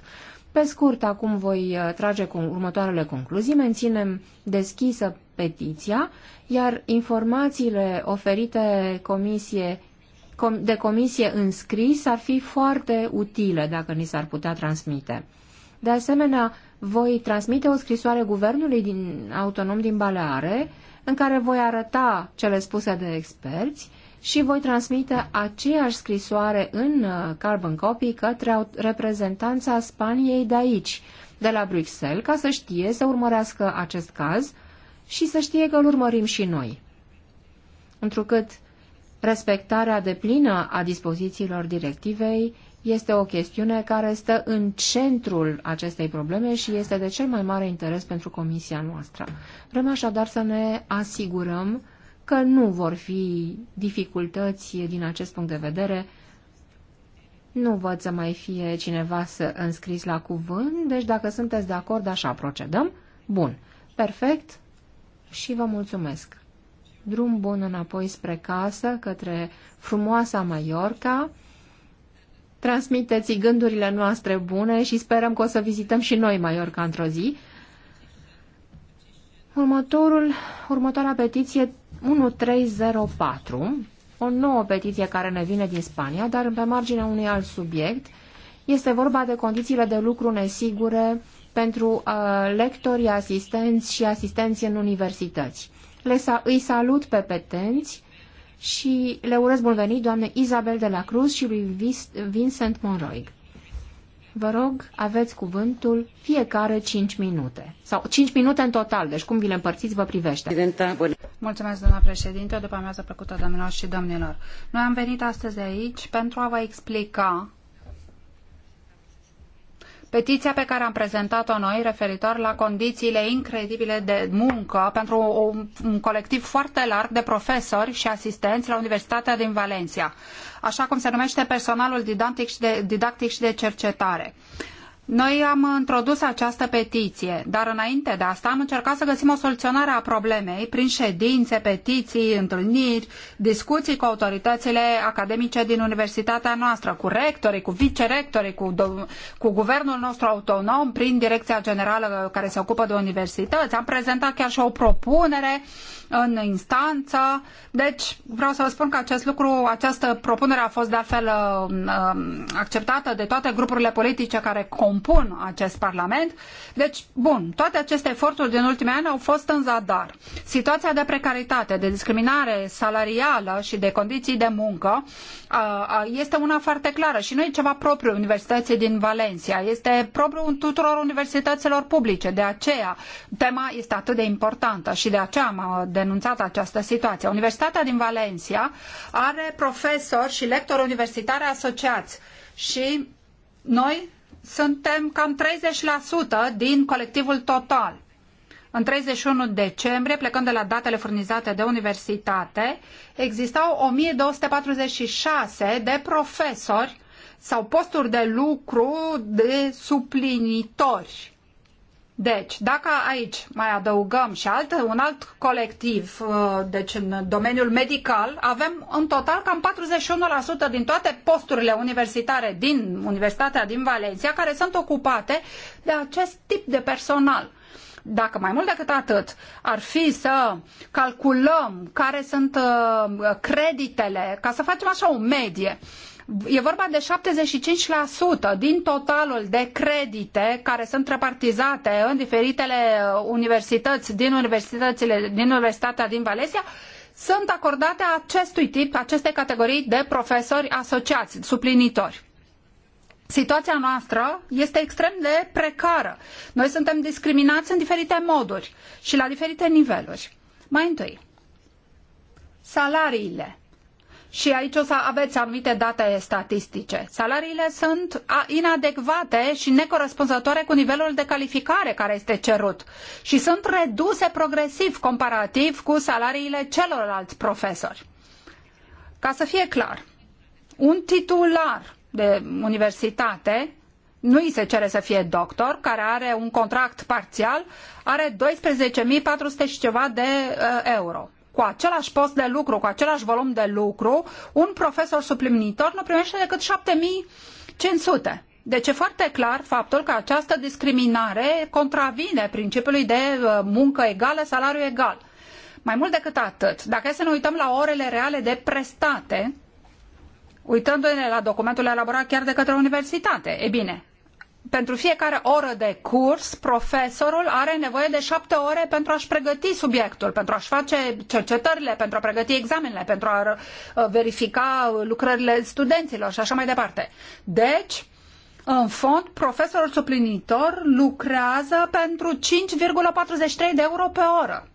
pe scurt, acum voi uh, trage cu următoarele concluzii. Menținem deschisă petiția, iar informațiile oferite comisie, de comisie în scris ar fi foarte utile dacă ni s-ar putea transmite. De asemenea, voi transmite o scrisoare guvernului din, autonom din Baleare, în care voi arăta cele spuse de experți și voi transmite aceeași scrisoare în uh, carbon copy către reprezentanța Spaniei de aici, de la Bruxelles, ca să știe să urmărească acest caz și să știe că îl urmărim și noi. Întrucât respectarea deplină a dispozițiilor directivei este o chestiune care stă în centrul acestei probleme și este de cel mai mare interes pentru comisia noastră. Vrem așadar să ne asigurăm că nu vor fi dificultăți din acest punct de vedere. Nu văd să mai fie cineva să înscris la cuvânt, deci dacă sunteți de acord, așa procedăm. Bun, perfect și vă mulțumesc. Drum bun înapoi spre casă, către frumoasa Mallorca. Transmiteți gândurile noastre bune și sperăm că o să vizităm și noi Mallorca într-o zi. Următorul, următoarea petiție 1304, o nouă petiție care ne vine din Spania, dar pe marginea unui alt subiect. Este vorba de condițiile de lucru nesigure pentru uh, lectori, asistenți și asistenți în universități. Le sa- îi salut pe petenți și le urez bun venit doamne Isabel de la Cruz și lui Vincent Monroig. Vă rog, aveți cuvântul fiecare 5 minute. Sau 5 minute în total, deci cum vi le împărțiți vă privește. Mulțumesc, doamna președinte, după amiază plăcută, doamnelor și domnilor. Noi am venit astăzi aici pentru a vă explica Petiția pe care am prezentat-o noi referitor la condițiile incredibile de muncă pentru un colectiv foarte larg de profesori și asistenți la Universitatea din Valencia, așa cum se numește personalul didactic și de, didactic și de cercetare. Uh, noi am introdus această petiție, dar înainte de asta am încercat să găsim o soluționare a problemei prin ședințe, petiții, întâlniri, discuții cu autoritățile academice din universitatea noastră, cu rectorii, cu vicerectorii, cu, cu guvernul nostru autonom, prin direcția generală care se ocupă de universități. Am prezentat chiar și o propunere în instanță. Deci vreau să vă spun că acest lucru, această propunere a fost de altfel um, um, acceptată de toate grupurile politice care com compun acest Parlament. Deci, bun, toate aceste eforturi din ultimii ani au fost în zadar. Situația de precaritate, de discriminare salarială și de condiții de muncă este una foarte clară și nu e ceva propriu Universității din Valencia. Este propriu tuturor universităților publice. De aceea, tema este atât de importantă și de aceea am denunțat această situație. Universitatea din Valencia are profesori și lectori universitari asociați și noi suntem cam 30% din colectivul total. În 31 decembrie, plecând de la datele furnizate de universitate, existau 1246 de profesori sau posturi de lucru de suplinitori deci, dacă aici mai adăugăm și alt, un alt colectiv, uh, deci în domeniul medical, avem în total cam 41% din toate posturile universitare din Universitatea din Valencia care sunt ocupate de acest tip de personal dacă mai mult decât atât ar fi să calculăm care sunt uh, creditele, ca să facem așa o medie, E vorba de 75% din totalul de credite care sunt repartizate în diferitele uh, universități din, universitățile, din Universitatea din Valencia sunt acordate acestui tip, acestei categorii de profesori asociați, suplinitori. Situația noastră este extrem de precară. Noi suntem discriminați în diferite moduri și la diferite niveluri. Mai întâi, salariile și aici o să aveți anumite date statistice. Salariile sunt inadecvate și necorespunzătoare cu nivelul de calificare care este cerut și sunt reduse progresiv comparativ cu salariile celorlalți profesori. Ca să fie clar, un titular de universitate nu i se cere să fie doctor, care are un contract parțial, are 12.400 și ceva de uh, euro cu același post de lucru, cu același volum de lucru, un profesor suplinitor nu primește decât 7500. Deci e foarte clar faptul că această discriminare contravine principiului de uh, muncă egală, salariu egal. Mai mult decât atât, dacă e să ne uităm la orele reale de prestate, uitându-ne la documentul elaborat chiar de către universitate, e bine, pentru fiecare oră de curs, profesorul are nevoie de șapte ore pentru a-și pregăti subiectul, pentru a-și face cercetările, pentru a pregăti examenele, pentru a uh, verifica lucrările studenților și așa mai departe. Deci, în fond, profesorul suplinitor lucrează pentru 5,43 de euro pe oră.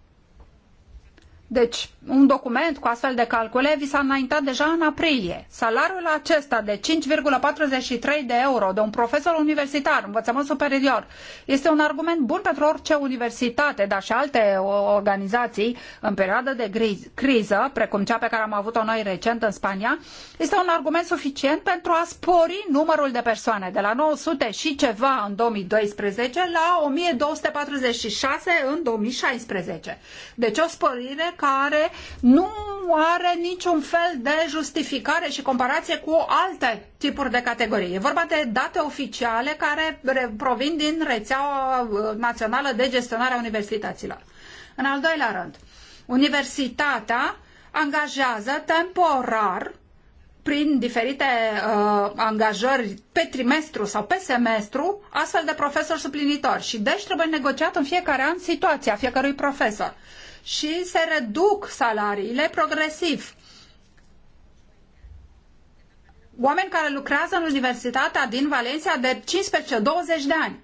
Deci, un document cu astfel de calcule vi s-a înaintat deja în aprilie. Salariul acesta de 5,43 de euro de un profesor universitar, învățământ superior, este un argument bun pentru orice universitate, dar și alte organizații în perioadă de criză, precum cea pe care am avut-o noi recent în Spania, este un argument suficient pentru a spori numărul de persoane de la 900 și ceva în 2012 la 1246 în 2016. Deci o sporire care nu are niciun fel de justificare și comparație cu alte tipuri de categorii. E vorba de date oficiale care provin din rețeaua uh, națională de gestionare a universităților. În al doilea rând, universitatea angajează temporar prin diferite uh, angajări pe trimestru sau pe semestru, astfel de profesori suplinitori. Și deci trebuie negociat în fiecare an situația fiecărui profesor și se reduc salariile progresiv. Oameni care lucrează în Universitatea din Valencia de 15-20 de ani.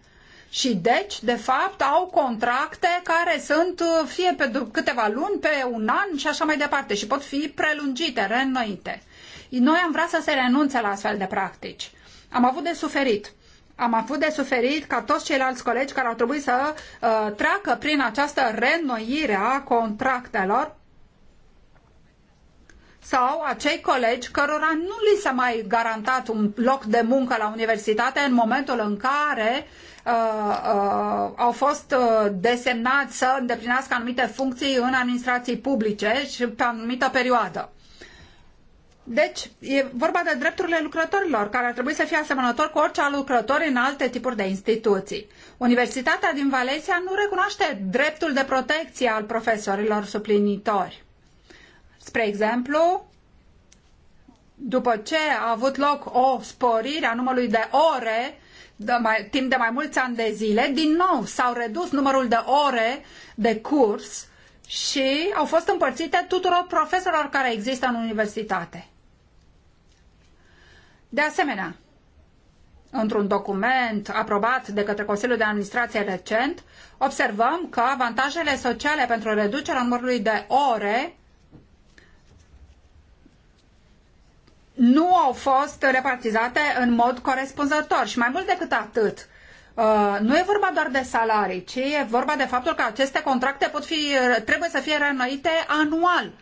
Și deci, de fapt, au contracte care sunt uh, fie pe câteva luni, pe un an și așa mai departe și pot fi prelungite, reînnoite. Noi am vrea să se renunțe la astfel de practici. Am avut de suferit am avut de suferit ca toți ceilalți colegi care au trebuit să uh, treacă prin această reînnoire a contractelor sau acei colegi cărora nu li s-a mai garantat un loc de muncă la universitate în momentul în care uh, uh, au fost uh, desemnați să îndeplinească anumite funcții în administrații publice și pe anumită perioadă. Deci, e vorba de drepturile lucrătorilor, care ar trebui să fie asemănător cu orice alt lucrător în alte tipuri de instituții. Universitatea din Valencia nu recunoaște dreptul de protecție al profesorilor suplinitori. Spre exemplu, după ce a avut loc o sporire a numărului de ore de mai, timp de mai mulți ani de zile, din nou s-au redus numărul de ore de curs și au fost împărțite tuturor profesorilor care există în universitate. De asemenea, într-un document aprobat de către Consiliul de Administrație recent, observăm că avantajele sociale pentru reducerea numărului de ore nu au fost repartizate în mod corespunzător și mai mult decât atât. Uh, nu e vorba doar de salarii, ci e vorba de faptul că aceste contracte pot fi, trebuie să fie reînnoite anual.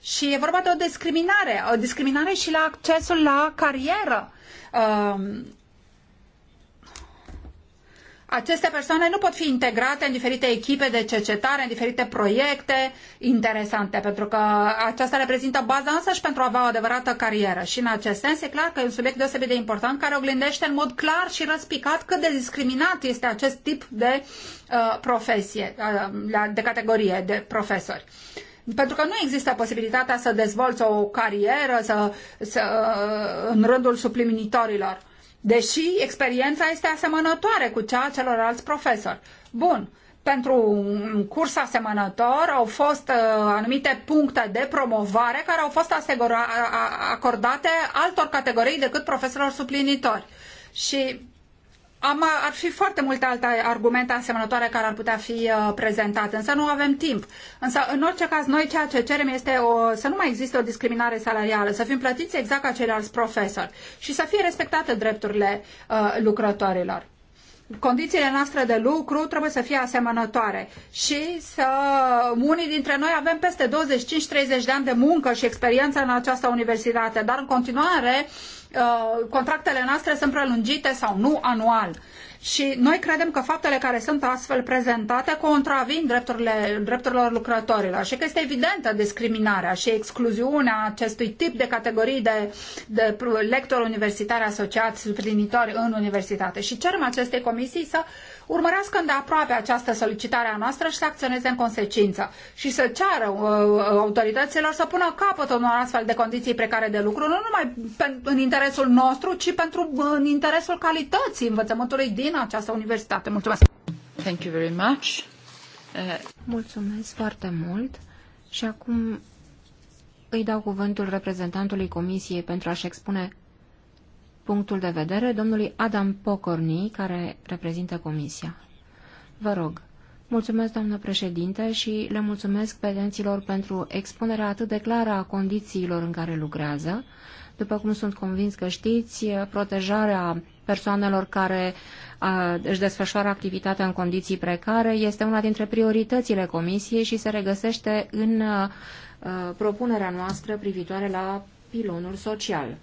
Și e vorba de o discriminare, o discriminare și la accesul la carieră. Um, aceste persoane nu pot fi integrate în diferite echipe de cercetare, în diferite proiecte interesante, pentru că aceasta reprezintă baza însăși pentru a avea o adevărată carieră. Și în acest sens e clar că e un subiect deosebit de important care oglindește în mod clar și răspicat cât de discriminat este acest tip de uh, profesie, uh, de categorie de profesori. Uh, pentru că nu există posibilitatea să dezvolți o carieră să, să, în rândul supliminitorilor, deși experiența este asemănătoare cu cea a celorlalți profesori. Bun, pentru un curs asemănător au fost uh, anumite puncte de promovare care au fost acordate altor categorii decât profesorilor suplinitori. Și am, ar fi foarte multe alte argumente asemănătoare care ar putea fi uh, prezentate, însă nu avem timp. Însă, în orice caz, noi ceea ce cerem este o, să nu mai existe o discriminare salarială, să fim plătiți exact ca ceilalți profesori și să fie respectate drepturile uh, lucrătorilor condițiile noastre de lucru trebuie să fie asemănătoare și să unii dintre noi avem peste 25-30 de ani de muncă și experiență în această universitate, dar în continuare Uh, contractele noastre sunt prelungite sau nu anual. Și noi credem că faptele care sunt astfel prezentate contravin drepturile, drepturilor lucrătorilor și că este evidentă discriminarea și excluziunea acestui tip de categorii de, de lectori universitari asociați suplinitori în universitate. Și cerem acestei comisii să uh, urmărească îndeaproape această solicitare a noastră și să acționeze în consecință și să ceară uh, uh autorităților să pună capăt unor astfel de condiții precare de lucru, nu numai în interesul nostru, ci pentru uh, în interesul calității învățământului din această universitate. Mulțumesc! Thank you very much. Uh... Mulțumesc foarte mult și acum îi dau cuvântul reprezentantului Comisiei pentru a-și expune punctul de vedere domnului Adam Pocorni, care reprezintă Comisia. Vă rog. Mulțumesc, doamnă președinte, și le mulțumesc pedenților pentru expunerea atât de clară a condițiilor în care lucrează. După cum sunt convins că știți, protejarea persoanelor care a, își desfășoară activitatea în condiții precare este una dintre prioritățile Comisiei și se regăsește în a, propunerea noastră privitoare la pilonul social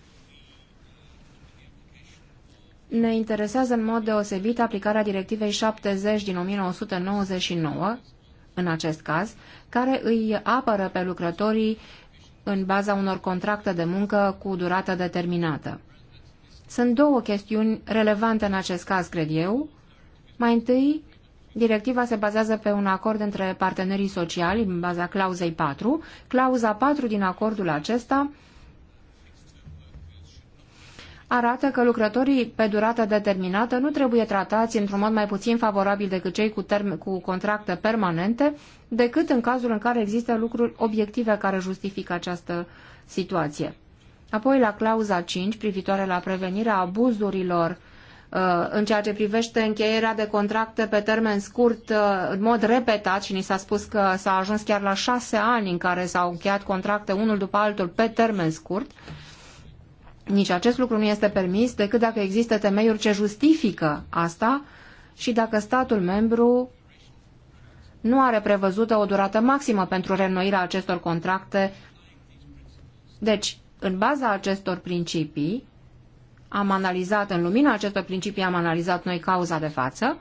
ne interesează în mod deosebit aplicarea directivei 70 din 1999, în acest caz, care îi apără pe lucrătorii în baza unor contracte de muncă cu durată determinată. Sunt două chestiuni relevante în acest caz, cred eu. Mai întâi, Directiva se bazează pe un acord între partenerii sociali în baza clauzei 4. Clauza 4 din acordul acesta arată că lucrătorii pe durată determinată nu trebuie tratați într-un mod mai puțin favorabil decât cei cu, term- cu contracte permanente, decât în cazul în care există lucruri obiective care justifică această situație. Apoi la clauza 5, privitoare la prevenirea abuzurilor uh, în ceea ce privește încheierea de contracte pe termen scurt, uh, în mod repetat, și ni s-a spus că s-a ajuns chiar la șase ani în care s-au încheiat contracte unul după altul pe termen scurt, nici acest lucru nu este permis decât dacă există temeiuri ce justifică asta și dacă statul membru nu are prevăzută o durată maximă pentru reînnoirea acestor contracte. Deci, în baza acestor principii, am analizat, în lumina acestor principii am analizat noi cauza de față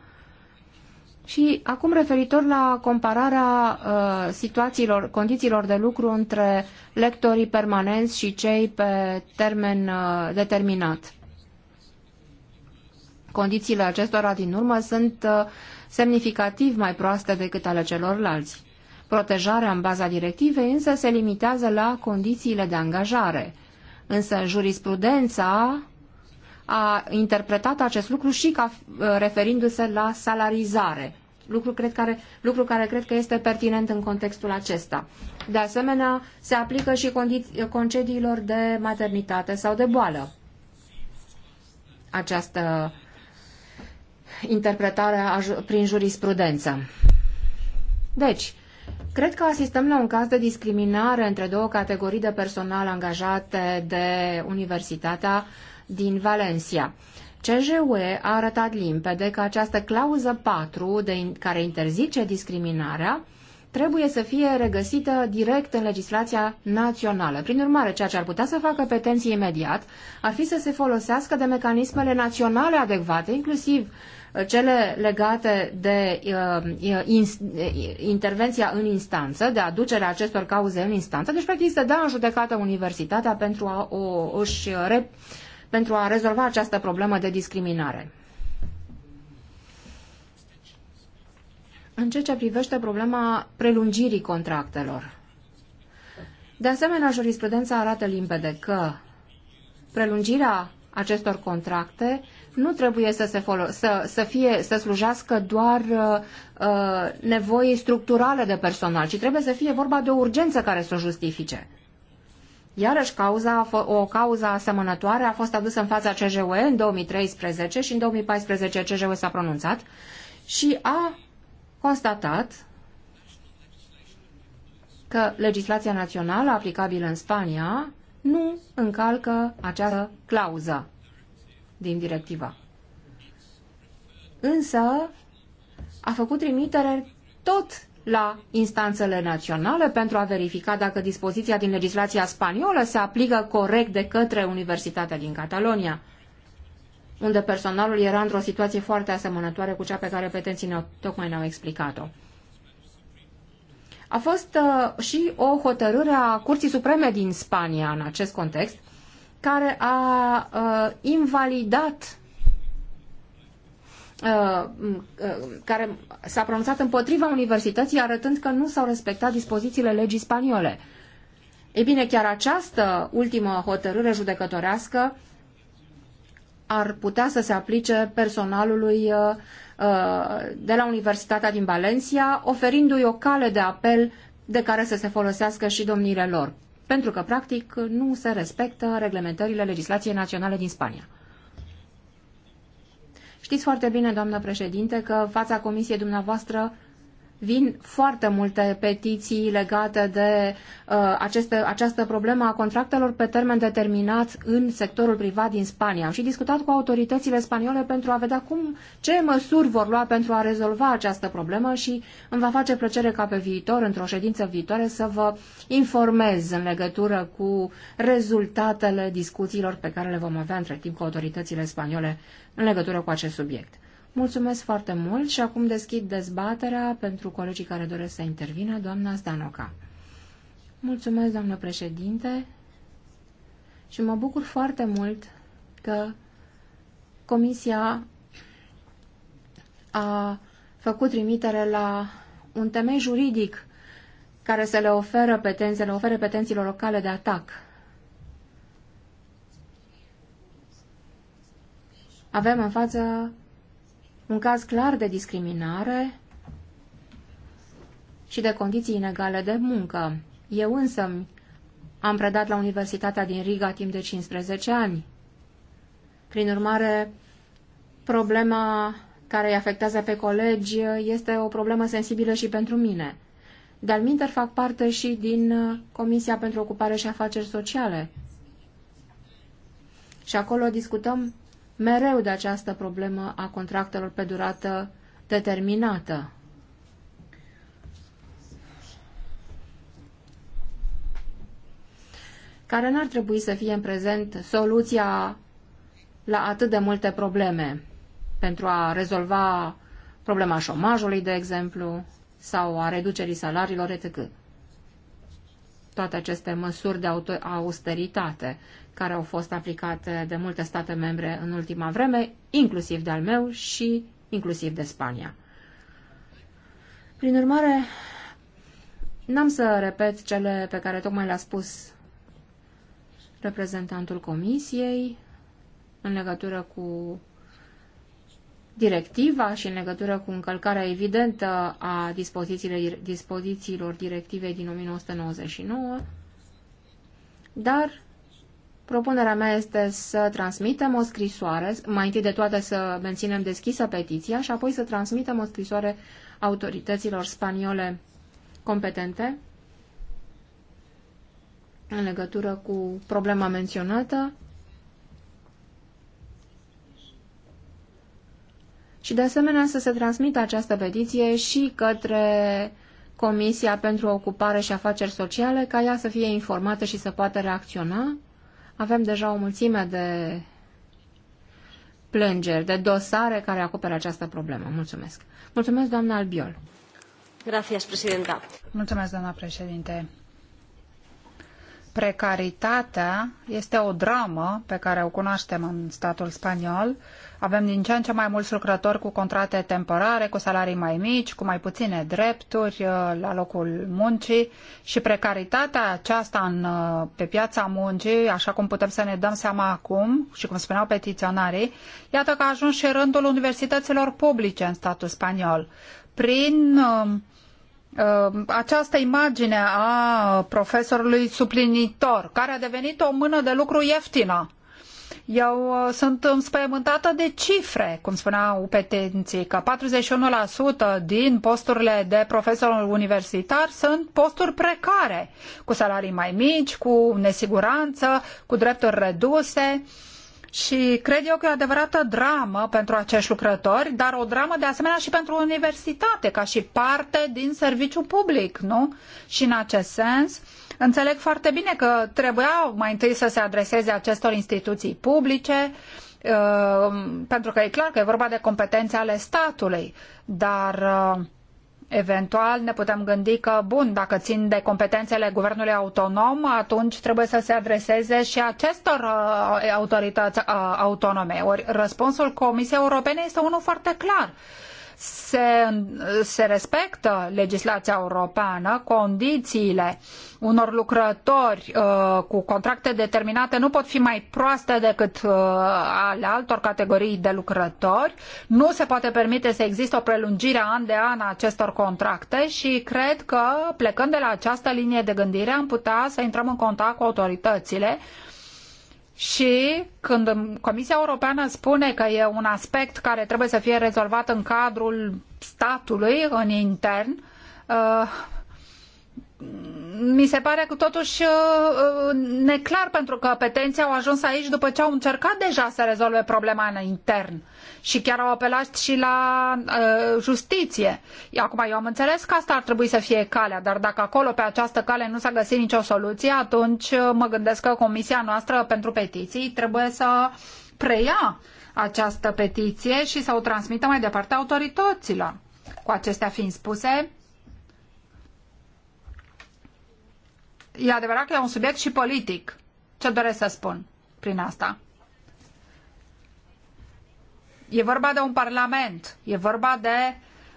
și acum referitor la compararea uh, situațiilor, condițiilor de lucru între lectorii permanenți și cei pe termen uh, determinat. Condițiile acestora din urmă sunt uh, semnificativ mai proaste decât ale celorlalți. Protejarea în baza directivei însă se limitează la condițiile de angajare. Însă jurisprudența a interpretat acest lucru și ca uh, referindu-se la salarizare. Lucru, cred care, lucru care cred că este pertinent în contextul acesta. De asemenea, se aplică și concediilor de maternitate sau de boală. Această interpretare a, prin jurisprudență. Deci, Cred că asistăm la un caz de discriminare între două categorii de personal angajate de universitatea din Valencia. CJUE a arătat limpede că această clauză 4, de, care interzice discriminarea, trebuie să fie regăsită direct în legislația națională. Prin urmare, ceea ce ar putea să facă petenții imediat ar fi să se folosească de mecanismele naționale adecvate, inclusiv uh, cele legate de uh, uh in, intervenția în instanță, de aducerea acestor cauze în instanță, deci practic să dea în judecată universitatea pentru a o, își uh, re, pentru a rezolva această problemă de discriminare. În ceea ce privește problema prelungirii contractelor, de asemenea, jurisprudența arată limpede că prelungirea acestor contracte nu trebuie să, se folo- să, să, fie, să slujească doar uh, uh nevoii structurale de personal, ci trebuie să fie vorba de o urgență care să o justifice. Iarăși cauza, o cauză asemănătoare a fost adusă în fața CJU în 2013 și în 2014 CJU s-a pronunțat și a constatat că legislația națională aplicabilă în Spania nu încalcă această clauză din directiva. Însă a făcut trimitere tot la instanțele naționale pentru a verifica dacă dispoziția din legislația spaniolă se aplică corect de către Universitatea din Catalonia, unde personalul era într-o situație foarte asemănătoare cu cea pe care petenții ne tocmai ne-au explicat-o. A fost uh, și o hotărâre a Curții Supreme din Spania în acest context, care a uh, invalidat Uh, uh, care s-a pronunțat împotriva universității, arătând că nu s-au respectat dispozițiile legii spaniole. Ei bine, chiar această ultimă hotărâre judecătorească ar putea să se aplice personalului uh, de la Universitatea din Valencia, oferindu-i o cale de apel de care să se folosească și domniile lor, pentru că, practic, nu se respectă reglementările legislației naționale din Spania. Știți foarte bine, doamnă președinte, că fața comisiei dumneavoastră vin foarte multe petiții legate de uh, aceste, această problemă a contractelor pe termen determinat în sectorul privat din Spania. Am și discutat cu autoritățile spaniole pentru a vedea cum, ce măsuri vor lua pentru a rezolva această problemă și îmi va face plăcere ca pe viitor, într-o ședință viitoare, să vă informez în legătură cu rezultatele discuțiilor pe care le vom avea între timp cu autoritățile spaniole în legătură cu acest subiect. Mulțumesc foarte mult și acum deschid dezbaterea pentru colegii care doresc să intervină, doamna Zdanoca. Mulțumesc, doamnă președinte, și mă bucur foarte mult că Comisia a făcut trimitere la un temei juridic care să le oferă, peten, le oferă petențiilor locale de atac. Avem în față un caz clar de discriminare și de condiții inegale de muncă. Eu însă am predat la Universitatea din Riga timp de 15 ani. Prin urmare, problema care îi afectează pe colegi este o problemă sensibilă și pentru mine. de alminter fac parte și din Comisia pentru Ocupare și Afaceri Sociale. Și acolo discutăm mereu de această problemă a contractelor pe durată determinată. care n-ar trebui să fie în prezent soluția la atât de multe probleme pentru a rezolva problema șomajului, de exemplu, sau a reducerii salariilor, etc. Toate aceste măsuri de austeritate care au fost aplicate de multe state membre în ultima vreme, inclusiv de-al meu și inclusiv de Spania. Prin urmare, n-am să repet cele pe care tocmai le-a spus reprezentantul Comisiei în legătură cu directiva și în legătură cu încălcarea evidentă a dispozițiilor directivei din 1999, dar Propunerea mea este să transmitem o scrisoare, mai întâi de toate să menținem deschisă petiția și apoi să transmitem o scrisoare autorităților spaniole competente în legătură cu problema menționată și de asemenea să se transmită această petiție și către Comisia pentru Ocupare și Afaceri Sociale ca ea să fie informată și să poată reacționa avem deja o mulțime de plângeri, de dosare care acoperă această problemă. Mulțumesc. Mulțumesc, doamna Albiol. Gracias, Mulțumesc, doamna președinte. Precaritatea este o dramă pe care o cunoaștem în statul spaniol. Avem din ce în ce mai mulți lucrători cu contrate temporare, cu salarii mai mici, cu mai puține drepturi uh, la locul muncii și precaritatea aceasta în, uh, pe piața muncii, așa cum putem să ne dăm seama acum și cum spuneau petiționarii, iată că a ajuns și rândul universităților publice în statul spaniol. Prin uh, Ehm, această imagine a profesorului suplinitor, care a devenit o mână de lucru ieftină. Eu uh, sunt înspăimântată de cifre, cum spuneau petenții, că 41% din posturile de profesor universitar sunt posturi precare, cu salarii mai mici, cu nesiguranță, cu drepturi reduse. Uh, și cred eu că e o adevărată dramă pentru acești lucrători, dar o dramă de asemenea și pentru universitate, ca și parte din serviciu public, nu? Și în acest sens, înțeleg foarte bine că trebuia mai întâi să se adreseze acestor instituții publice, uh, pentru că e clar că e vorba de competențe ale statului, dar uh, Eventual ne putem gândi că, bun, dacă țin de competențele guvernului autonom, atunci trebuie să se adreseze și acestor uh, autorități uh, autonome. Ori răspunsul Comisiei Europene este unul foarte clar se, se respectă legislația europeană, condițiile unor lucrători uh, cu contracte determinate nu pot fi mai proaste decât uh, ale altor categorii de lucrători. Nu se poate permite să existe o prelungire an de an a acestor contracte și cred că plecând de la această linie de gândire am putea să intrăm în contact cu autoritățile uh, și când Comisia Europeană spune că e un aspect care trebuie să fie rezolvat în cadrul statului, în intern, uh, mi se pare că totuși uh, uh, neclar pentru că petenții au ajuns aici după ce au încercat deja să rezolve problema în intern și chiar au apelat și la uh, justiție. Acum eu am înțeles că asta ar trebui să fie calea, dar dacă acolo pe această cale nu s-a găsit nicio soluție, atunci uh, mă gândesc că Comisia noastră pentru petiții trebuie să preia această petiție și să o transmită mai departe autorităților. Cu acestea fiind spuse, e adevărat că e un subiect și politic. Ce doresc să spun prin asta? E vorba de un parlament, e vorba de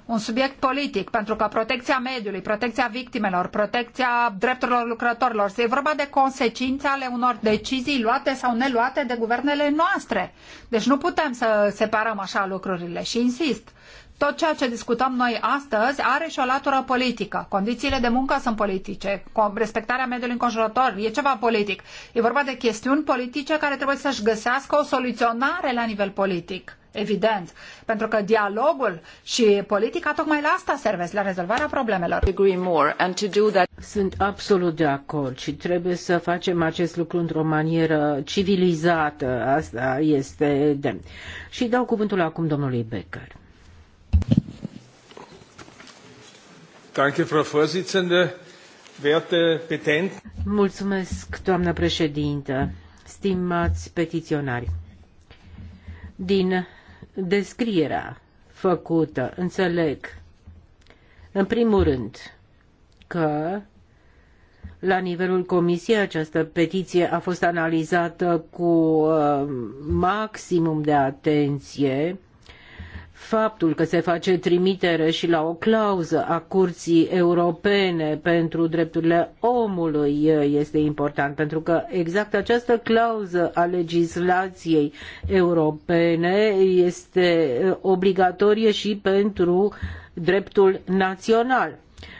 un subiect politic, pentru că protecția mediului, protecția victimelor, protecția drepturilor lucrătorilor, e vorba de consecințe ale unor decizii luate sau neluate de guvernele noastre. Deci nu putem să separăm așa lucrurile și insist, tot ceea ce discutăm noi astăzi are și o latură politică. Condițiile de muncă sunt politice, respectarea mediului înconjurător e ceva politic. E vorba de chestiuni politice care trebuie să-și găsească o soluționare la nivel politic. Evident, pentru că dialogul și politica tocmai la asta servesc, la rezolvarea problemelor. Sunt absolut de acord și trebuie să facem acest lucru într-o manieră civilizată. Asta este demn. Și dau cuvântul acum domnului Becker. Danke, Frau Vorsitzende. Werte Petenten. Mulțumesc, doamnă președintă, stimați petiționari. Din descrierea făcută, înțeleg, în primul rând, că la nivelul comisiei această petiție a fost analizată cu uh, maximum de atenție faptul că se face trimitere și la o clauză a Curții Europene pentru drepturile omului este important, pentru că exact această clauză a legislației europene este uh, obligatorie și pentru dreptul național.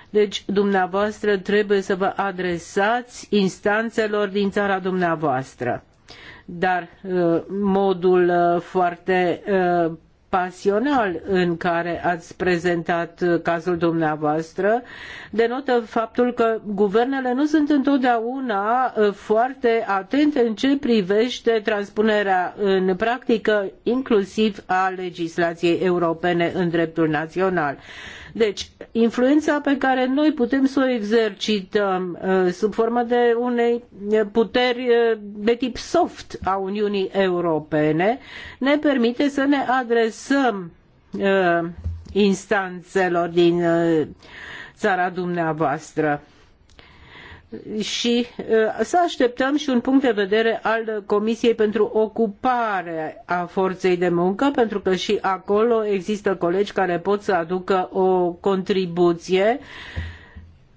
Deci, dumneavoastră trebuie să vă adresați instanțelor din țara dumneavoastră dar uh, modul uh, foarte pasional în care ați prezentat cazul dumneavoastră denotă faptul că guvernele nu sunt întotdeauna uh, foarte atente în ce privește transpunerea în practică inclusiv a legislației europene în dreptul național. Deci, influența pe care noi putem să o exercităm uh, sub formă de unei puteri uh, de tip soft a Uniunii Europene ne permite să ne adresăm uh, instanțelor din țara dumneavoastră și uh, să așteptăm și un punct de vedere al Comisiei pentru ocupare a forței de muncă, pentru că și acolo există colegi care pot să aducă o contribuție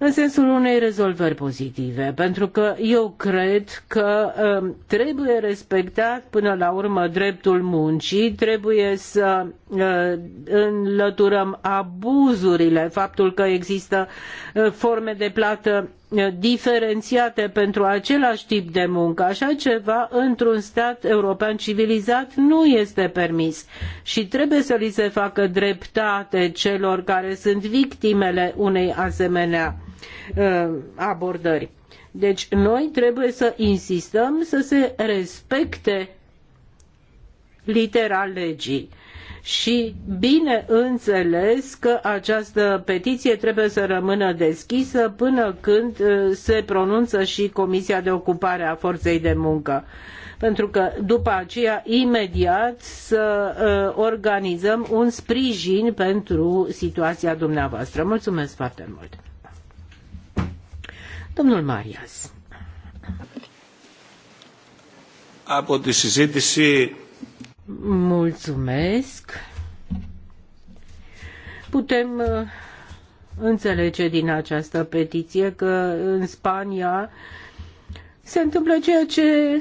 în sensul unei rezolvări pozitive, pentru că eu cred că um, trebuie respectat până la urmă dreptul muncii, trebuie să uh, înlăturăm abuzurile, faptul că există uh, forme de plată diferențiate pentru același tip de muncă. Așa ceva într-un stat european civilizat nu este permis și trebuie să li se facă dreptate celor care sunt victimele unei asemenea uh, abordări. Deci noi trebuie să insistăm să se respecte litera legii și bine înțeles că această petiție trebuie să rămână deschisă până când uh, se pronunță și Comisia de Ocupare a Forței de Muncă. Pentru că după aceea, imediat, să uh, organizăm un sprijin pentru situația dumneavoastră. Mulțumesc foarte mult! Domnul Marias. Από τη συζήτηση Mulțumesc. Putem uh, înțelege din această petiție că în Spania se întâmplă ceea ce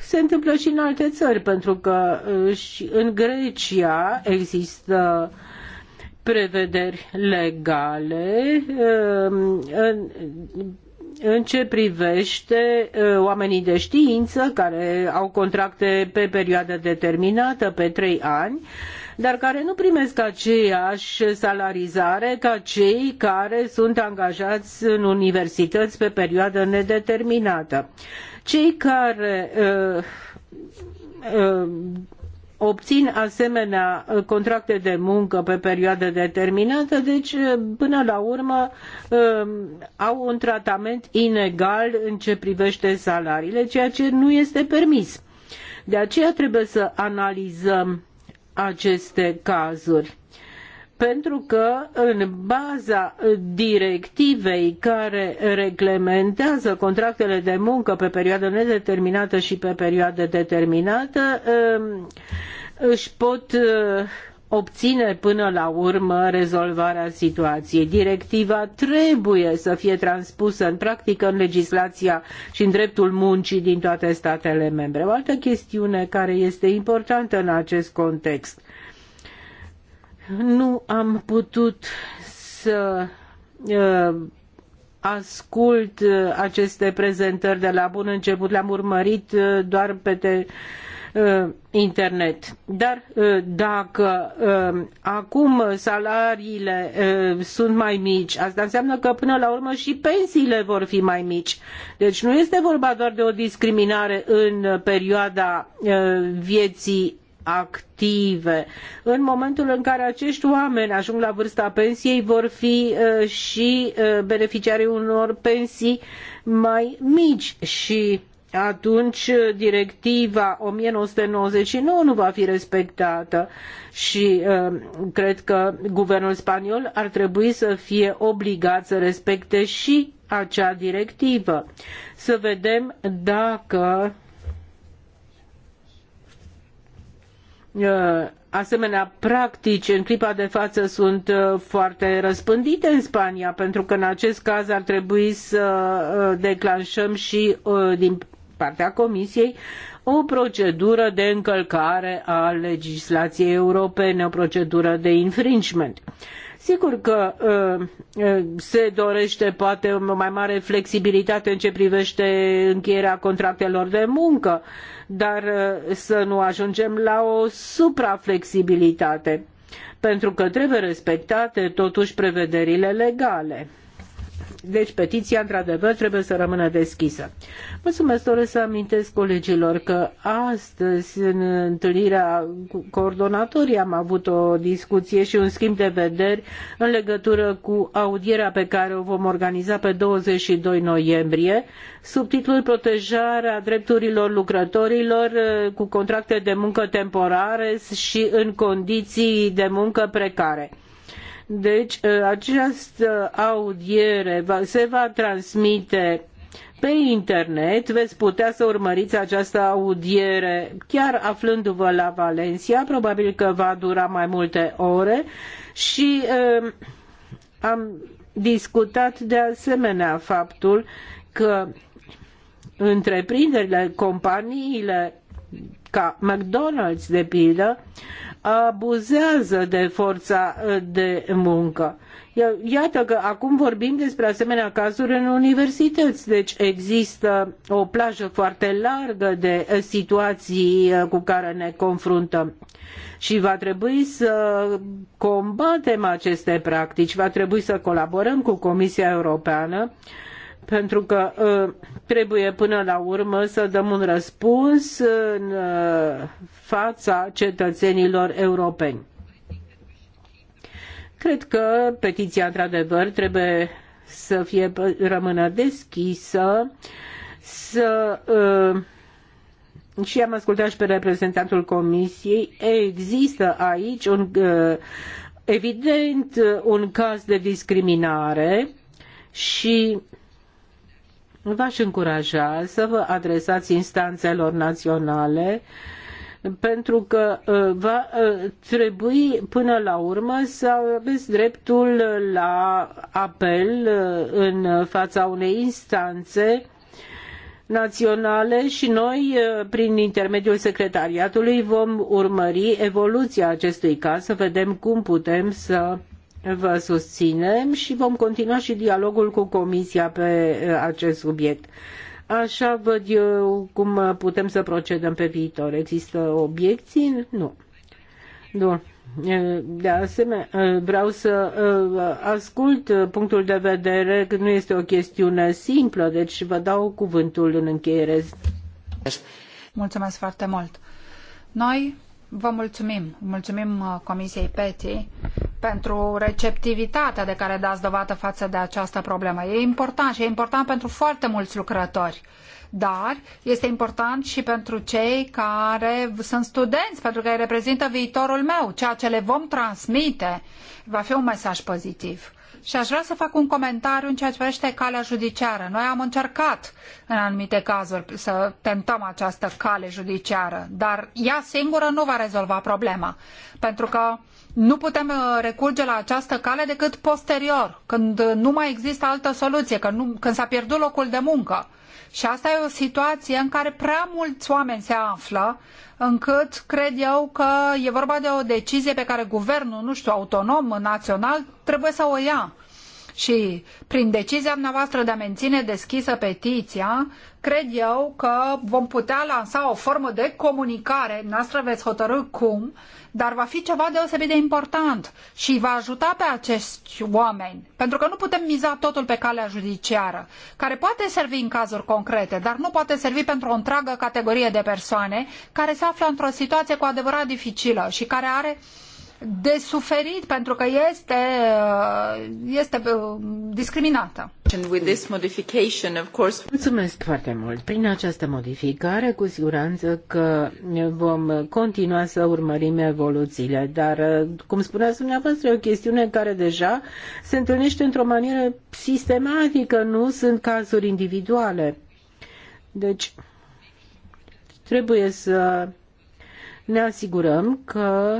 se întâmplă și în alte țări, pentru că uh, și în Grecia există prevederi legale uh, în ce privește oamenii de știință care au contracte pe perioadă determinată, pe trei ani, dar care nu primesc aceeași salarizare ca cei care sunt angajați în universități pe perioadă nedeterminată. Cei care uh, uh, obțin asemenea uh, contracte de muncă pe perioadă determinată, deci uh, până la urmă um, au un tratament inegal în ce privește salariile, ceea ce nu este permis. De aceea trebuie să analizăm aceste cazuri pentru că în baza directivei care reglementează contractele de muncă pe perioadă nedeterminată și pe perioadă determinată um, își pot uh, obține până la urmă rezolvarea situației. Directiva trebuie să fie transpusă în practică în legislația și în dreptul muncii din toate statele membre. O altă chestiune care este importantă în acest context nu am putut să ă, ascult aceste prezentări de la bun început, le-am urmărit ă, doar pe te, ă, internet. Dar dacă acum salariile sunt mai mici, asta înseamnă că până la urmă și pensiile vor fi mai mici. Deci nu este vorba doar de o discriminare în perioada vieții active. În momentul în care acești oameni ajung la vârsta pensiei, vor fi uh, și uh, beneficiarii unor pensii mai mici și atunci uh, directiva 1999 nu va fi respectată și cred că guvernul spaniol ar trebui să fie obligat să respecte și acea directivă. Să vedem dacă Uh, asemenea practici în clipa de față sunt uh, foarte răspândite în Spania, pentru că în acest caz ar trebui să uh, declanșăm și din partea Comisiei o procedură de încălcare a legislației europene, o procedură de infringement. Uh, Sigur că ă, ă, se dorește poate o mai mare flexibilitate în ce privește încheierea contractelor de muncă, dar ă, să nu ajungem la o supraflexibilitate, pentru că trebuie respectate totuși prevederile legale. Deci petiția, într-adevăr, trebuie să rămână deschisă. Mulțumesc, doresc să amintesc colegilor că astăzi, în întâlnirea cu coordonatorii, am avut o discuție și un schimb de vederi în legătură cu audierea pe care o vom organiza pe 22 noiembrie, sub titlul Protejarea drepturilor lucrătorilor eh, cu contracte de muncă temporare și în condiții de muncă precare. Deci ă, această audiere se va transmite pe internet veți putea să urmăriți această audiere chiar aflându-vă la Valencia, probabil că va dura mai multe ore și uh, am discutat de asemenea faptul că întreprinderile, companiile ca McDonald's de pildă abuzează de forța uh, de muncă. Iată că acum vorbim despre asemenea cazuri în universități, deci există o plajă foarte largă de uh, situații uh, cu care ne confruntăm. Și va trebui să combatem aceste practici, va trebui să colaborăm cu Comisia Europeană uh, pentru că uh, trebuie până la urmă să dăm un răspuns în uh, fața cetățenilor europeni. Cred că petiția, într-adevăr, trebuie să fie uh, rămână deschisă, să și am ascultat și pe reprezentantul Comisiei, există aici un, evident un caz de discriminare și v-aș încuraja să vă adresați instanțelor naționale pentru că uh, va uh, trebui până la urmă să aveți dreptul la apel uh, în fața unei instanțe naționale și noi, prin intermediul secretariatului, vom urmări evoluția acestui caz să vedem cum putem să vă susținem și vom continua și dialogul cu Comisia pe uh, acest subiect. Așa văd eu cum putem să procedăm pe viitor. Există obiecții? Nu. Nu. De asemenea, vreau să uh, ascult punctul de vedere că nu este o chestiune simplă, deci vă dau cuvântul în încheiere. Mulțumesc foarte mult. Noi Vă mulțumim. Mulțumim uh, Comisiei PETI pentru receptivitatea de care dați dovadă față de această problemă. E important și e important pentru foarte mulți lucrători. Dar este important și pentru cei care sunt studenți, pentru că ei reprezintă viitorul meu. Ceea ce le vom transmite va fi un mesaj pozitiv. Și aș vrea să fac un comentariu în ceea ce privește calea judiciară. Noi am încercat în anumite cazuri să tentăm această cale judiciară, dar ea singură nu va rezolva problema, pentru că nu putem uh, recurge la această cale decât posterior, când nu mai există altă soluție, când, nu, când s-a pierdut locul de muncă. Și asta e o situație în care prea mulți oameni se află, încât cred eu că e vorba de o decizie pe care guvernul, nu știu, autonom, național, trebuie să o ia și prin decizia noastră de a menține deschisă petiția, cred eu că vom putea lansa o formă de comunicare, noastră veți hotărâ cum, dar va fi ceva deosebit de important și va ajuta pe acești oameni, pentru că nu putem miza totul pe calea judiciară, care poate servi în cazuri concrete, dar nu poate servi pentru o întreagă categorie de persoane care se află într-o situație cu adevărat dificilă și care are de suferit pentru că este, uh, este uh, discriminată. Mulțumesc foarte mult. Prin această modificare, cu siguranță că vom continua să urmărim evoluțiile, dar, uh, cum spuneați dumneavoastră, e o chestiune care deja se întâlnește într-o manieră sistematică, nu sunt cazuri individuale. Deci, trebuie să ne asigurăm că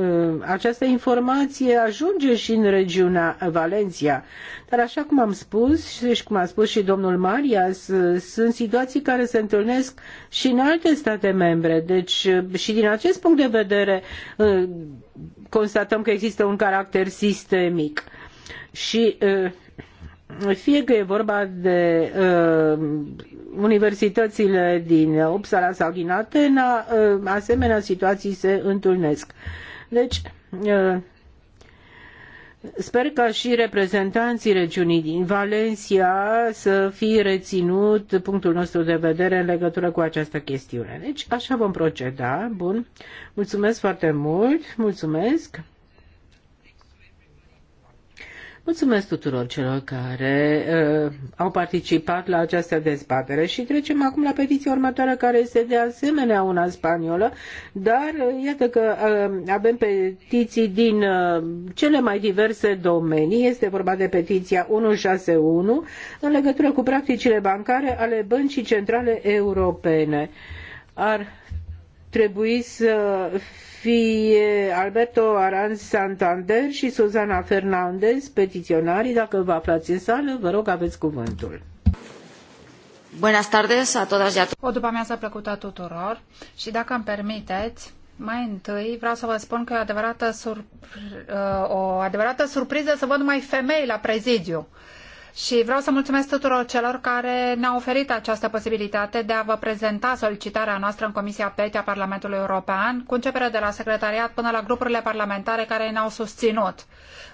Ă, această informație ajunge și în regiunea Valencia. Dar așa cum am spus și cum a spus și domnul Marias, ă, sunt situații care se întâlnesc și în alte state membre. Deci ă, și din acest punct de vedere constatăm că există un caracter sistemic. Și fie că e vorba de uh, universitățile din Uppsala sau din Atena, uh, asemenea situații se întâlnesc. Deci, uh, Sper ca și reprezentanții regiunii din Valencia să fi reținut punctul nostru de vedere în legătură cu această chestiune. Deci așa vom proceda. Bun. Mulțumesc foarte mult. Mulțumesc. Mulțumesc tuturor celor care uh, au participat la această dezbatere și trecem acum la petiția următoare care este de asemenea una spaniolă, dar uh, iată că uh, avem petiții din uh, cele mai diverse domenii. Este vorba de petiția 161 în legătură cu practicile bancare ale Băncii Centrale Europene. Ar trebui să fie Alberto Aranz Santander și Susana Fernandez, petiționari, Dacă vă aflați în sală, vă rog, aveți cuvântul. Buenas tardes a todas y a O după plăcut plăcută tuturor și dacă îmi permiteți, mai întâi vreau să vă spun că e o adevărată, surpri... Uh, o adevărată surpriză să văd numai femei la prezidiu. Uh, și vreau să mulțumesc tuturor celor care ne-au oferit această posibilitate de a vă prezenta solicitarea noastră în Comisia PETI a Parlamentului European, cu începere de la secretariat până la grupurile parlamentare care ne-au susținut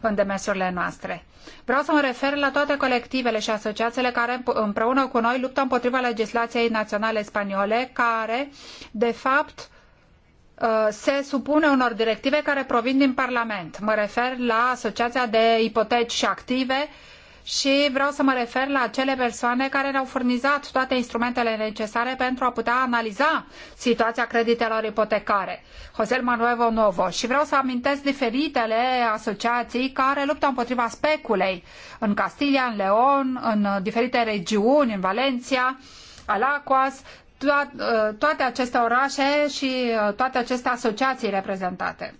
în demersurile noastre. Vreau să mă refer la toate colectivele și asociațiile care împreună cu noi luptă împotriva legislației naționale spaniole, care, de fapt, uh, se supune unor directive care provin din Parlament. Mă refer la Asociația de Ipoteci și Active, și vreau să mă refer la acele persoane care ne-au furnizat toate instrumentele necesare pentru a putea analiza situația creditelor ipotecare. José Manuel Novo. Și vreau să amintesc diferitele asociații care luptă împotriva speculei în Castilia, în Leon, în diferite regiuni, în Valencia, Alacoas, toate aceste orașe și uh, toate aceste asociații reprezentate.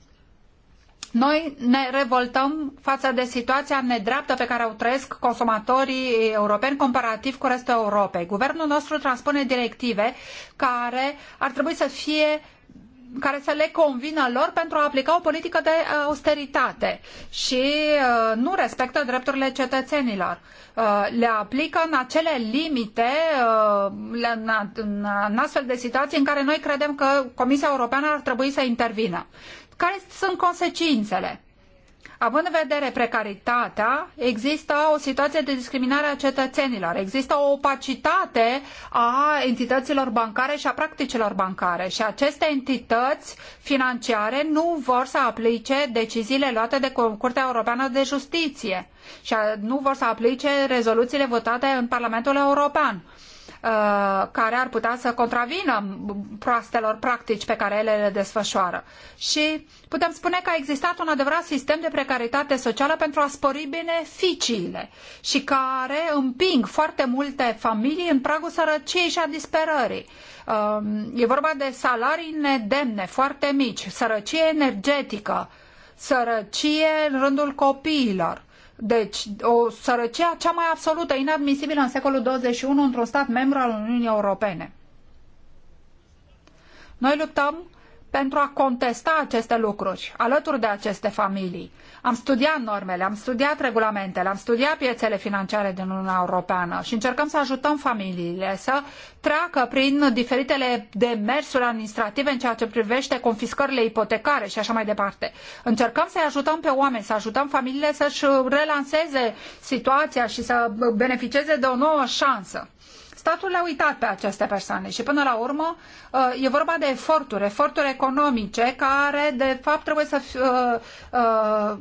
Noi ne revoltăm față de situația nedreaptă pe care o trăiesc consumatorii europeni comparativ cu restul Europei. Guvernul nostru transpune directive care ar trebui să fie care să le convină lor pentru a aplica o politică de uh, austeritate și uh, nu respectă drepturile cetățenilor. Uh, le aplică în acele limite, în astfel de situații în care noi credem că Comisia Europeană ar trebui să intervină. Care sunt consecințele? Având în vedere precaritatea, există o situație de discriminare a cetățenilor, există o opacitate a entităților bancare și a practicilor bancare și aceste entități financiare nu vor să aplice deciziile luate de Curtea Europeană de Justiție și nu vor să aplice rezoluțiile votate în Parlamentul European. Uh, care ar putea să contravină proastelor practici pe care ele le desfășoară. Și putem spune că a existat un adevărat sistem de precaritate socială pentru a spori beneficiile și care împing foarte multe familii în pragul sărăciei și a disperării. Um, e vorba de salarii nedemne, foarte mici, sărăcie energetică, sărăcie în rândul copiilor deci, o sărăcia cea mai absolută, inadmisibilă în secolul 21 într-un stat membru al Uniunii Europene. Noi luptăm pentru a contesta aceste lucruri alături de aceste familii. Am studiat normele, am studiat regulamentele, am studiat piețele financiare din Uniunea Europeană și încercăm să ajutăm familiile să treacă prin diferitele demersuri administrative în ceea ce privește confiscările ipotecare și așa mai departe. Încercăm să-i ajutăm pe oameni, să ajutăm familiile să-și relanseze situația și să beneficieze de o nouă șansă. Statul le-a uitat pe aceste persoane și până la urmă uh, e vorba de eforturi, eforturi economice care de fapt trebuie să, fie, uh, uh,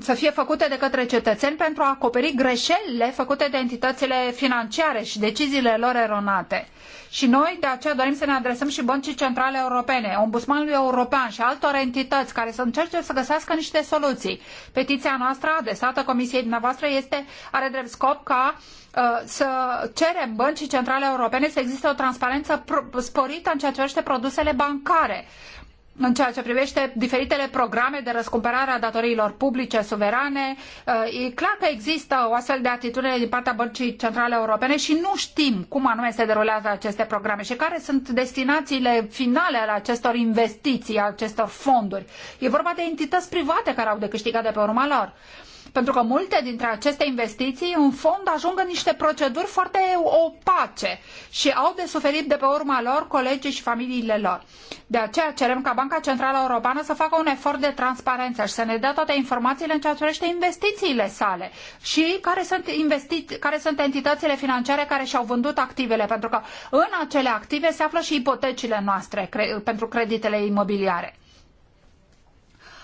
să fie făcute de către cetățeni pentru a acoperi greșelile făcute de entitățile financiare și deciziile lor eronate. Și noi de aceea dorim să ne adresăm și băncii centrale europene, ombudsmanului european și altor entități care să încerce să găsească niște soluții. Petiția noastră adresată Comisiei dumneavoastră este, are drept scop ca uh, să cerem băncii centrale europene să existe o transparență sporită în ceea ce privește produsele bancare în ceea ce privește diferitele programe de răscumpărare a datoriilor publice suverane. Uh, e clar că există o astfel de atitudine din partea Băncii Centrale Europene și nu știm cum anume se derulează aceste programe și care sunt destinațiile finale ale acestor investiții, ale acestor fonduri. E vorba de entități private care au de câștigat de pe urma lor. Pentru că multe dintre aceste investiții, în fond, ajung în niște proceduri foarte opace și au de suferit de pe urma lor colegii și familiile lor. De aceea cerem ca Banca Centrală Europeană să facă un efort de transparență și să ne dea toate informațiile în ceea ce privește investițiile sale și care sunt, investi- care sunt entitățile financiare care și-au vândut activele, pentru că în acele active se află și ipotecile noastre cre pentru creditele imobiliare.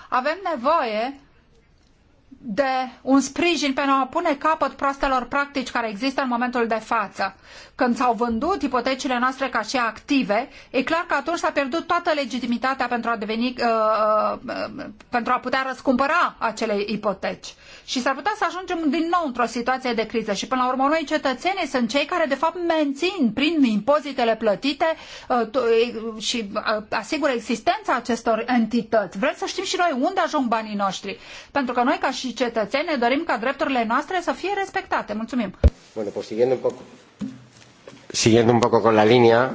Avem nevoie de un sprijin pentru a pune capăt proastelor practici care există în momentul de față. Când s-au vândut ipotecile noastre ca și active, e clar că atunci s-a pierdut toată legitimitatea pentru a, deveni, uh, uh, uh pentru a putea răscumpăra acele ipoteci și s-ar putea să ajungem din nou într-o situație de criză și până la urmă noi cetățenii sunt cei care de fapt mențin prin impozitele plătite uh, și uh, asigură existența acestor entități. Vrem să știm și noi unde ajung banii noștri, pentru că noi ca și cetățeni ne dorim ca drepturile noastre să fie respectate. Mulțumim! Bueno, pues siguiendo un poco, siguiendo un poco con la línea,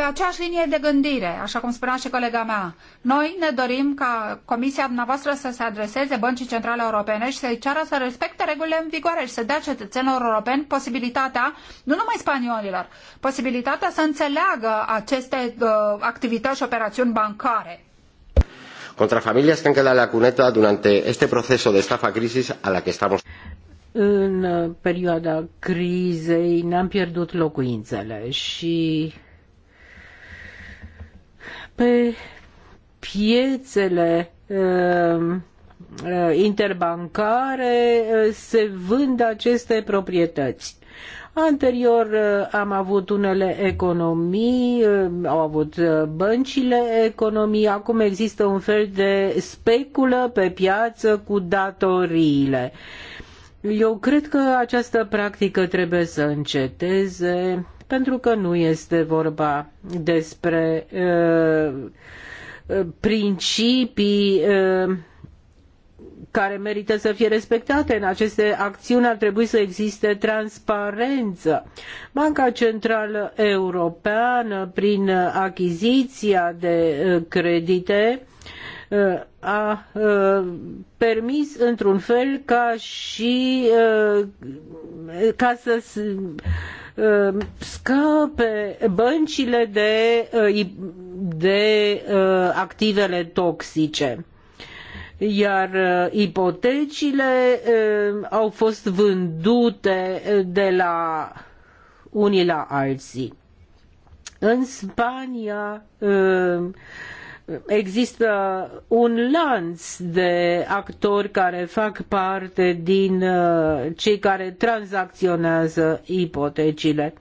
pe aceeași linie de gândire, așa cum spunea și colega mea. Noi ne dorim ca Comisia dumneavoastră să se adreseze Băncii Centrale Europene și să-i ceară să respecte regulile în vigoare și să dea cetățenilor europeni posibilitatea, nu numai spaniolilor, posibilitatea să înțeleagă aceste uh, activități și operațiuni bancare. Contra familias que han la durante este proceso de estafa crisis a la que estamos în perioada crizei ne-am pierdut locuințele și pe piețele um, uh, interbancare uh, se vând aceste proprietăți. Anterior uh, am avut unele economii, au avut băncile economii, acum există un fel de speculă pe piață cu datoriile. Eu cred că această practică trebuie să înceteze pentru că nu este vorba despre uh, uh, principii uh, care merită să fie respectate. În aceste acțiuni ar trebui să existe transparență. Banca Centrală Europeană, prin achiziția de credite, a permis într-un fel ca și ca să Uh, scăpe băncile de, uh, de uh, activele toxice iar ipotecile au fost vândute de la unii la alții. În Spania există un lanț de actori care fac parte din uh, cei care tranzacționează ipotecile.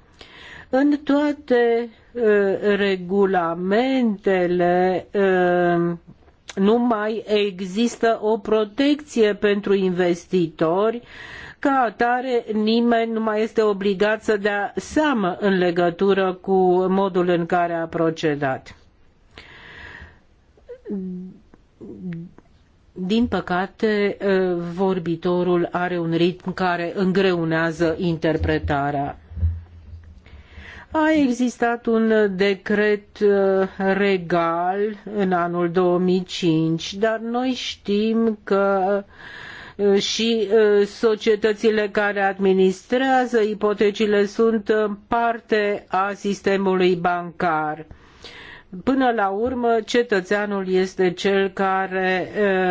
În toate uh, regulamentele uh, nu mai există o protecție pentru investitori ca atare nimeni nu mai este obligat să dea seamă în legătură cu modul în care a procedat din păcate, ă, vorbitorul are un ritm care îngreunează interpretarea. A existat un decret ă, regal în anul 2005, dar noi știm că ă, și societățile care administrează ipotecile sunt parte a sistemului bancar Până la urmă, cetățeanul este cel care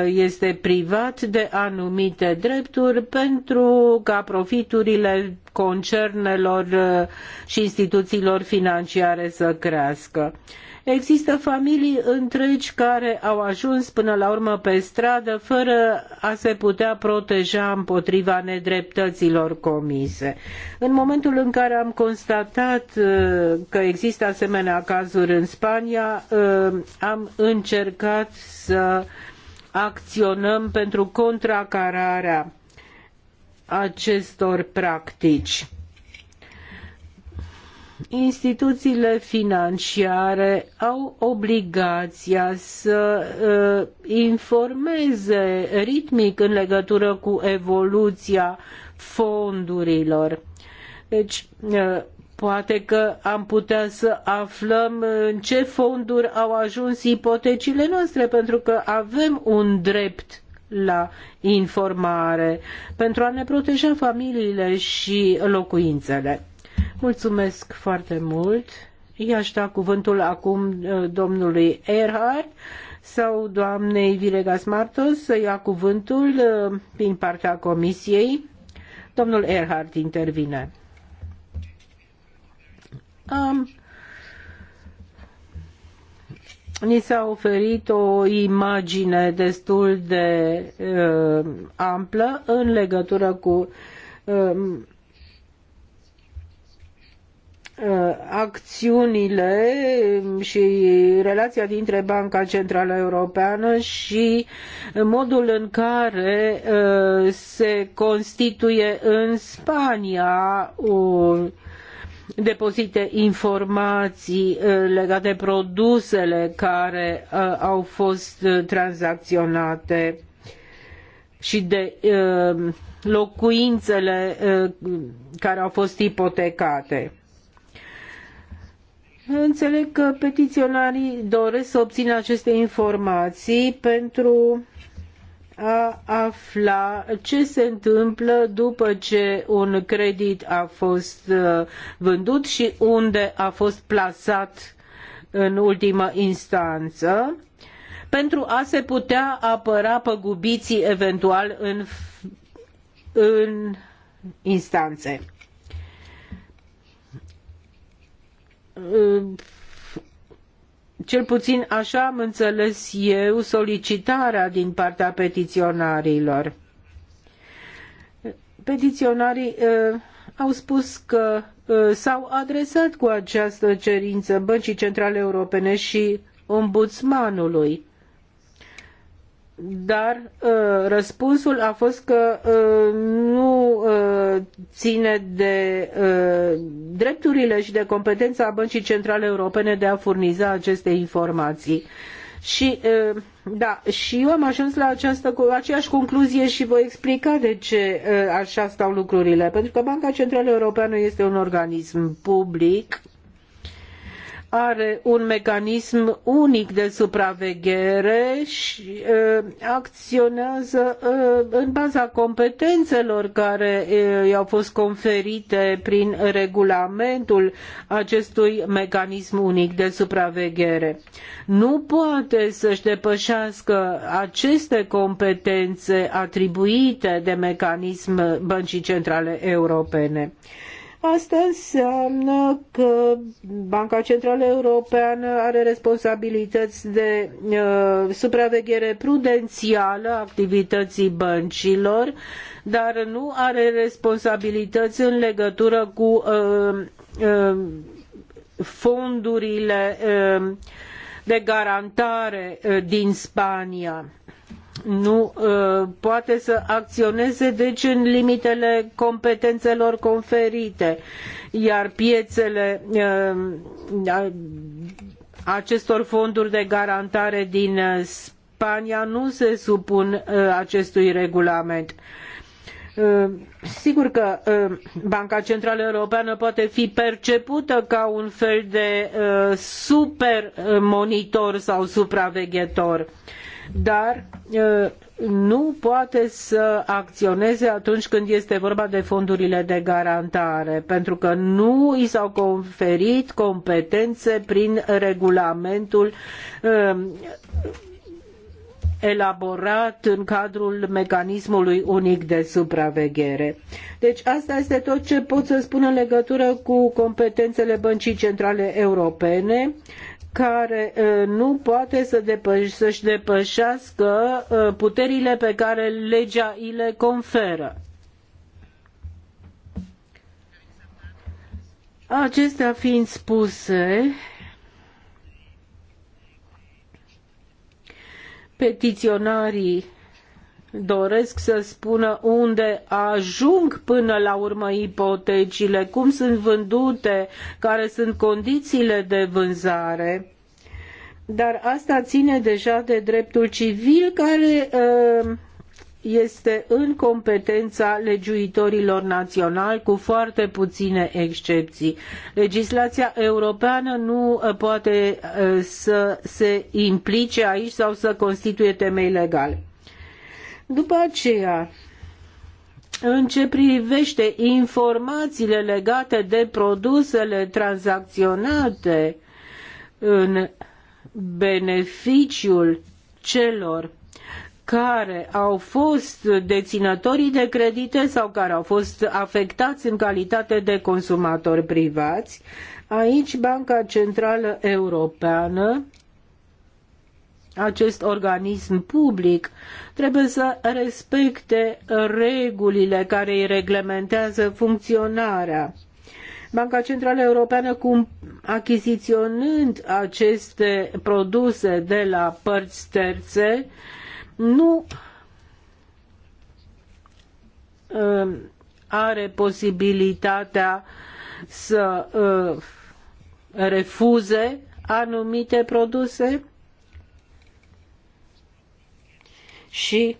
este privat de anumite drepturi pentru ca profiturile concernelor uh, și instituțiilor financiare să crească. Există familii întregi care au ajuns până la urmă pe stradă fără a se putea proteja împotriva nedreptăților comise. În momentul în care am constatat uh, că există asemenea cazuri în Spania, uh, am încercat să acționăm pentru contracararea acestor practici. Instituțiile financiare au obligația să uh, informeze ritmic în legătură cu evoluția fondurilor. Deci, uh, poate că am putea să aflăm în ce fonduri au ajuns ipotecile noastre, pentru că avem un drept la informare pentru a ne proteja familiile și locuințele. Mulțumesc foarte mult. I-aș da cuvântul acum uh, domnului Erhard sau doamnei Vilegas Martos să ia cuvântul uh, din partea comisiei. Domnul Erhard intervine. Am ni s-a oferit o imagine destul de uh, amplă în legătură cu um, uh, acțiunile um, și relația dintre Banca Centrală Europeană și modul în care uh, se constituie în Spania un depozite informații uh, legate de produsele care uh, au fost uh, tranzacționate și de locuințele care au fost ipotecate. Înțeleg că petiționarii doresc să obțină aceste informații pentru a afla ce se întâmplă după ce un credit a fost uh, vândut și unde a fost plasat în ultimă instanță pentru a se putea apăra păgubiții eventual în, în instanțe uh, cel puțin așa am înțeles eu solicitarea din partea petiționarilor. Petiționarii uh, au spus că uh, s-au adresat cu această cerință Băncii Centrale Europene și Ombudsmanului dar uh, răspunsul a fost că uh, nu uh, ține de drepturile și de competența Băncii Centrale Europene de a furniza aceste informații. Și da, și eu am ajuns la această, aceeași concluzie și voi explica de ce așa stau lucrurile. Pentru că Banca Centrală Europeană este un organism public are un mecanism unic de supraveghere și acționează în baza competențelor care i-au fost conferite prin regulamentul acestui mecanism unic de supraveghere. Nu poate să-și depășească aceste competențe atribuite de mecanism Băncii Centrale Europene. Asta înseamnă că Banca Centrală Europeană are responsabilități de uh, supraveghere prudențială a activității băncilor, dar nu are responsabilități în legătură cu uh, uh, fondurile uh, de garantare uh, din Spania nu uh, poate să acționeze deci în limitele competențelor conferite, iar piețele uh, acestor fonduri de garantare din Spania nu se supun uh, acestui regulament. Sigur că Banca Centrală Europeană poate fi percepută ca un fel de super monitor sau supraveghetor dar nu poate să acționeze atunci când este vorba de fondurile de garantare, pentru că nu i s-au conferit competențe prin regulamentul elaborat în cadrul mecanismului unic de supraveghere. Deci asta este tot ce pot să spun în legătură cu competențele Băncii Centrale Europene care nu poate să depăș- să-și depășească puterile pe care legea îi le conferă. Acestea fiind spuse, petiționarii doresc să spună unde ajung până la urmă ipotecile, cum sunt vândute, care sunt condițiile de vânzare. Dar asta ține deja de dreptul civil care uh, este în competența legiuitorilor naționali cu foarte puține excepții. Legislația europeană nu uh, poate uh, să se implice aici sau să constituie temei legale. După aceea, în ce privește informațiile legate de produsele tranzacționate în beneficiul celor care au fost deținătorii de credite sau care au fost afectați în calitate de consumatori privați, aici Banca Centrală Europeană acest organism public trebuie să respecte regulile care îi reglementează funcționarea. Banca Centrală Europeană, cum achiziționând aceste produse de la părți terțe, nu um, are posibilitatea să uh, refuze anumite produse și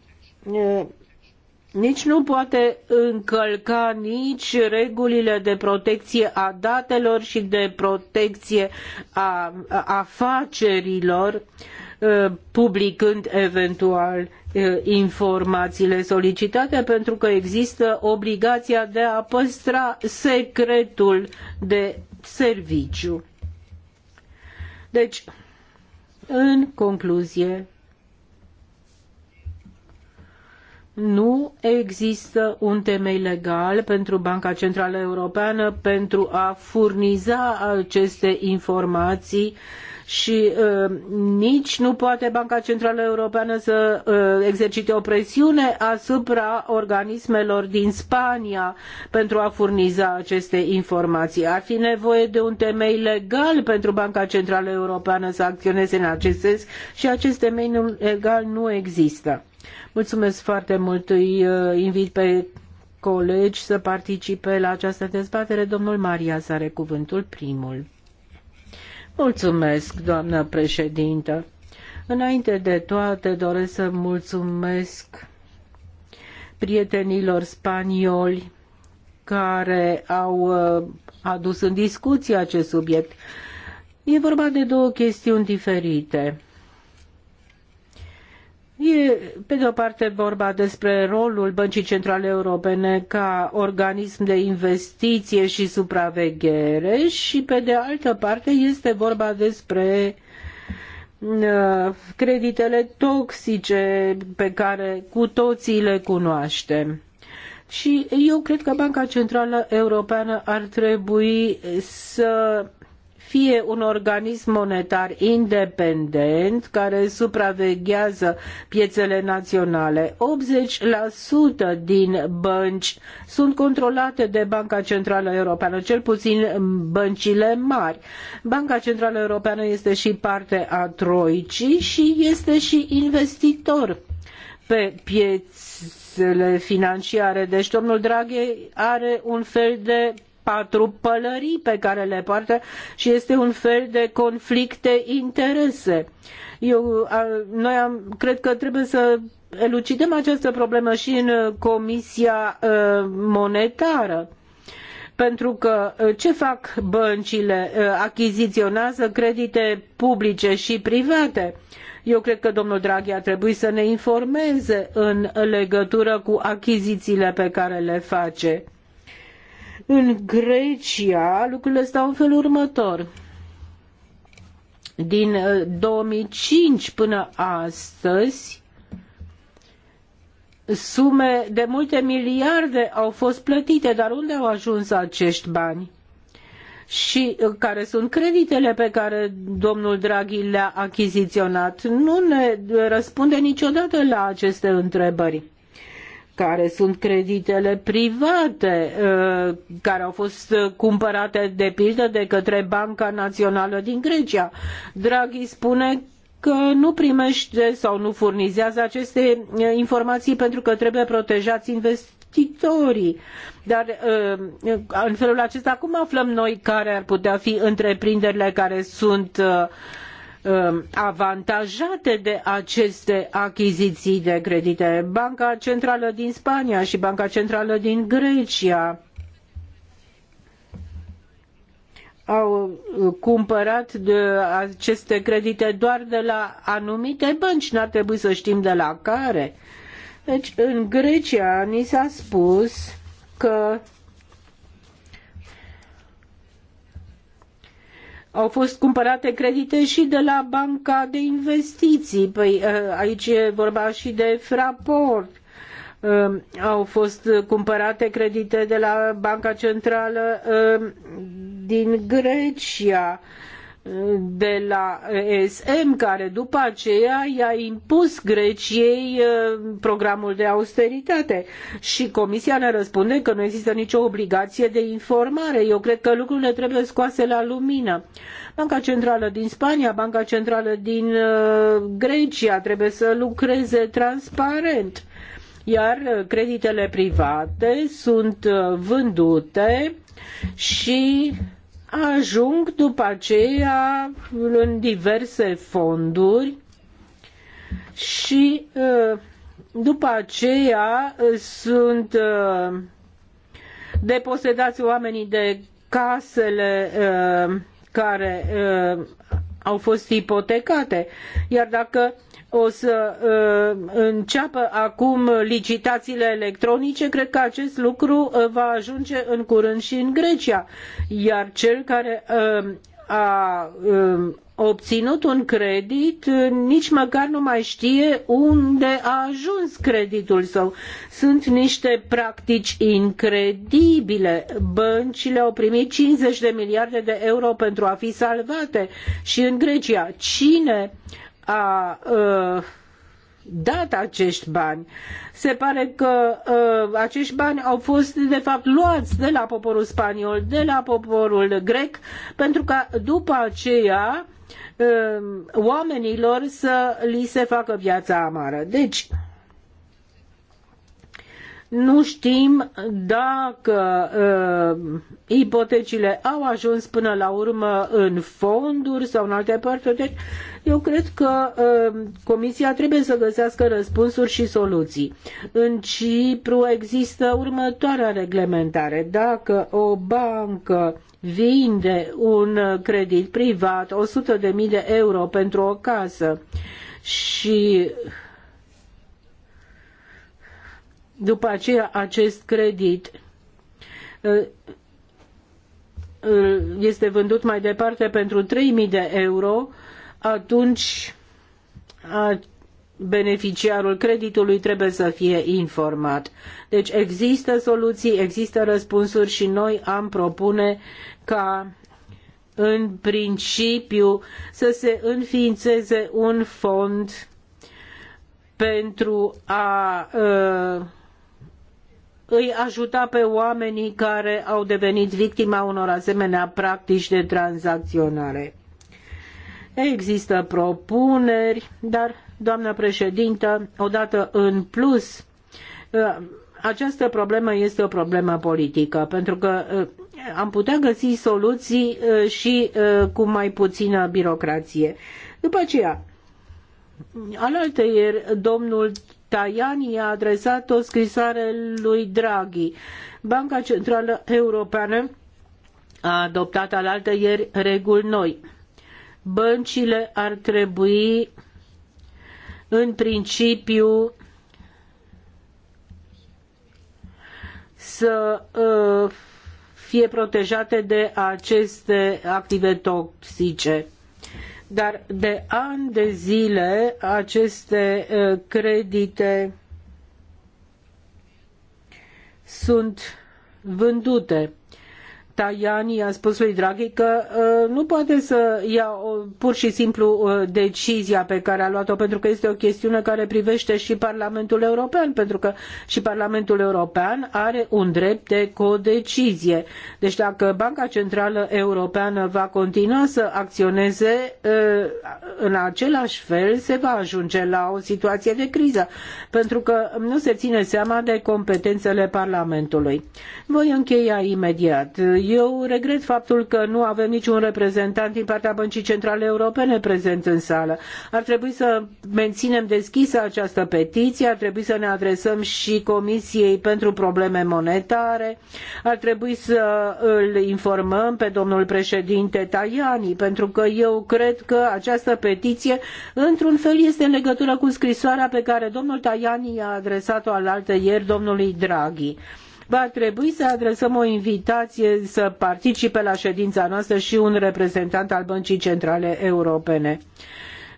nici nu poate încălca nici regulile de protecție a datelor și de protecție a afacerilor publicând eventual informațiile solicitate pentru că există obligația de a păstra secretul de serviciu. Deci, în concluzie, nu există un temei legal pentru Banca Centrală Europeană pentru a furniza aceste informații și uh, nici nu poate Banca Centrală Europeană să uh, exercite o presiune asupra organismelor din Spania pentru a furniza aceste informații. Ar fi nevoie de un temei legal pentru Banca Centrală Europeană să acționeze în acest sens și acest temei legal nu există. Mulțumesc foarte mult. Îi uh, invit pe colegi să participe la această dezbatere. Domnul Maria are cuvântul primul. Mulțumesc, doamnă președintă. Înainte de toate, doresc să mulțumesc prietenilor spanioli care au uh, adus în discuție acest subiect. E vorba de două chestiuni diferite. E, pe de o parte, vorba despre rolul Băncii Centrale Europene ca organism de investiție și supraveghere și, pe de altă parte, este vorba despre uh, creditele toxice pe care cu toții le cunoaștem. Și eu cred că Banca Centrală Europeană ar trebui să fie un organism monetar independent care supraveghează piețele naționale. 80% din bănci sunt controlate de Banca Centrală Europeană, cel puțin băncile mari. Banca Centrală Europeană este și parte a Troicii și este și investitor pe piețele financiare. Deci domnul Draghi are un fel de patru pălării pe care le poartă și este un fel de conflict de interese. Eu, a, noi am, cred că trebuie să elucidăm această problemă și în uh, Comisia uh, Monetară pentru că uh, ce fac băncile? Achiziționează credite publice și private. Eu cred că domnul Draghi a trebuit să ne informeze în legătură cu achizițiile pe care le face. În Grecia lucrurile stau în felul următor. Din 2005 uh, până astăzi, sume de multe miliarde au fost plătite, dar unde au ajuns acești bani? și uh, care sunt creditele pe care domnul Draghi le-a achiziționat. Nu ne uh, răspunde niciodată la aceste întrebări care sunt creditele private uh, care au fost cumpărate de pildă de către Banca Națională din Grecia. Draghi spune că nu primește sau nu furnizează aceste uh, informații pentru că trebuie protejați investitorii. Dar uh, în felul acesta cum aflăm noi care ar putea fi întreprinderile care sunt Um, avantajate de aceste achiziții de credite. Banca Centrală din Spania și Banca Centrală din Grecia au uh, cumpărat aceste credite doar de la anumite bănci, n-ar trebui să știm de la care. Deci, în Grecia ni s-a spus că au fost cumpărate credite și de la Banca de Investiții. Păi uh, aici e vorba și de Fraport. Um, au fost cumpărate credite de la Banca Centrală um, din Grecia de la ESM, care după aceea i-a impus Greciei uh, programul de austeritate. Și Comisia ne răspunde că nu există nicio obligație de informare. Eu cred că lucrurile trebuie scoase la lumină. Banca Centrală din Spania, Banca Centrală din uh, Grecia trebuie să lucreze transparent. Iar uh, creditele private sunt vândute și ajung după aceea în diverse fonduri și uh, după aceea uh, sunt uh, deposedați oamenii de casele care au fost ipotecate. Iar dacă o să uh, înceapă acum licitațiile electronice, cred că acest lucru uh, va ajunge în curând și în Grecia. Iar cel care uh, a obținut un credit, nici măcar nu mai știe unde a ajuns creditul său. Sunt niște practici incredibile. Băncile au primit 50 de miliarde de euro pentru a fi salvate și în Grecia. Cine a uh, dat acești bani. Se pare că uh, acești bani au fost de fapt luați de la poporul spaniol, de la poporul grec, pentru ca după aceea uh, oamenilor să li se facă viața amară. Deci, nu știm dacă uh, ipotecile au ajuns până la urmă în fonduri sau în alte părți. Deci, eu cred că uh, Comisia trebuie să găsească răspunsuri și soluții. În Cipru există următoarea reglementare. Dacă o bancă vinde un credit privat 100.000 de euro pentru o casă și uh, după aceea, acest credit uh, uh, este vândut mai departe pentru 3.000 de euro, atunci beneficiarul creditului trebuie să fie informat. Deci există soluții, există răspunsuri și noi am propune ca în principiu să se înființeze un fond pentru a uh, îi ajuta pe oamenii care au devenit victima unor asemenea practici de tranzacționare. Există propuneri, dar, doamnă președintă, odată în plus, ă, această problemă este o problemă politică, pentru că ă, am putea găsi soluții ă, și cu mai puțină birocrație. După aceea, alaltă ieri, domnul Tajani a adresat o scrisoare lui Draghi. Banca Centrală Europeană a adoptat alaltă ieri reguli noi. Băncile ar trebui în principiu să ă, fie protejate de aceste active toxice dar de ani de zile aceste uh, credite sunt vândute Tajani i-a spus lui Draghi că uh, nu poate să ia pur și simplu uh, decizia pe care a luat-o, pentru că este o chestiune care privește și Parlamentul European, pentru că și Parlamentul European are un drept de codecizie. Deci dacă Banca Centrală Europeană va continua să acționeze uh, în același fel, se va ajunge la o situație de criză, pentru că nu se ține seama de competențele Parlamentului. Voi încheia imediat. Eu regret faptul că nu avem niciun reprezentant din partea Băncii Centrale Europene prezent în sală. Ar trebui să menținem deschisă această petiție, ar trebui să ne adresăm și Comisiei pentru Probleme Monetare, ar trebui să îl informăm pe domnul președinte Tajani, pentru că eu cred că această petiție, într-un fel, este în legătură cu scrisoarea pe care domnul Tajani i-a adresat-o alaltă ieri domnului Draghi va trebui să adresăm o invitație să participe la ședința noastră și un reprezentant al Băncii Centrale Europene.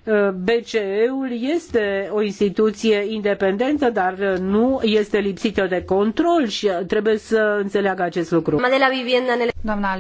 Uh, BCE-ul este o instituție independentă, dar uh, nu este lipsită de control și uh, trebuie să înțeleagă acest lucru. Doamna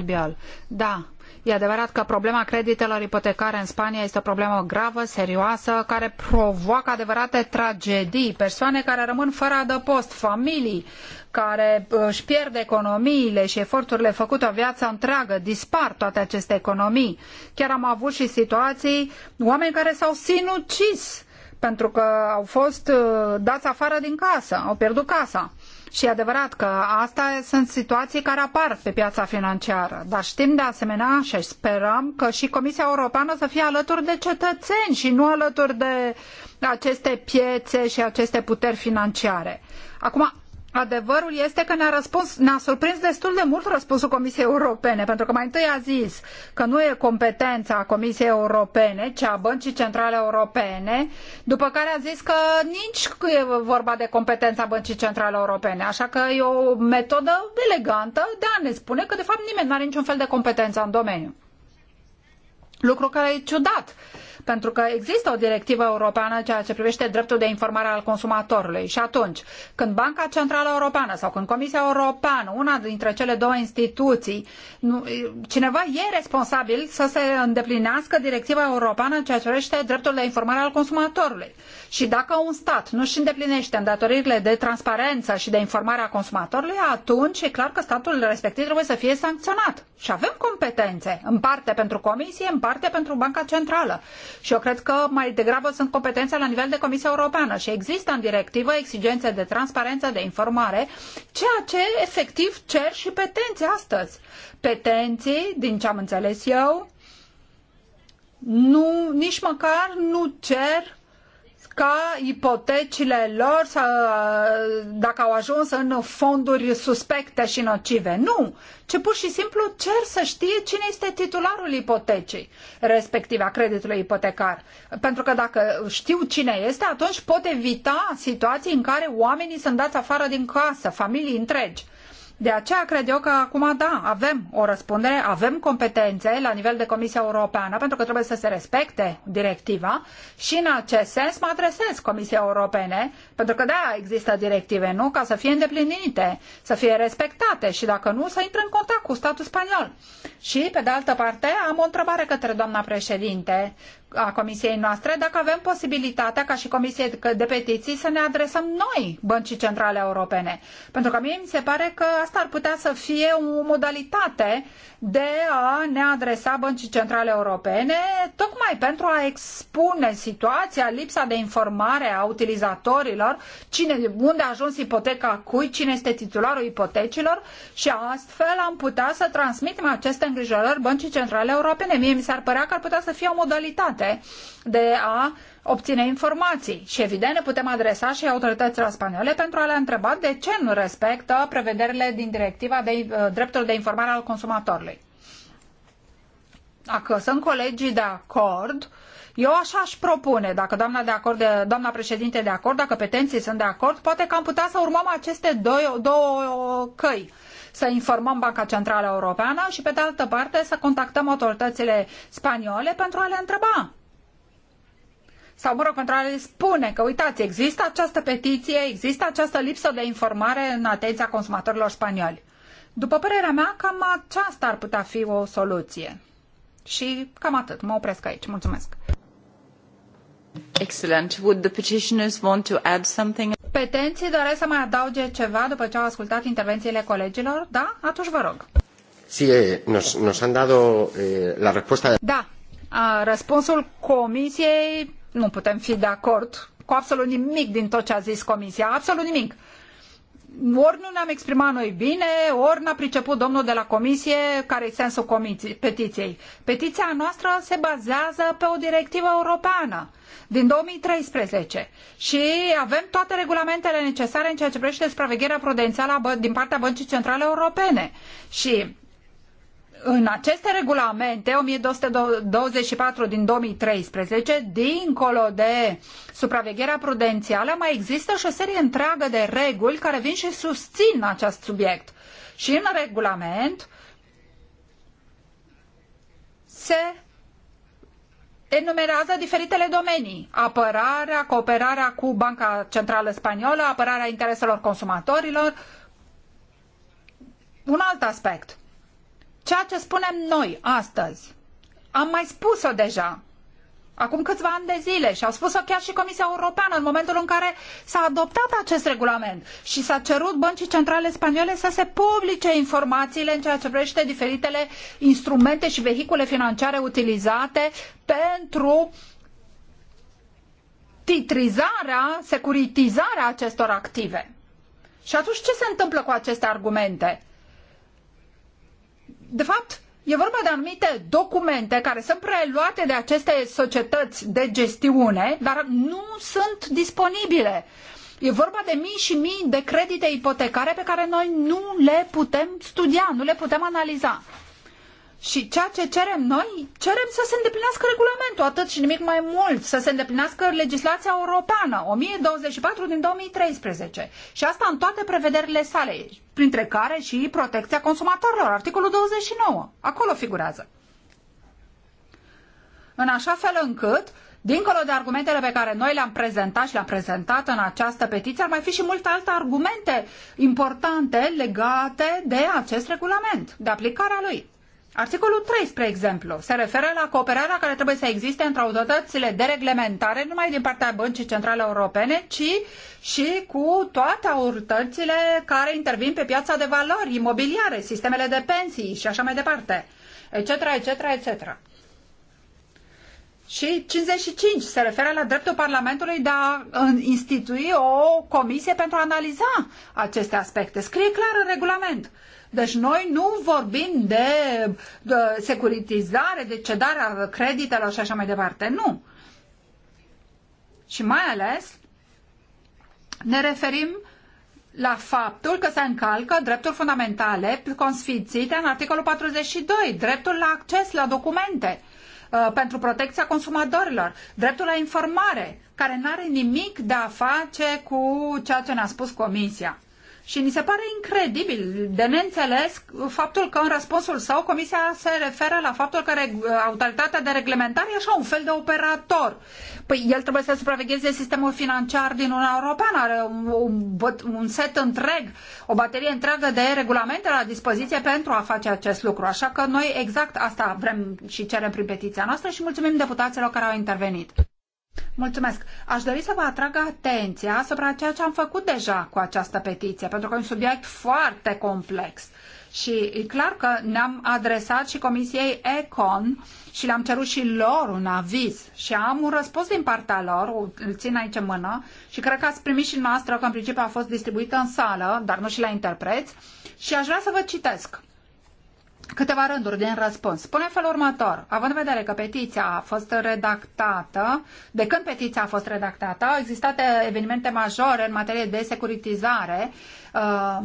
da, E adevărat că problema creditelor ipotecare în Spania este o problemă gravă, serioasă, care provoacă adevărate tragedii, persoane care rămân fără adăpost, familii care uh, își pierd economiile și eforturile făcute o viață întreagă, dispar toate aceste economii. Chiar am avut și situații, oameni care s-au sinucis pentru că au fost uh, dați afară din casă, au pierdut casa. Și e adevărat că asta sunt situații care apar pe piața financiară, dar știm de asemenea și sperăm că și Comisia Europeană să fie alături de cetățeni și nu alături de aceste piețe și aceste puteri financiare. Acum, Adevărul este că ne-a, răspuns, ne-a surprins destul de mult răspunsul Comisiei Europene, pentru că mai întâi a zis că nu e competența Comisiei Europene, ci a Băncii Centrale Europene, după care a zis că nici e vorba de competența Băncii Centrale Europene, așa că e o metodă elegantă de a ne spune că de fapt nimeni nu are niciun fel de competență în domeniu. Lucru care e ciudat, pentru că există o directivă europeană în ceea ce privește dreptul de informare al consumatorului. Și atunci, când Banca Centrală Europeană sau când Comisia Europeană, una dintre cele două instituții, cineva e responsabil să se îndeplinească directiva europeană în ceea ce privește dreptul de informare al consumatorului. Și dacă un stat nu își îndeplinește îndatoririle de transparență și de informare a consumatorului, atunci e clar că statul respectiv trebuie să fie sancționat. Și avem competențe, în parte pentru Comisie, în parte pentru Banca Centrală. Și eu cred că mai degrabă sunt competențe la nivel de Comisia Europeană și există în directivă exigențe de transparență, de informare, ceea ce efectiv cer și petenții astăzi. Petenții, din ce am înțeles eu, nu, nici măcar nu cer ca ipotecile lor, să, dacă au ajuns în fonduri suspecte și nocive. Nu, ci pur și simplu cer să știe cine este titularul ipotecii respective a creditului ipotecar. Pentru că dacă știu cine este, atunci pot evita situații în care oamenii sunt dați afară din casă, familii întregi. De aceea cred eu că acum, da, avem o răspundere, avem competențe la nivel de Comisia Europeană, pentru că trebuie să se respecte directiva și în acest sens mă adresez Comisiei Europene pentru că da, există directive, nu? Ca să fie îndeplinite, să fie respectate și dacă nu, să intre în contact cu statul spaniol. Și, pe de altă parte, am o întrebare către doamna președinte a comisiei noastre, dacă avem posibilitatea ca și comisie de petiții să ne adresăm noi băncii centrale europene. Pentru că mie mi se pare că asta ar putea să fie o modalitate de a ne adresa băncii centrale europene, tocmai pentru a expune situația, lipsa de informare a utilizatorilor titular, cine, unde a ajuns ipoteca cui, cine este titularul ipotecilor și astfel am putea să transmitem aceste îngrijorări băncii centrale europene. Mie mi s-ar părea că ar putea să fie o modalitate de a obține informații și evident ne putem adresa și autorităților spaniole pentru a le întreba de ce nu respectă prevederile din directiva de uh, dreptul de informare al consumatorului. Dacă sunt colegii de acord, eu așa aș propune, dacă doamna, de acord, doamna președinte de acord, dacă petenții sunt de acord, poate că am putea să urmăm aceste doi, două căi să informăm Banca Centrală Europeană și, pe de altă parte, să contactăm autoritățile spaniole pentru a le întreba. Sau, mă rog, pentru a le spune că, uitați, există această petiție, există această lipsă de informare în atenția consumatorilor spanioli. După părerea mea, cam aceasta ar putea fi o soluție. Și cam atât. Mă opresc aici. Mulțumesc. Would the petitioners want to add something? Petenții doresc să mai adauge ceva după ce au ascultat intervențiile colegilor? Da? Atunci vă rog. Sí, eh, nos, nos han dado eh, la respuesta. Da. A, răspunsul comisiei nu putem fi de acord cu absolut nimic din tot ce a zis comisia. Absolut nimic ori nu ne-am exprimat noi bine, ori n-a priceput domnul de la comisie care e sensul comisie, petiției. Petiția noastră se bazează pe o directivă europeană din 2013 și avem toate regulamentele necesare în ceea ce privește supravegherea prudențială din partea Băncii Centrale Europene. Și în aceste regulamente 1224 din 2013, dincolo de supravegherea prudențială, mai există și o serie întreagă de reguli care vin și susțin acest subiect. Și în regulament se enumerează diferitele domenii. Apărarea, cooperarea cu Banca Centrală Spaniolă, apărarea intereselor consumatorilor. Un alt aspect Ceea ce spunem noi astăzi, am mai spus-o deja, acum câțiva ani de zile și au spus-o chiar și Comisia Europeană în momentul în care s-a adoptat acest regulament și s-a cerut băncii centrale spaniole să se publice informațiile în ceea ce privește diferitele instrumente și vehicule financiare utilizate pentru titrizarea, securitizarea acestor active. Și atunci ce se întâmplă cu aceste argumente? de fapt, e vorba de anumite documente care sunt preluate de aceste societăți de gestiune, dar nu sunt disponibile. E vorba de mii și mii de credite ipotecare pe care noi nu le putem studia, nu le putem analiza. Și ceea ce cerem noi, cerem să se îndeplinească regulamentul, atât și nimic mai mult, să se îndeplinească legislația europeană, 1024 din 2013. Și asta în toate prevederile sale, printre care și protecția consumatorilor, articolul 29. Acolo figurează. În așa fel încât, dincolo de argumentele pe care noi le-am prezentat și le-am prezentat în această petiție, ar mai fi și multe alte argumente importante legate de acest regulament, de aplicarea lui. Articolul 3, spre exemplu, se referă la cooperarea care trebuie să existe între autoritățile de reglementare, numai din partea Băncii Centrale Europene, ci și cu toate autoritățile care intervin pe piața de valori imobiliare, sistemele de pensii și așa mai departe, etc., etc., etc. Și 55 se referă la dreptul Parlamentului de a institui o comisie pentru a analiza aceste aspecte. Scrie clar în regulament. Deci noi nu vorbim de, de securitizare, de cedarea creditelor și așa mai departe. Nu. Și mai ales ne referim la faptul că se încalcă drepturi fundamentale consfințite în articolul 42, dreptul la acces la documente uh, pentru protecția consumatorilor, dreptul la informare, care nu are nimic de a face cu ceea ce ne-a spus Comisia. Și ni se pare incredibil, de neînțeles, faptul că în răspunsul său Comisia se referă la faptul că autoritatea de reglementare e așa un fel de operator. Păi el trebuie să supravegheze sistemul financiar din Uniunea Europeană, are un, un set întreg, o baterie întreagă de regulamente la dispoziție pentru a face acest lucru. Așa că noi exact asta vrem și cerem prin petiția noastră și mulțumim deputaților care au intervenit. Mulțumesc. Aș dori să vă atrag atenția asupra ceea ce am făcut deja cu această petiție, pentru că e un subiect foarte complex. Și e clar că ne-am adresat și Comisiei Econ și le-am cerut și lor un aviz și am un răspuns din partea lor, îl țin aici în mână și cred că ați primit și noastră, că în principiu a fost distribuită în sală, dar nu și la interpreți și aș vrea să vă citesc. Câteva rânduri din răspuns. Spune în felul următor, având în vedere că petiția a fost redactată, de când petiția a fost redactată, au existat evenimente majore în materie de securitizare uh,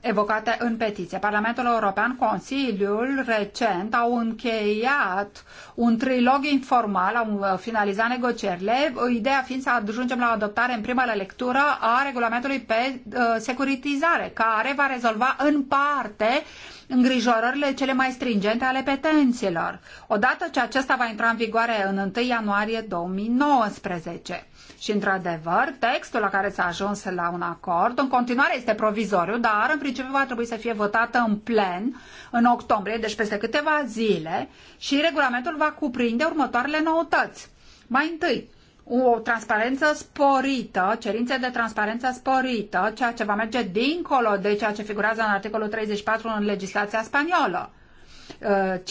evocate în petiție. Parlamentul European, Consiliul recent au încheiat un trilog informal, au uh, finalizat negocierile, ideea fiind să ajungem la adoptare în prima lectură a regulamentului pe uh, securitizare, care va rezolva în parte uh, îngrijorările cele mai stringente ale petenților, odată ce acesta va intra în vigoare în 1 ianuarie 2019. Și, într-adevăr, textul la care s-a ajuns la un acord, în continuare este provizoriu, dar în principiu va trebui să fie votată în plen în octombrie, deci peste câteva zile, și regulamentul va cuprinde următoarele noutăți. Mai întâi, o transparență sporită, cerințe de transparență sporită, ceea ce va merge dincolo de ceea ce figurează în articolul 34 în legislația spaniolă.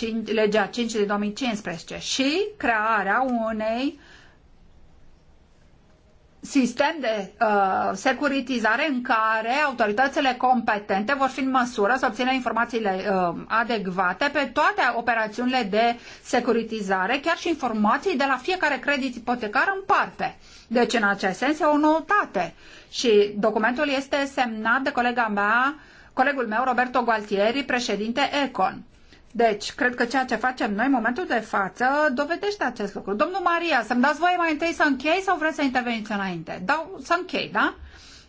Uh, legea 5 de 2015 și crearea unei sistem de uh, securitizare în care autoritățile competente vor fi în măsură să obțină informațiile uh, adecvate pe toate operațiunile de securitizare, chiar și informații de la fiecare credit ipotecar în parte. Deci, în acest sens, e o noutate. Și documentul este semnat de colega mea, colegul meu, Roberto Gualtieri, președinte Econ. Deci, cred că ceea ce facem noi în momentul de față dovedește acest lucru. Domnul Maria, să-mi dați voie mai întâi să închei sau vreți să interveniți înainte? Da, să închei, da?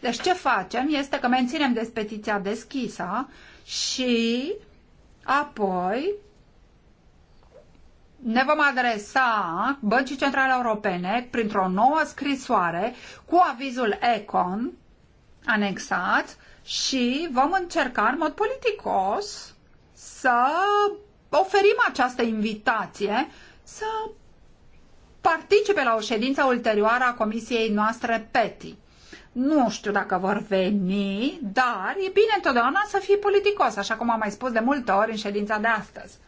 Deci ce facem este că menținem despetiția deschisă și apoi ne vom adresa Băncii Centrale Europene printr-o nouă scrisoare cu avizul ECON anexat și vom încerca în mod politicos să oferim această invitație să participe la o ședință ulterioară a comisiei noastre PETI. Nu știu dacă vor veni, dar e bine întotdeauna să fii politicos, așa cum am mai spus de multe ori în ședința de astăzi.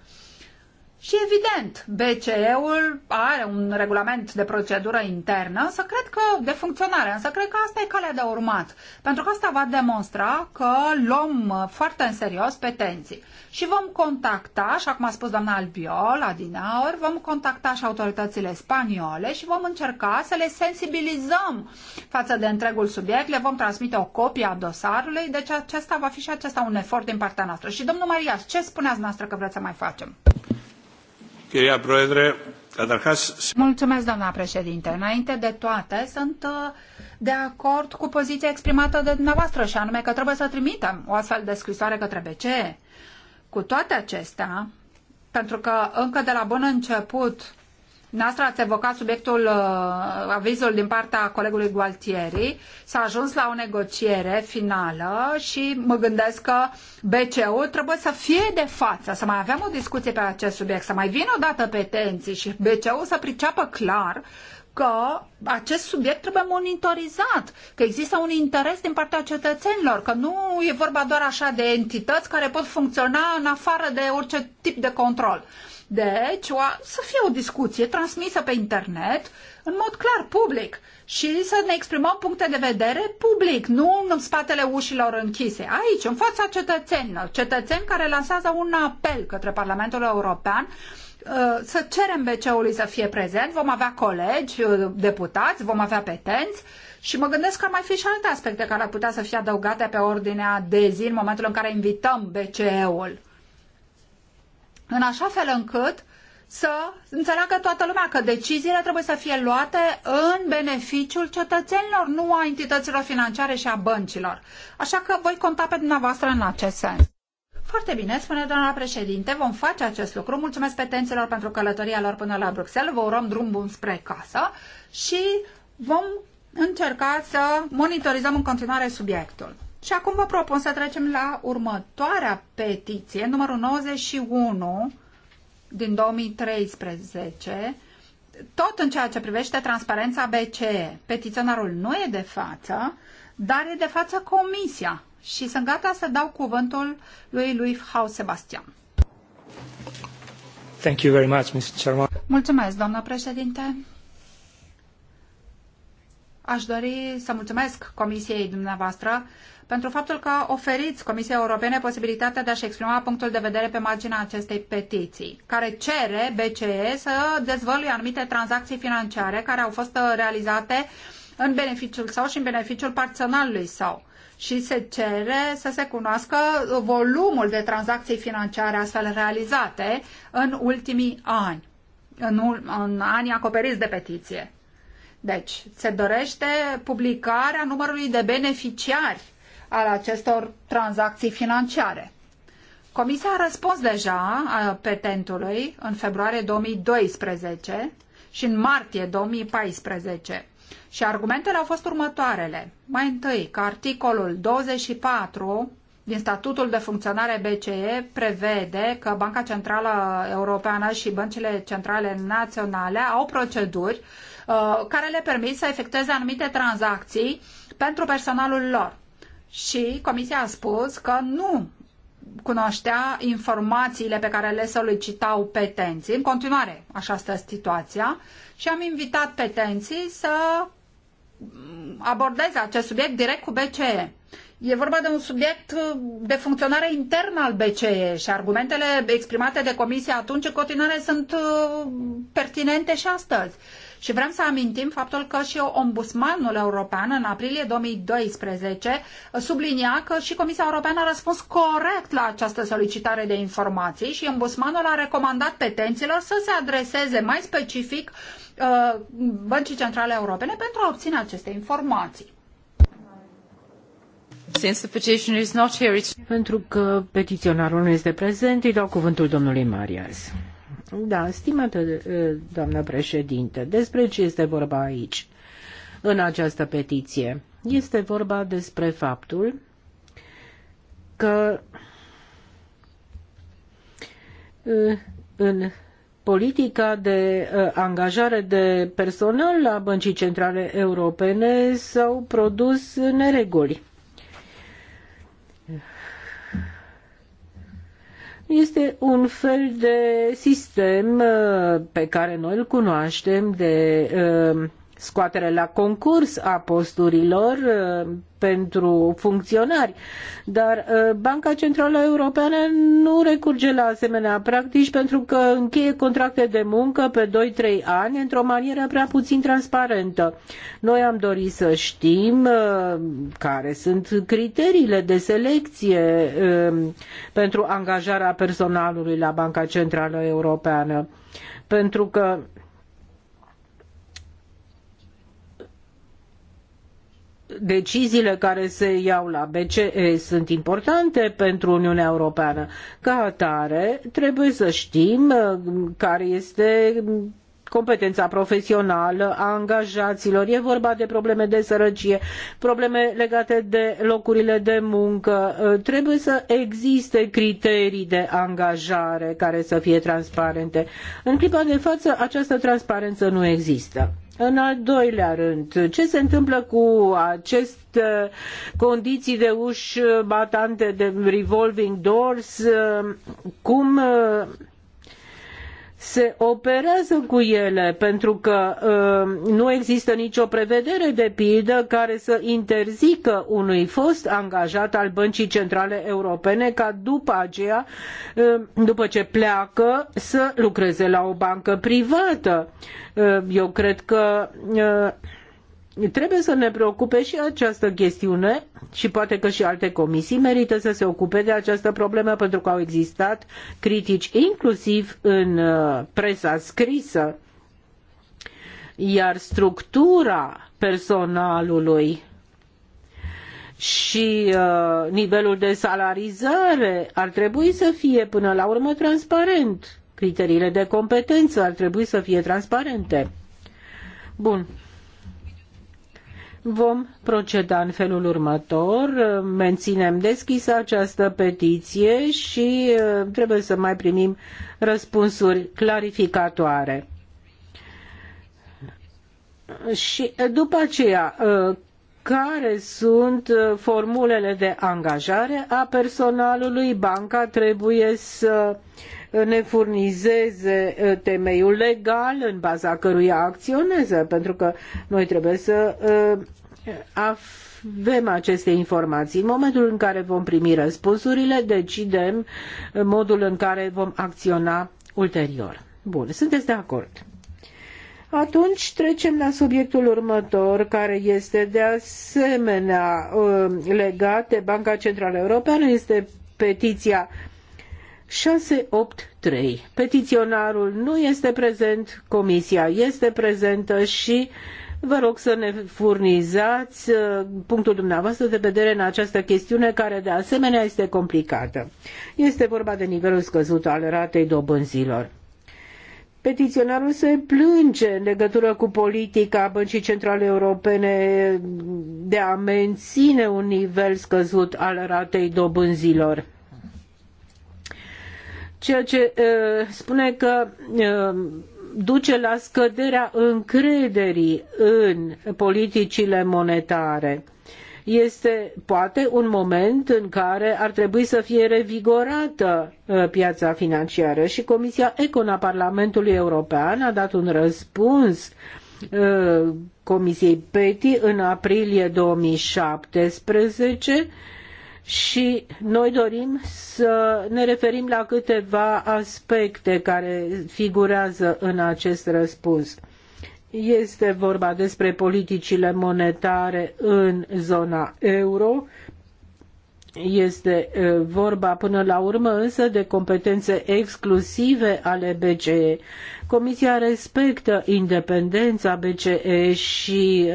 Și evident, BCE-ul are un regulament de procedură internă, însă cred că de funcționare, însă cred că asta e calea de urmat, pentru că asta va demonstra că luăm foarte în serios petenții. Și vom contacta, așa cum a spus doamna Albiol, Adinaur, vom contacta și autoritățile spaniole și vom încerca să le sensibilizăm față de întregul subiect, le vom transmite o copie a dosarului, deci acesta va fi și acesta un efort din partea noastră. Și domnul Marias, ce spuneați noastră că vreți să mai facem? Mulțumesc, doamna președinte. Înainte de toate, sunt uh, de acord cu poziția exprimată de dumneavoastră și anume că trebuie să trimitem o astfel de scrisoare către BCE. Cu toate acestea, pentru că încă de la bun început Noastră ați evocat subiectul, uh, avizul din partea colegului Gualtieri. S-a ajuns la o negociere finală și mă gândesc că BCU trebuie să fie de față, să mai avem o discuție pe acest subiect, să mai vină o dată petenții și BCU să priceapă clar uh, că acest subiect trebuie monitorizat, că există un interes din partea cetățenilor, că nu e vorba doar așa de entități care pot funcționa în afară de orice tip de control. Deci, o, să fie o discuție transmisă pe internet, în mod clar, public, și să ne exprimăm puncte de vedere public, nu în spatele ușilor închise. Aici, în fața cetățenilor, cetățeni care lansează un apel către Parlamentul European, Uh, să cerem BC-ului să fie prezent, vom avea colegi, uh, deputați, vom avea petenți și mă gândesc că ar mai fi și alte aspecte care ar putea să fie adăugate pe ordinea de zi în momentul în care invităm BCE-ul. În așa fel încât să înțeleagă toată lumea că deciziile trebuie să fie luate în beneficiul cetățenilor, nu a entităților financiare și a băncilor. Așa că voi conta pe dumneavoastră în acest sens. Foarte bine, spune doamna președinte, vom face acest lucru. Mulțumesc petenților pentru călătoria lor până la Bruxelles, vă urăm drum bun spre casă și vom încerca să monitorizăm în continuare subiectul. Și acum vă propun să trecem la următoarea petiție, numărul 91 din 2013, tot în ceea ce privește transparența BCE. Petiționarul nu e de față, dar e de față comisia și sunt gata să dau cuvântul lui lui Hau Sebastian. Thank you very much, Mr. Chairman. Mulțumesc, doamnă președinte. Aș dori să mulțumesc Comisiei dumneavoastră pentru faptul că oferiți Comisiei Europene posibilitatea de a-și exprima punctul de vedere pe marginea acestei petiții, care cere BCE să dezvăluie anumite tranzacții financiare care au fost realizate în beneficiul său și în beneficiul parționalului său și se cere să se cunoască volumul de tranzacții financiare astfel realizate în ultimii ani, în, în anii acoperiți de petiție. Deci, se dorește publicarea numărului de beneficiari al acestor tranzacții financiare. Comisia a răspuns deja a petentului în februarie 2012 și în martie 2014. Și argumentele au fost următoarele. Mai întâi, că articolul 24 din statutul de funcționare BCE prevede că Banca Centrală Europeană și băncile centrale naționale au proceduri uh, care le permit să efectueze anumite tranzacții pentru personalul lor. Și Comisia a spus că nu cunoștea informațiile pe care le solicitau petenții. În continuare, așa este situația și am invitat petenții să abordeze acest subiect direct cu BCE. E vorba de un subiect de funcționare internă al BCE și argumentele exprimate de comisie atunci în continuare sunt uh, pertinente și astăzi. Și vrem să amintim faptul că și ombudsmanul european în aprilie 2012 sublinia că și Comisia Europeană a răspuns corect la această solicitare de informații și ombudsmanul a recomandat petenților să se adreseze mai specific uh, Băncii Centrale Europene pentru a obține aceste informații. Since the is not here, Pentru că petiționarul nu este prezent, îi dau cuvântul domnului Marias. Da, stimată eh, doamnă președinte, despre ce este vorba aici, în această petiție? Este vorba despre faptul că eh, în politica de eh, angajare de personal la Băncii Centrale Europene s-au produs nereguli Este un fel de sistem uh, pe care noi îl cunoaștem de uh, scoatere la concurs a posturilor uh, pentru funcționari, dar uh, Banca Centrală Europeană nu recurge la asemenea practici pentru că încheie contracte de muncă pe 2-3 ani într-o manieră prea puțin transparentă. Noi am dorit să știm uh, care sunt criteriile de selecție um, pentru angajarea personalului la Banca Centrală Europeană. Pentru că deciziile care se iau la BCE sunt importante pentru Uniunea Europeană. Ca atare, trebuie să știm uh, care este competența profesională a angajaților. E vorba de probleme de sărăcie, probleme legate de locurile de muncă. Uh, trebuie să existe criterii de angajare care să fie transparente. În clipa de față, această transparență nu există. În al doilea rând, ce se întâmplă cu aceste uh, condiții de uși batante, de revolving doors? Uh, cum uh, se operează cu ele, pentru că uh, nu există nicio prevedere de pildă care să interzică unui fost angajat al Băncii Centrale Europene ca după aceea, uh, după ce pleacă, să lucreze la o bancă privată. Uh, eu cred că trebuie să ne preocupe și această chestiune și poate că și alte comisii merită să se ocupe de această problemă pentru că au existat critici inclusiv în uh, presa scrisă iar structura personalului și uh, nivelul de salarizare ar trebui să fie până la urmă transparent. Criteriile de competență ar trebui să fie transparente. Bun. Vom proceda în felul următor, menținem deschisă această petiție și uh, trebuie să mai primim răspunsuri clarificatoare. Și uh, după aceea, uh, care sunt formulele de angajare a personalului, banca trebuie să uh, ne furnizeze uh, temeiul legal în baza căruia acționeze, pentru că noi trebuie să uh, avem aceste informații. În momentul în care vom primi răspunsurile, decidem uh, modul în care vom acționa ulterior. Bun, sunteți de acord? Atunci trecem la subiectul următor, care este de asemenea legat de Banca Centrală Europeană, este petiția 683. Petiționarul nu este prezent, comisia este prezentă și vă rog să ne furnizați uh, punctul dumneavoastră de vedere în această chestiune care de asemenea este complicată. Este vorba de nivelul scăzut al ratei dobânzilor. Petiționarul se plânge în legătură cu politica Băncii Centrale Europene de a menține un nivel scăzut al ratei dobânzilor ceea ce uh, spune că uh, duce la scăderea încrederii în politicile monetare. Este poate un moment în care ar trebui să fie revigorată uh, piața financiară și Comisia Econ a Parlamentului European a dat un răspuns Comisiei PETI în aprilie 2017 și noi dorim să ne referim la câteva aspecte care figurează în acest răspuns. Este vorba despre politicile monetare în zona euro, este vorba până la urmă însă de competențe exclusive ale BCE. Comisia respectă independența BCE și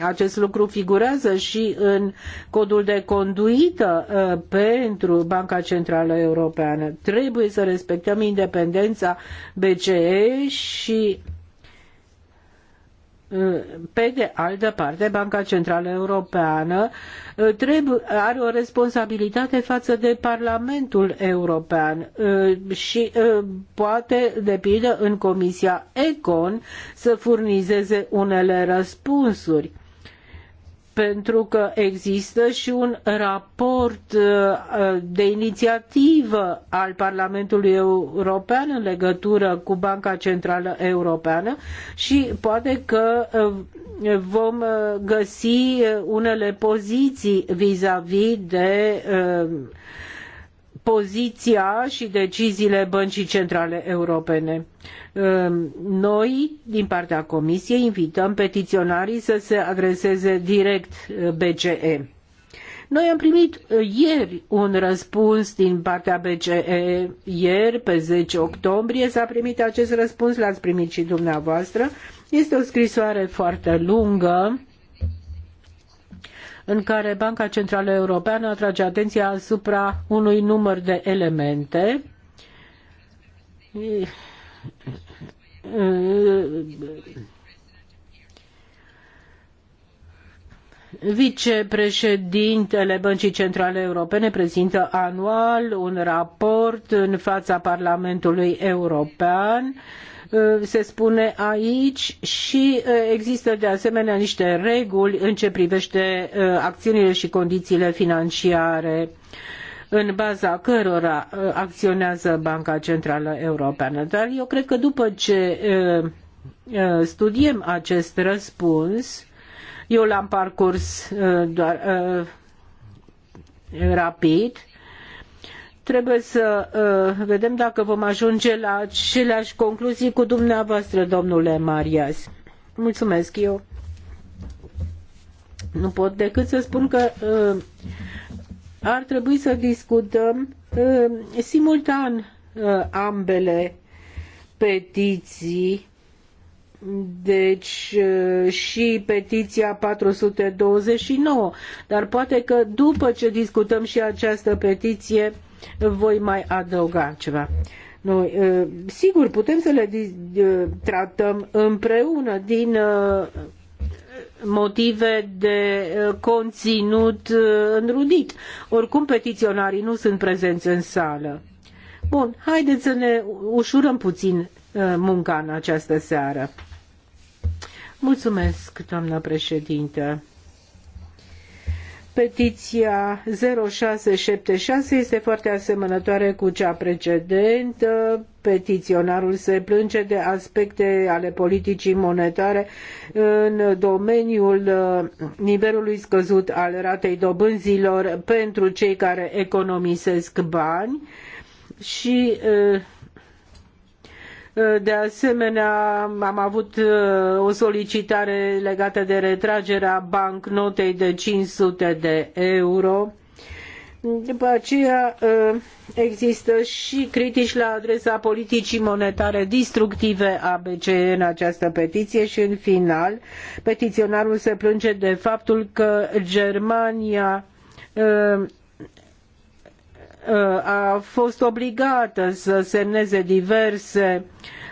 acest lucru figurează și în codul de conduită pentru Banca Centrală Europeană. Trebuie să respectăm independența BCE și pe de altă parte, Banca Centrală Europeană uh, trebuie, are o responsabilitate față de Parlamentul European uh, și uh, poate, de pildă, în Comisia Econ să furnizeze unele răspunsuri pentru că există și un raport uh, de inițiativă al Parlamentului European în legătură cu Banca Centrală Europeană și poate că uh, vom uh, găsi unele poziții vis-a-vis de poziția și deciziile Băncii Centrale Europene. Ehm, noi, din partea Comisiei, invităm petiționarii să se adreseze direct eh, BCE. Noi am primit eh, ieri un răspuns din partea BCE, ieri, pe 10 octombrie, s-a primit acest răspuns, l-ați primit și dumneavoastră. Este o scrisoare foarte lungă, în care Banca Centrală Europeană atrage atenția asupra unui număr de elemente Vicepreședintele Băncii Centrale Europene prezintă anual un raport în fața Parlamentului European uh, Eh, se spune aici și eh, există de asemenea niște reguli în ce privește eh, acțiunile și condițiile financiare în baza cărora acționează Banca Centrală Europeană. Dar eu cred că după ce studiem acest răspuns, eu l-am parcurs doar rapid, Trebuie să uh, vedem dacă vom ajunge la aceleași concluzii cu dumneavoastră, domnule Marias. Mulțumesc eu. Nu pot decât să spun că uh, ar trebui să discutăm uh, simultan ambele petiții deci și petiția 429, dar poate că după ce discutăm și această petiție voi mai adăuga ceva. Noi, uh, sigur, putem să le uh, tratăm împreună din uh, motive de conținut înrudit. Oricum, petiționarii nu sunt prezenți în sală. Bun, haideți să ne ușurăm puțin munca în această seară. Mulțumesc, doamna președintă. Petiția 0676 este foarte asemănătoare cu cea precedentă. Petiționarul se plânge de aspecte ale politicii monetare în domeniul uh, nivelului scăzut al ratei dobânzilor pentru cei care economisesc bani și uh, de asemenea, am avut uh, o solicitare legată de retragerea bancnotei de 500 de euro. După aceea uh, există și critici la adresa politicii monetare distructive a BCE în această petiție și în final petiționarul se plânge de faptul că Germania uh, Uh, a fost obligată să semneze diverse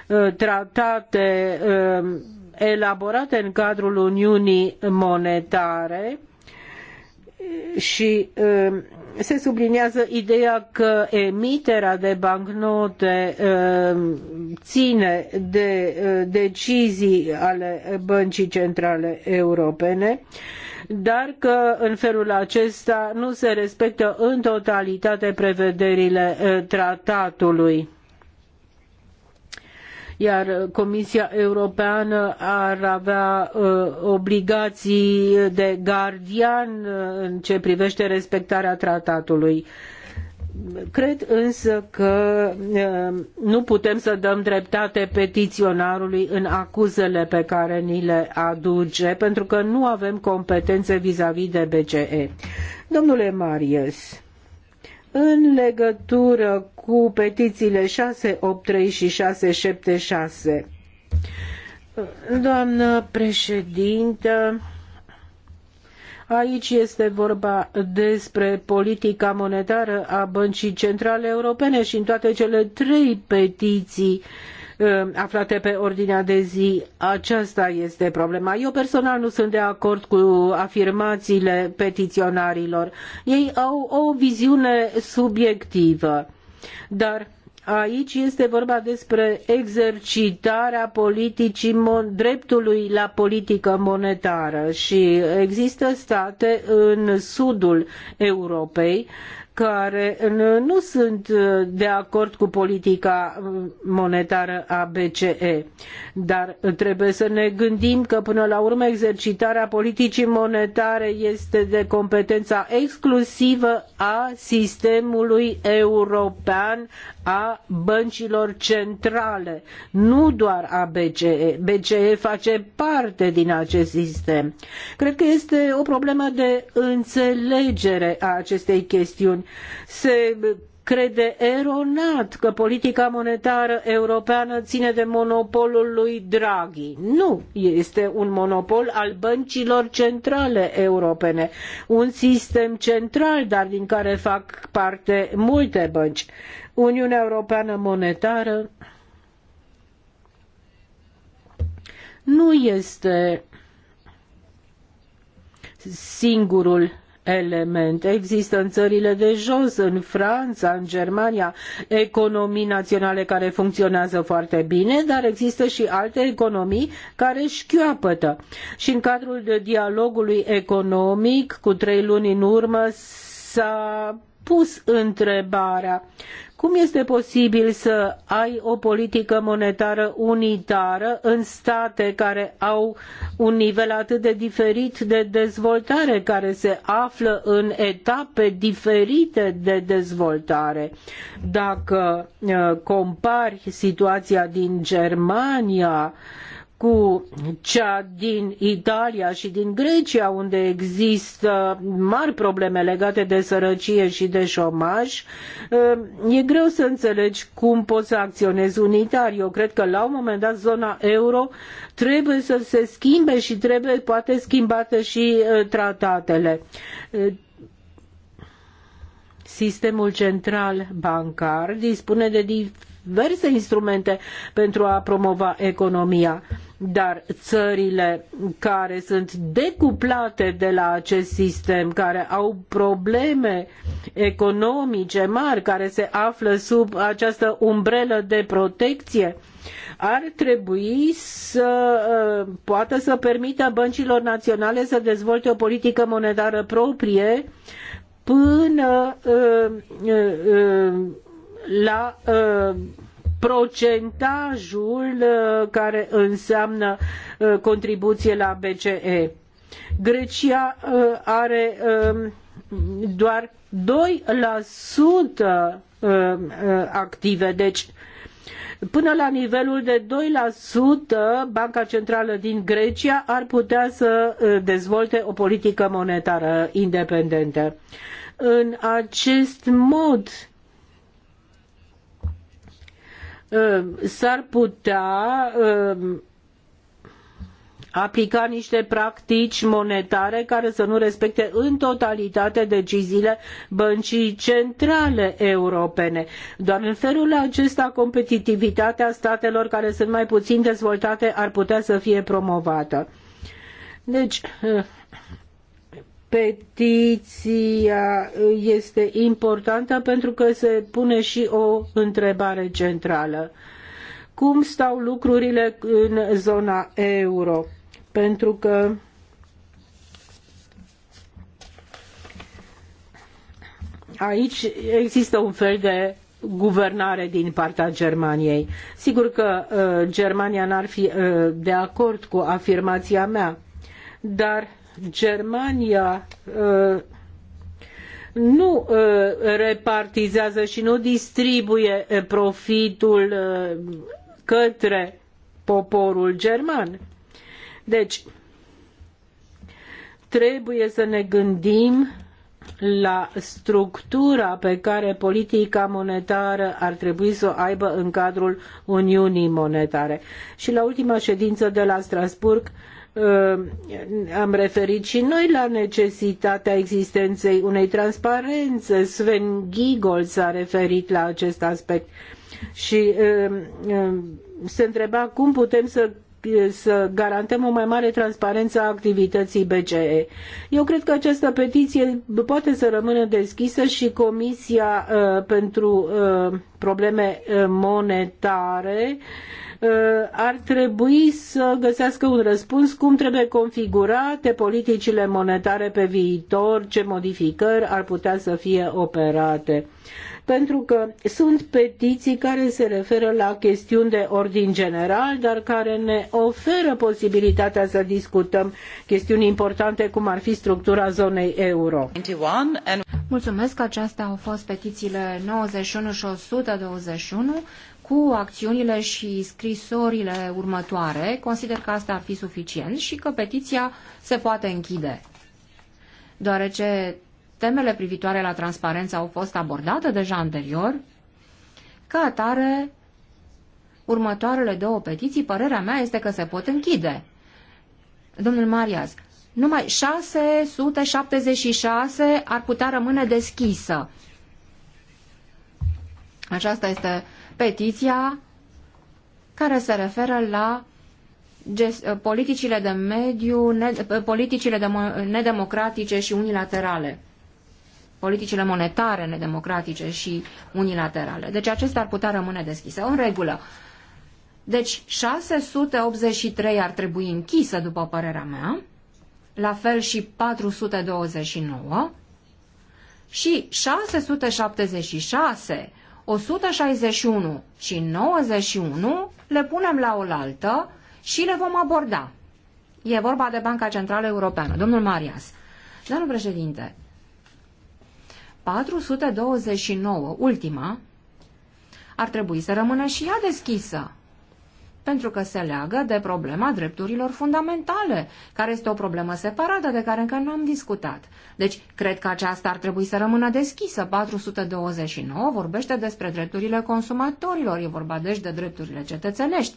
uh, tratate uh, elaborate în cadrul Uniunii Monetare și se subliniază ideea că emiterea de bancnote ține de decizii ale Băncii Centrale Europene dar că în felul acesta nu se respectă în totalitate prevederile tratatului iar Comisia Europeană ar avea obligații de gardian în ceea ce privește respectarea tratatului. Cred însă că nu putem să dăm dreptate petiționarului în acuzele pe care ni le aduce, pentru că nu avem competențe vis-a-vis de BCE. Domnule Marius, în legătură cu petițiile 683 și 676, doamnă președintă, Aici este vorba despre politica monetară a Băncii Centrale Europene și în toate cele trei petiții ă, aflate pe ordinea de zi. Aceasta este problema. Eu personal nu sunt de acord cu afirmațiile petiționarilor. Ei au o viziune subiectivă. Dar Aici este vorba despre exercitarea politicii dreptului la politică monetară și există state în sudul Europei care nu sunt de acord cu politica monetară a BCE. Dar trebuie să ne gândim că până la urmă exercitarea politicii monetare este de competența exclusivă a sistemului european a băncilor centrale, nu doar a BCE. BCE face parte din acest sistem. Cred că este o problemă de înțelegere a acestei chestiuni. Se crede eronat că politica monetară europeană ține de monopolul lui Draghi. Nu, este un monopol al băncilor centrale europene, un sistem central, dar din care fac parte multe bănci. Uniunea Europeană Monetară nu este singurul element. Există în țările de jos, în Franța, în Germania, economii naționale care funcționează foarte bine, dar există și alte economii care șchioapătă. Și în cadrul dialogului economic, cu trei luni în urmă, s-a pus întrebarea cum este posibil să ai o politică monetară unitară în state care au un nivel atât de diferit de dezvoltare, care se află în etape diferite de dezvoltare? Dacă uh, compari situația din Germania, cu cea din Italia și din Grecia, unde există mari probleme legate de sărăcie și de șomaj, e greu să înțelegi cum poți să acționezi unitar. Eu cred că la un moment dat zona euro trebuie să se schimbe și trebuie poate schimbate și uh, tratatele. Sistemul central bancar dispune de diferite diverse instrumente pentru a promova economia. Dar țările care sunt decuplate de la acest sistem, care au probleme economice mari, care se află sub această umbrelă de protecție, ar trebui să uh, poată să permită băncilor naționale să dezvolte o politică monetară proprie până uh, uh, la uh, procentajul uh, care înseamnă uh, contribuție la BCE. Grecia are um, doar 2% active, deci Până la nivelul de 2%, Banca Centrală din Grecia ar putea să dezvolte o politică monetară independentă. În acest mod, Ă, s-ar putea ă, aplica niște practici monetare care să nu respecte în totalitate deciziile băncii centrale europene. Doar în felul acesta competitivitatea statelor care sunt mai puțin dezvoltate ar putea să fie promovată. Deci, ă, petiția uh, este importantă pentru că se pune și o întrebare centrală. Cum stau lucrurile în zona euro? Pentru că aici există un fel de guvernare din partea Germaniei. Sigur că uh, Germania n-ar fi uh, de acord cu afirmația mea, dar Germania uh, nu uh, repartizează și nu distribuie uh, profitul către poporul german. Deci, trebuie să ne gândim la structura pe care politica monetară ar trebui să o aibă în cadrul Uniunii Monetare. Și la ultima ședință de la Strasbourg Uh, am referit și noi la necesitatea existenței unei transparențe. Sven Giegold s-a referit la acest aspect și uh, uh, se întreba cum putem să să garantăm o mai mare transparență a activității BCE. Eu cred că această petiție poate să rămână deschisă și Comisia pentru Probleme Monetare uh, Uh, ar trebui să găsească un răspuns cum trebuie configurate politicile monetare pe viitor, ce modificări ar putea să fie operate. Pentru că sunt petiții care se referă la chestiuni de ordin general, dar care ne oferă posibilitatea să discutăm chestiuni importante cum ar fi structura zonei euro. Mulțumesc, acestea au fost petițiile 91 și 121 cu acțiunile și scrisorile următoare, consider că asta ar fi suficient și că petiția se poate închide. Deoarece temele privitoare la transparență au fost abordate deja anterior, ca atare, următoarele două petiții, părerea mea este că se pot închide. Domnul Marias, numai 676 ar putea rămâne deschisă. Aceasta este petiția care se referă la uh, politicile de mediu, uh, politicile de nedemocratice și unilaterale. Politicile monetare nedemocratice și unilaterale. Deci acestea ar putea rămâne deschise. O în regulă. Deci 683 ar trebui închisă, după părerea mea, la fel și 429 și 676 161 și 91 le punem la oaltă și le vom aborda. E vorba de Banca Centrală Europeană. Domnul Marias. Domnul președinte, 429, ultima, ar trebui să rămână și ea deschisă pentru că se leagă de problema drepturilor fundamentale, care este o problemă separată de care încă nu am discutat. Deci, cred că aceasta ar trebui să rămână deschisă. 429 vorbește despre drepturile consumatorilor, e vorba deci de drepturile cetățenești.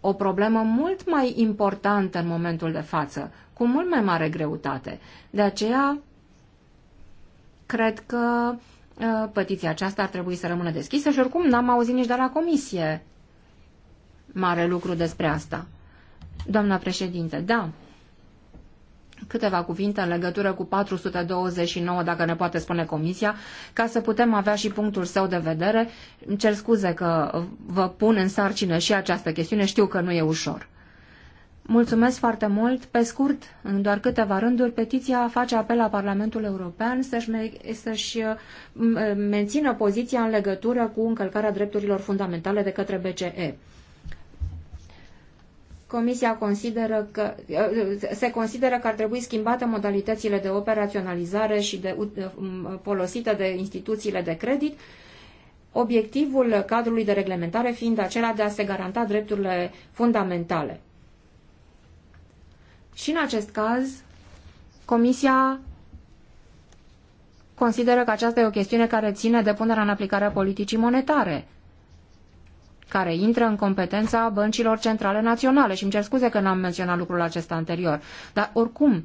O problemă mult mai importantă în momentul de față, cu mult mai mare greutate. De aceea, cred că uh, petiția aceasta ar trebui să rămână deschisă și oricum n-am auzit nici de la comisie mare lucru despre asta. Doamna președinte, da, câteva cuvinte în legătură cu 429, dacă ne poate spune comisia, ca să putem avea și punctul său de vedere. Îmi cer scuze că vă pun în sarcină și această chestiune, știu că nu e ușor. Mulțumesc foarte mult. Pe scurt, în doar câteva rânduri, petiția face apel la Parlamentul European să-și, să-și uh, mențină poziția în legătură cu încălcarea drepturilor fundamentale de către BCE. Comisia consideră că, uh, se consideră că ar trebui schimbate modalitățile de operaționalizare și de, uh, uh, folosite de instituțiile de credit, obiectivul cadrului de reglementare fiind acela de a se garanta drepturile fundamentale. Și în acest caz, Comisia consideră că aceasta e o chestiune care ține de punerea în aplicare a politicii monetare – care intră în competența băncilor centrale naționale și îmi cer scuze că n-am menționat lucrul acesta anterior. Dar oricum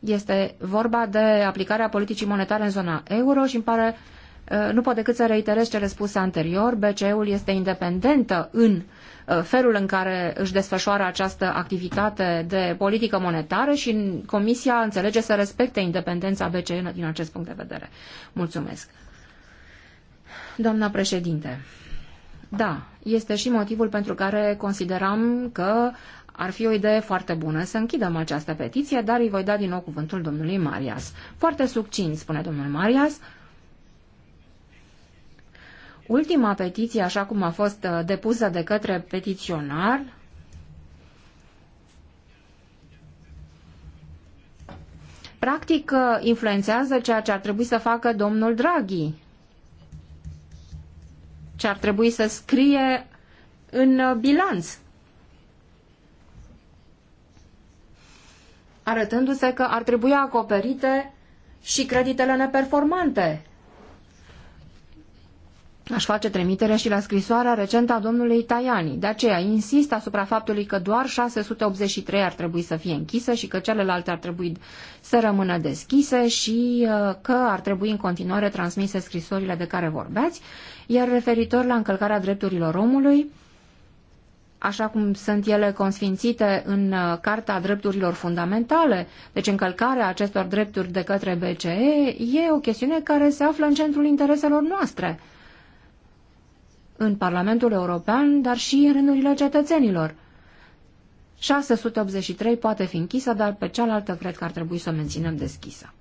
este vorba de aplicarea politicii monetare în zona euro și îmi pare uh, nu pot decât să reiterez cele spuse anterior, BCE-ul este independentă în uh, felul în care își desfășoară această activitate de politică monetară și Comisia înțelege să respecte independența BCE din acest punct de vedere. Mulțumesc. Doamna președinte, da, este și motivul pentru care consideram că ar fi o idee foarte bună să închidem această petiție, dar îi voi da din nou cuvântul domnului Marias. Foarte succint, spune domnul Marias. Ultima petiție, așa cum a fost uh, depusă de către petiționar, practic uh, influențează ceea ce ar trebui să facă domnul Draghi ce ar trebui să scrie în uh, bilanț. Arătându-se că ar trebui acoperite și creditele neperformante. Aș face trimitere și la scrisoarea recentă a domnului Tajani. De aceea insist asupra faptului că doar 683 ar trebui să fie închise și că celelalte ar trebui să rămână deschise și uh, că ar trebui în continuare transmise scrisorile de care vorbeați iar referitor la încălcarea drepturilor omului, așa cum sunt ele consfințite în uh, Carta Drepturilor Fundamentale, deci încălcarea acestor drepturi de către BCE, e o chestiune care se află în centrul intereselor noastre, în Parlamentul European, dar și în rândurile cetățenilor. 683 poate fi închisă, dar pe cealaltă cred că ar trebui să o menținem deschisă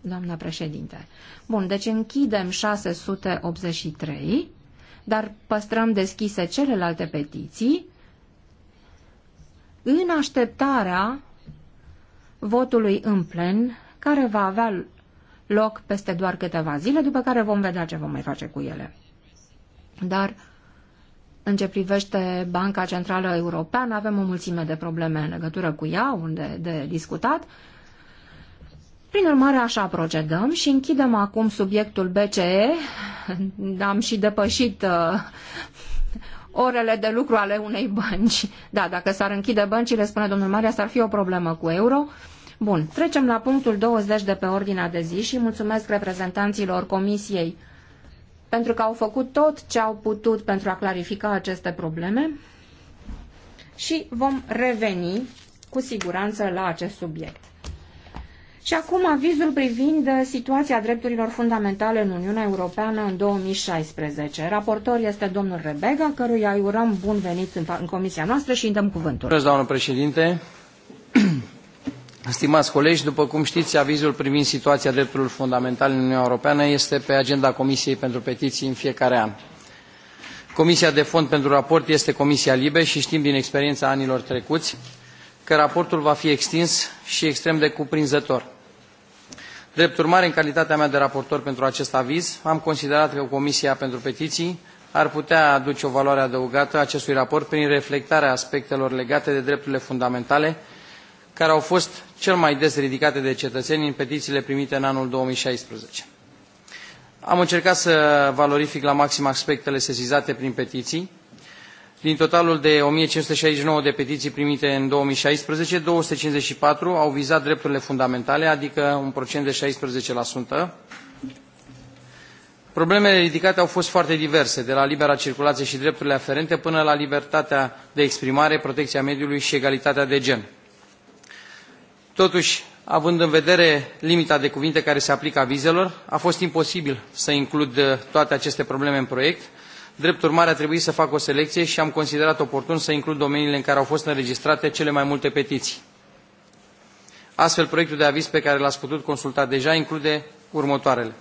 doamna președinte. Bun, deci închidem 683, dar păstrăm deschise celelalte petiții în așteptarea votului în plen, care va avea loc peste doar câteva zile, după care vom vedea ce vom mai face cu ele. Dar în ce privește Banca Centrală Europeană, avem o mulțime de probleme în legătură cu ea, unde de discutat prin urmare, așa procedăm și închidem acum subiectul BCE. Am și depășit uh, orele de lucru ale unei bănci. Da, dacă s-ar închide băncile, spune domnul Maria, s-ar fi o problemă cu euro. Bun, trecem la punctul 20 de pe ordinea de zi și mulțumesc reprezentanților comisiei pentru că au făcut tot ce au putut pentru a clarifica aceste probleme și vom reveni cu siguranță la acest subiect. Și acum avizul privind situația drepturilor fundamentale în Uniunea Europeană în 2016. Raportor este domnul Rebega, căruia îi urăm bun venit în, în comisia noastră și îi dăm cuvântul. Mulțumesc, doamnă președinte. Stimați colegi, după cum știți, avizul privind situația drepturilor fundamentale în Uniunea Europeană este pe agenda Comisiei pentru Petiții în fiecare an. Comisia de fond pentru raport este Comisia Libe și știm din experiența anilor trecuți că raportul va fi extins și extrem de cuprinzător. Drept urmare, în calitatea mea de raportor pentru acest aviz, am considerat că Comisia pentru Petiții ar putea aduce o valoare adăugată acestui raport prin reflectarea aspectelor legate de drepturile fundamentale care au fost cel mai des ridicate de cetățeni în petițiile primite în anul 2016. Am încercat să valorific la maxim aspectele sesizate prin petiții, din totalul de 1569 de petiții primite în 2016, 254 au vizat drepturile fundamentale, adică un procent de 16%. Problemele ridicate au fost foarte diverse, de la libera circulație și drepturile aferente până la libertatea de exprimare, protecția mediului și egalitatea de gen. Totuși, având în vedere limita de cuvinte care se aplică vizelor, a fost imposibil să includ uh, toate aceste probleme în proiect, Drept urmare, a trebuit să fac o selecție și am considerat oportun să includ domeniile în care au fost înregistrate cele mai multe petiții. Astfel, proiectul de aviz pe care l-ați putut consulta deja include următoarele.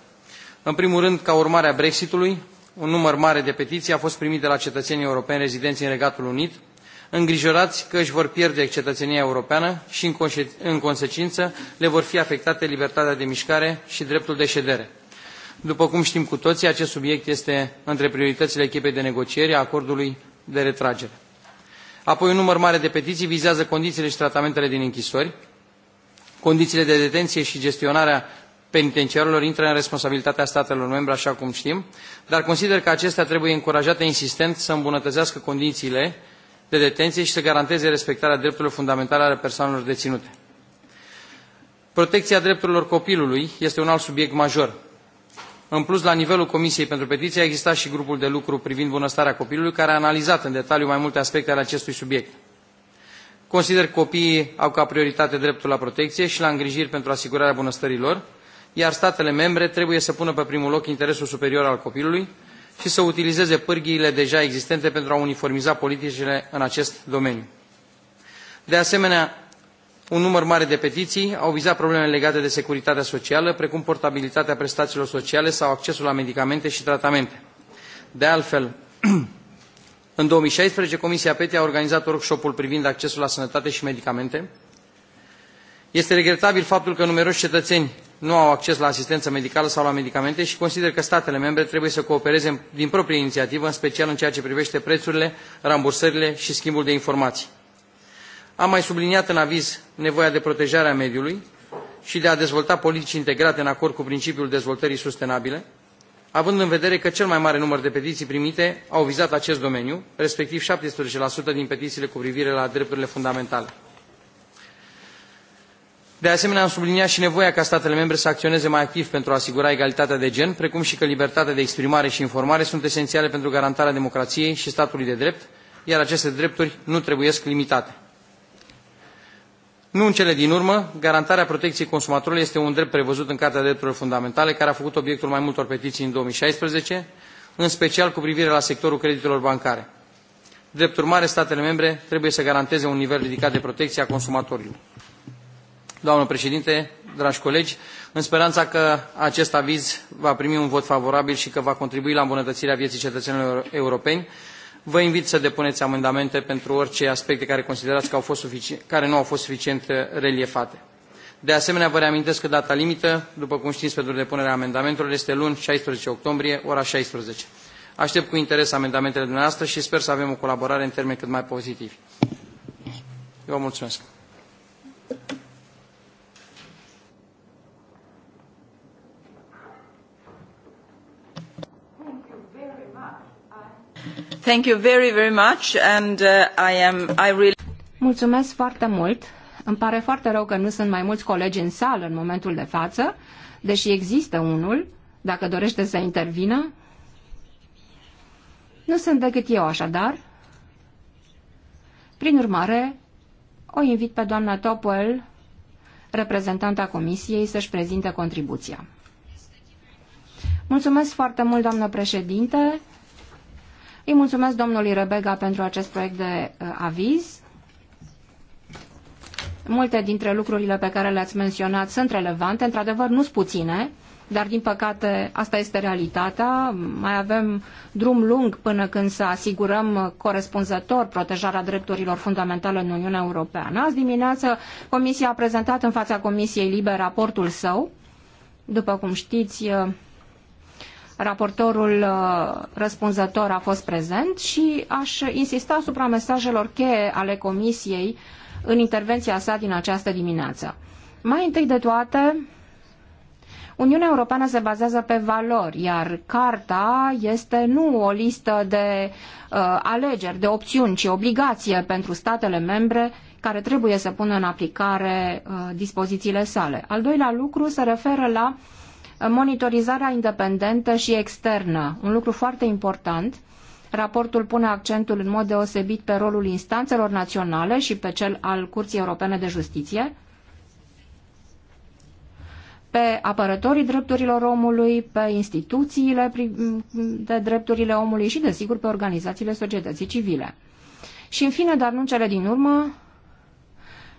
În primul rând, ca urmare a Brexitului, un număr mare de petiții a fost primit de la cetățenii europeni rezidenți în Regatul Unit, îngrijorați că își vor pierde cetățenia europeană și, în consecință, le vor fi afectate libertatea de mișcare și dreptul de ședere. După cum știm cu toții, acest subiect este între prioritățile echipei de negocieri a acordului de retragere. Apoi, un număr mare de petiții vizează condițiile și tratamentele din închisori. Condițiile de detenție și gestionarea penitenciarilor intră în responsabilitatea statelor membre, așa cum știm, dar consider că acestea trebuie încurajate insistent să îmbunătățească condițiile de detenție și să garanteze respectarea drepturilor fundamentale ale persoanelor deținute. Protecția drepturilor copilului este un alt subiect major. În plus, la nivelul Comisiei pentru Petiții a existat și grupul de lucru privind bunăstarea copilului, care a analizat în detaliu mai multe aspecte ale acestui subiect. Consider că copiii au ca prioritate dreptul la protecție și la îngrijiri pentru asigurarea bunăstării lor, iar statele membre trebuie să pună pe primul loc interesul superior al copilului și să utilizeze pârghiile deja existente pentru a uniformiza politicile în acest domeniu. De asemenea, un număr mare de petiții au vizat probleme legate de securitatea socială, precum portabilitatea prestațiilor sociale sau accesul la medicamente și tratamente. De altfel, în 2016, Comisia PETI a organizat workshop-ul privind accesul la sănătate și medicamente. Este regretabil faptul că numeroși cetățeni nu au acces la asistență medicală sau la medicamente și consider că statele membre trebuie să coopereze din proprie inițiativă, în special în ceea ce privește prețurile, rambursările și schimbul de informații. Am mai subliniat în aviz nevoia de protejare a mediului și de a dezvolta politici integrate în acord cu principiul dezvoltării sustenabile, având în vedere că cel mai mare număr de petiții primite au vizat acest domeniu, respectiv 17% din petițiile cu privire la drepturile fundamentale. De asemenea, am subliniat și nevoia ca statele membre să acționeze mai activ pentru a asigura egalitatea de gen, precum și că libertatea de exprimare și informare sunt esențiale pentru garantarea democrației și statului de drept, iar aceste drepturi nu trebuiesc limitate. Nu în cele din urmă, garantarea protecției consumatorului este un drept prevăzut în Carta Drepturilor Fundamentale, care a făcut obiectul mai multor petiții în 2016, în special cu privire la sectorul creditelor bancare. Drept urmare, statele membre trebuie să garanteze un nivel ridicat de protecție a consumatorilor. Doamnă președinte, dragi colegi, în speranța că acest aviz va primi un vot favorabil și că va contribui la îmbunătățirea vieții cetățenilor europeni, Vă invit să depuneți amendamente pentru orice aspecte care considerați că, au fost care nu au fost suficient reliefate. De asemenea, vă reamintesc că data limită, după cum știți, pentru depunerea amendamentelor este luni, 16 octombrie, ora 16. Aștept cu interes amendamentele dumneavoastră și sper să avem o colaborare în termeni cât mai pozitivi. Eu vă mulțumesc. Thank you very, very much and uh, I am I really Mulțumesc foarte mult. Îmi pare foarte rău că nu sunt mai mulți colegi în sală în momentul de față, deși există unul, dacă dorește să intervină. Nu sunt decât eu așadar. Prin urmare, o invit pe doamna Topol, reprezentanta Comisiei, să-și prezinte contribuția. Mulțumesc foarte mult, doamnă președinte. Îi mulțumesc domnului Rebega pentru acest proiect de uh, aviz. Multe dintre lucrurile pe care le-ați menționat sunt relevante, într-adevăr nu sunt puține, dar din păcate asta este realitatea. Mai avem drum lung până când să asigurăm corespunzător protejarea drepturilor fundamentale în Uniunea Europeană. Azi dimineață Comisia a prezentat în fața Comisiei Libe raportul său. După cum știți, uh, raportorul uh, răspunzător a fost prezent și aș insista asupra mesajelor cheie ale Comisiei în intervenția sa din această dimineață. Mai întâi de toate, Uniunea Europeană se bazează pe valori, iar carta este nu o listă de uh, alegeri, de opțiuni, ci obligație pentru statele membre care trebuie să pună în aplicare uh, dispozițiile sale. Al doilea lucru se referă la uh, monitorizarea independentă și externă, un lucru foarte important. Raportul pune accentul în mod deosebit pe rolul instanțelor naționale și pe cel al Curții Europene de Justiție, pe apărătorii drepturilor omului, pe instituțiile de drepturile omului și, desigur, pe organizațiile societății civile. Și, în fine, dar nu cele din urmă,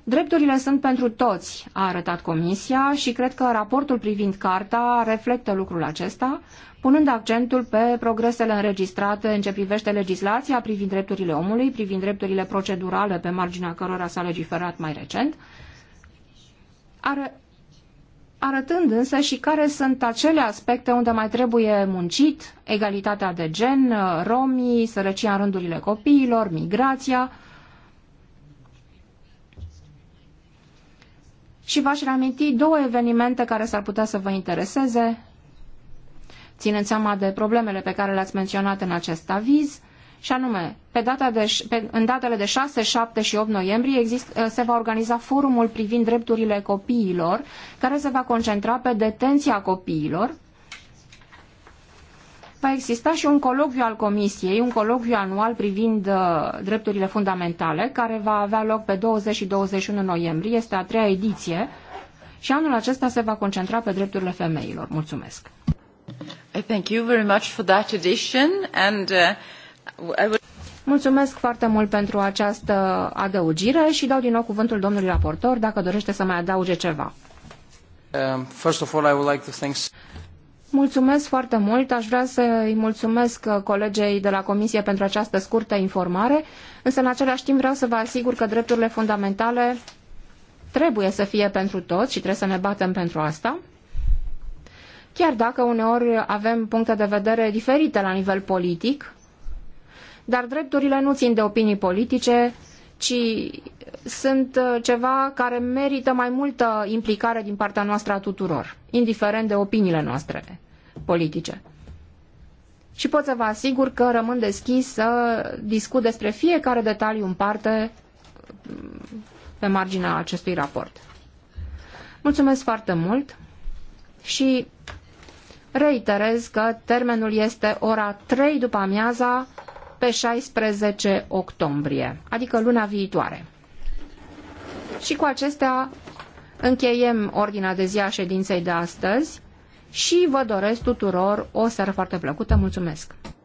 Drepturile sunt pentru toți, a arătat Comisia și cred că raportul privind carta reflectă lucrul acesta, punând accentul pe progresele înregistrate în ce privește legislația privind drepturile omului, privind drepturile procedurale pe marginea cărora s-a legiferat mai recent, ară arătând însă și care sunt acele aspecte unde mai trebuie muncit, egalitatea de gen, romii, sărăcia în rândurile copiilor, migrația, și v-aș reaminti două evenimente care s-ar putea să vă intereseze, ținând seama de problemele pe care le-ați menționat în acest aviz, și anume, pe data de, pe, în datele de 6, 7 și 8 noiembrie exist, ă, se va organiza forumul privind drepturile copiilor, care se va concentra pe detenția copiilor, va exista și un colocviu al Comisiei, un colocviu anual privind uh, drepturile fundamentale, care va avea loc pe 20 și 21 noiembrie. Este a treia ediție și anul acesta se va concentra pe drepturile femeilor. Mulțumesc! I thank you very much for that edition and uh, I would... Mulțumesc foarte mult pentru această adăugire și dau din nou cuvântul domnului raportor dacă dorește să mai adauge ceva. Um, first of all, I would like to thanks... Mulțumesc foarte mult. Aș vrea să îi mulțumesc uh, colegei de la Comisie pentru această scurtă informare, însă în același timp vreau să vă asigur că drepturile fundamentale trebuie să fie pentru toți și trebuie să ne batem pentru asta. Chiar dacă uneori avem puncte de vedere diferite la nivel politic, dar drepturile nu țin de opinii politice, ci sunt uh, ceva care merită mai multă implicare din partea noastră a tuturor, indiferent de opiniile noastre politice. Și pot să vă asigur că rămân deschis să discut despre fiecare detaliu în parte pe marginea acestui raport. Mulțumesc foarte mult și reiterez că termenul este ora 3 după amiaza pe 16 octombrie, adică luna viitoare. Și cu acestea încheiem ordinea de zi a ședinței de astăzi și vă doresc tuturor o seară foarte plăcută. Mulțumesc!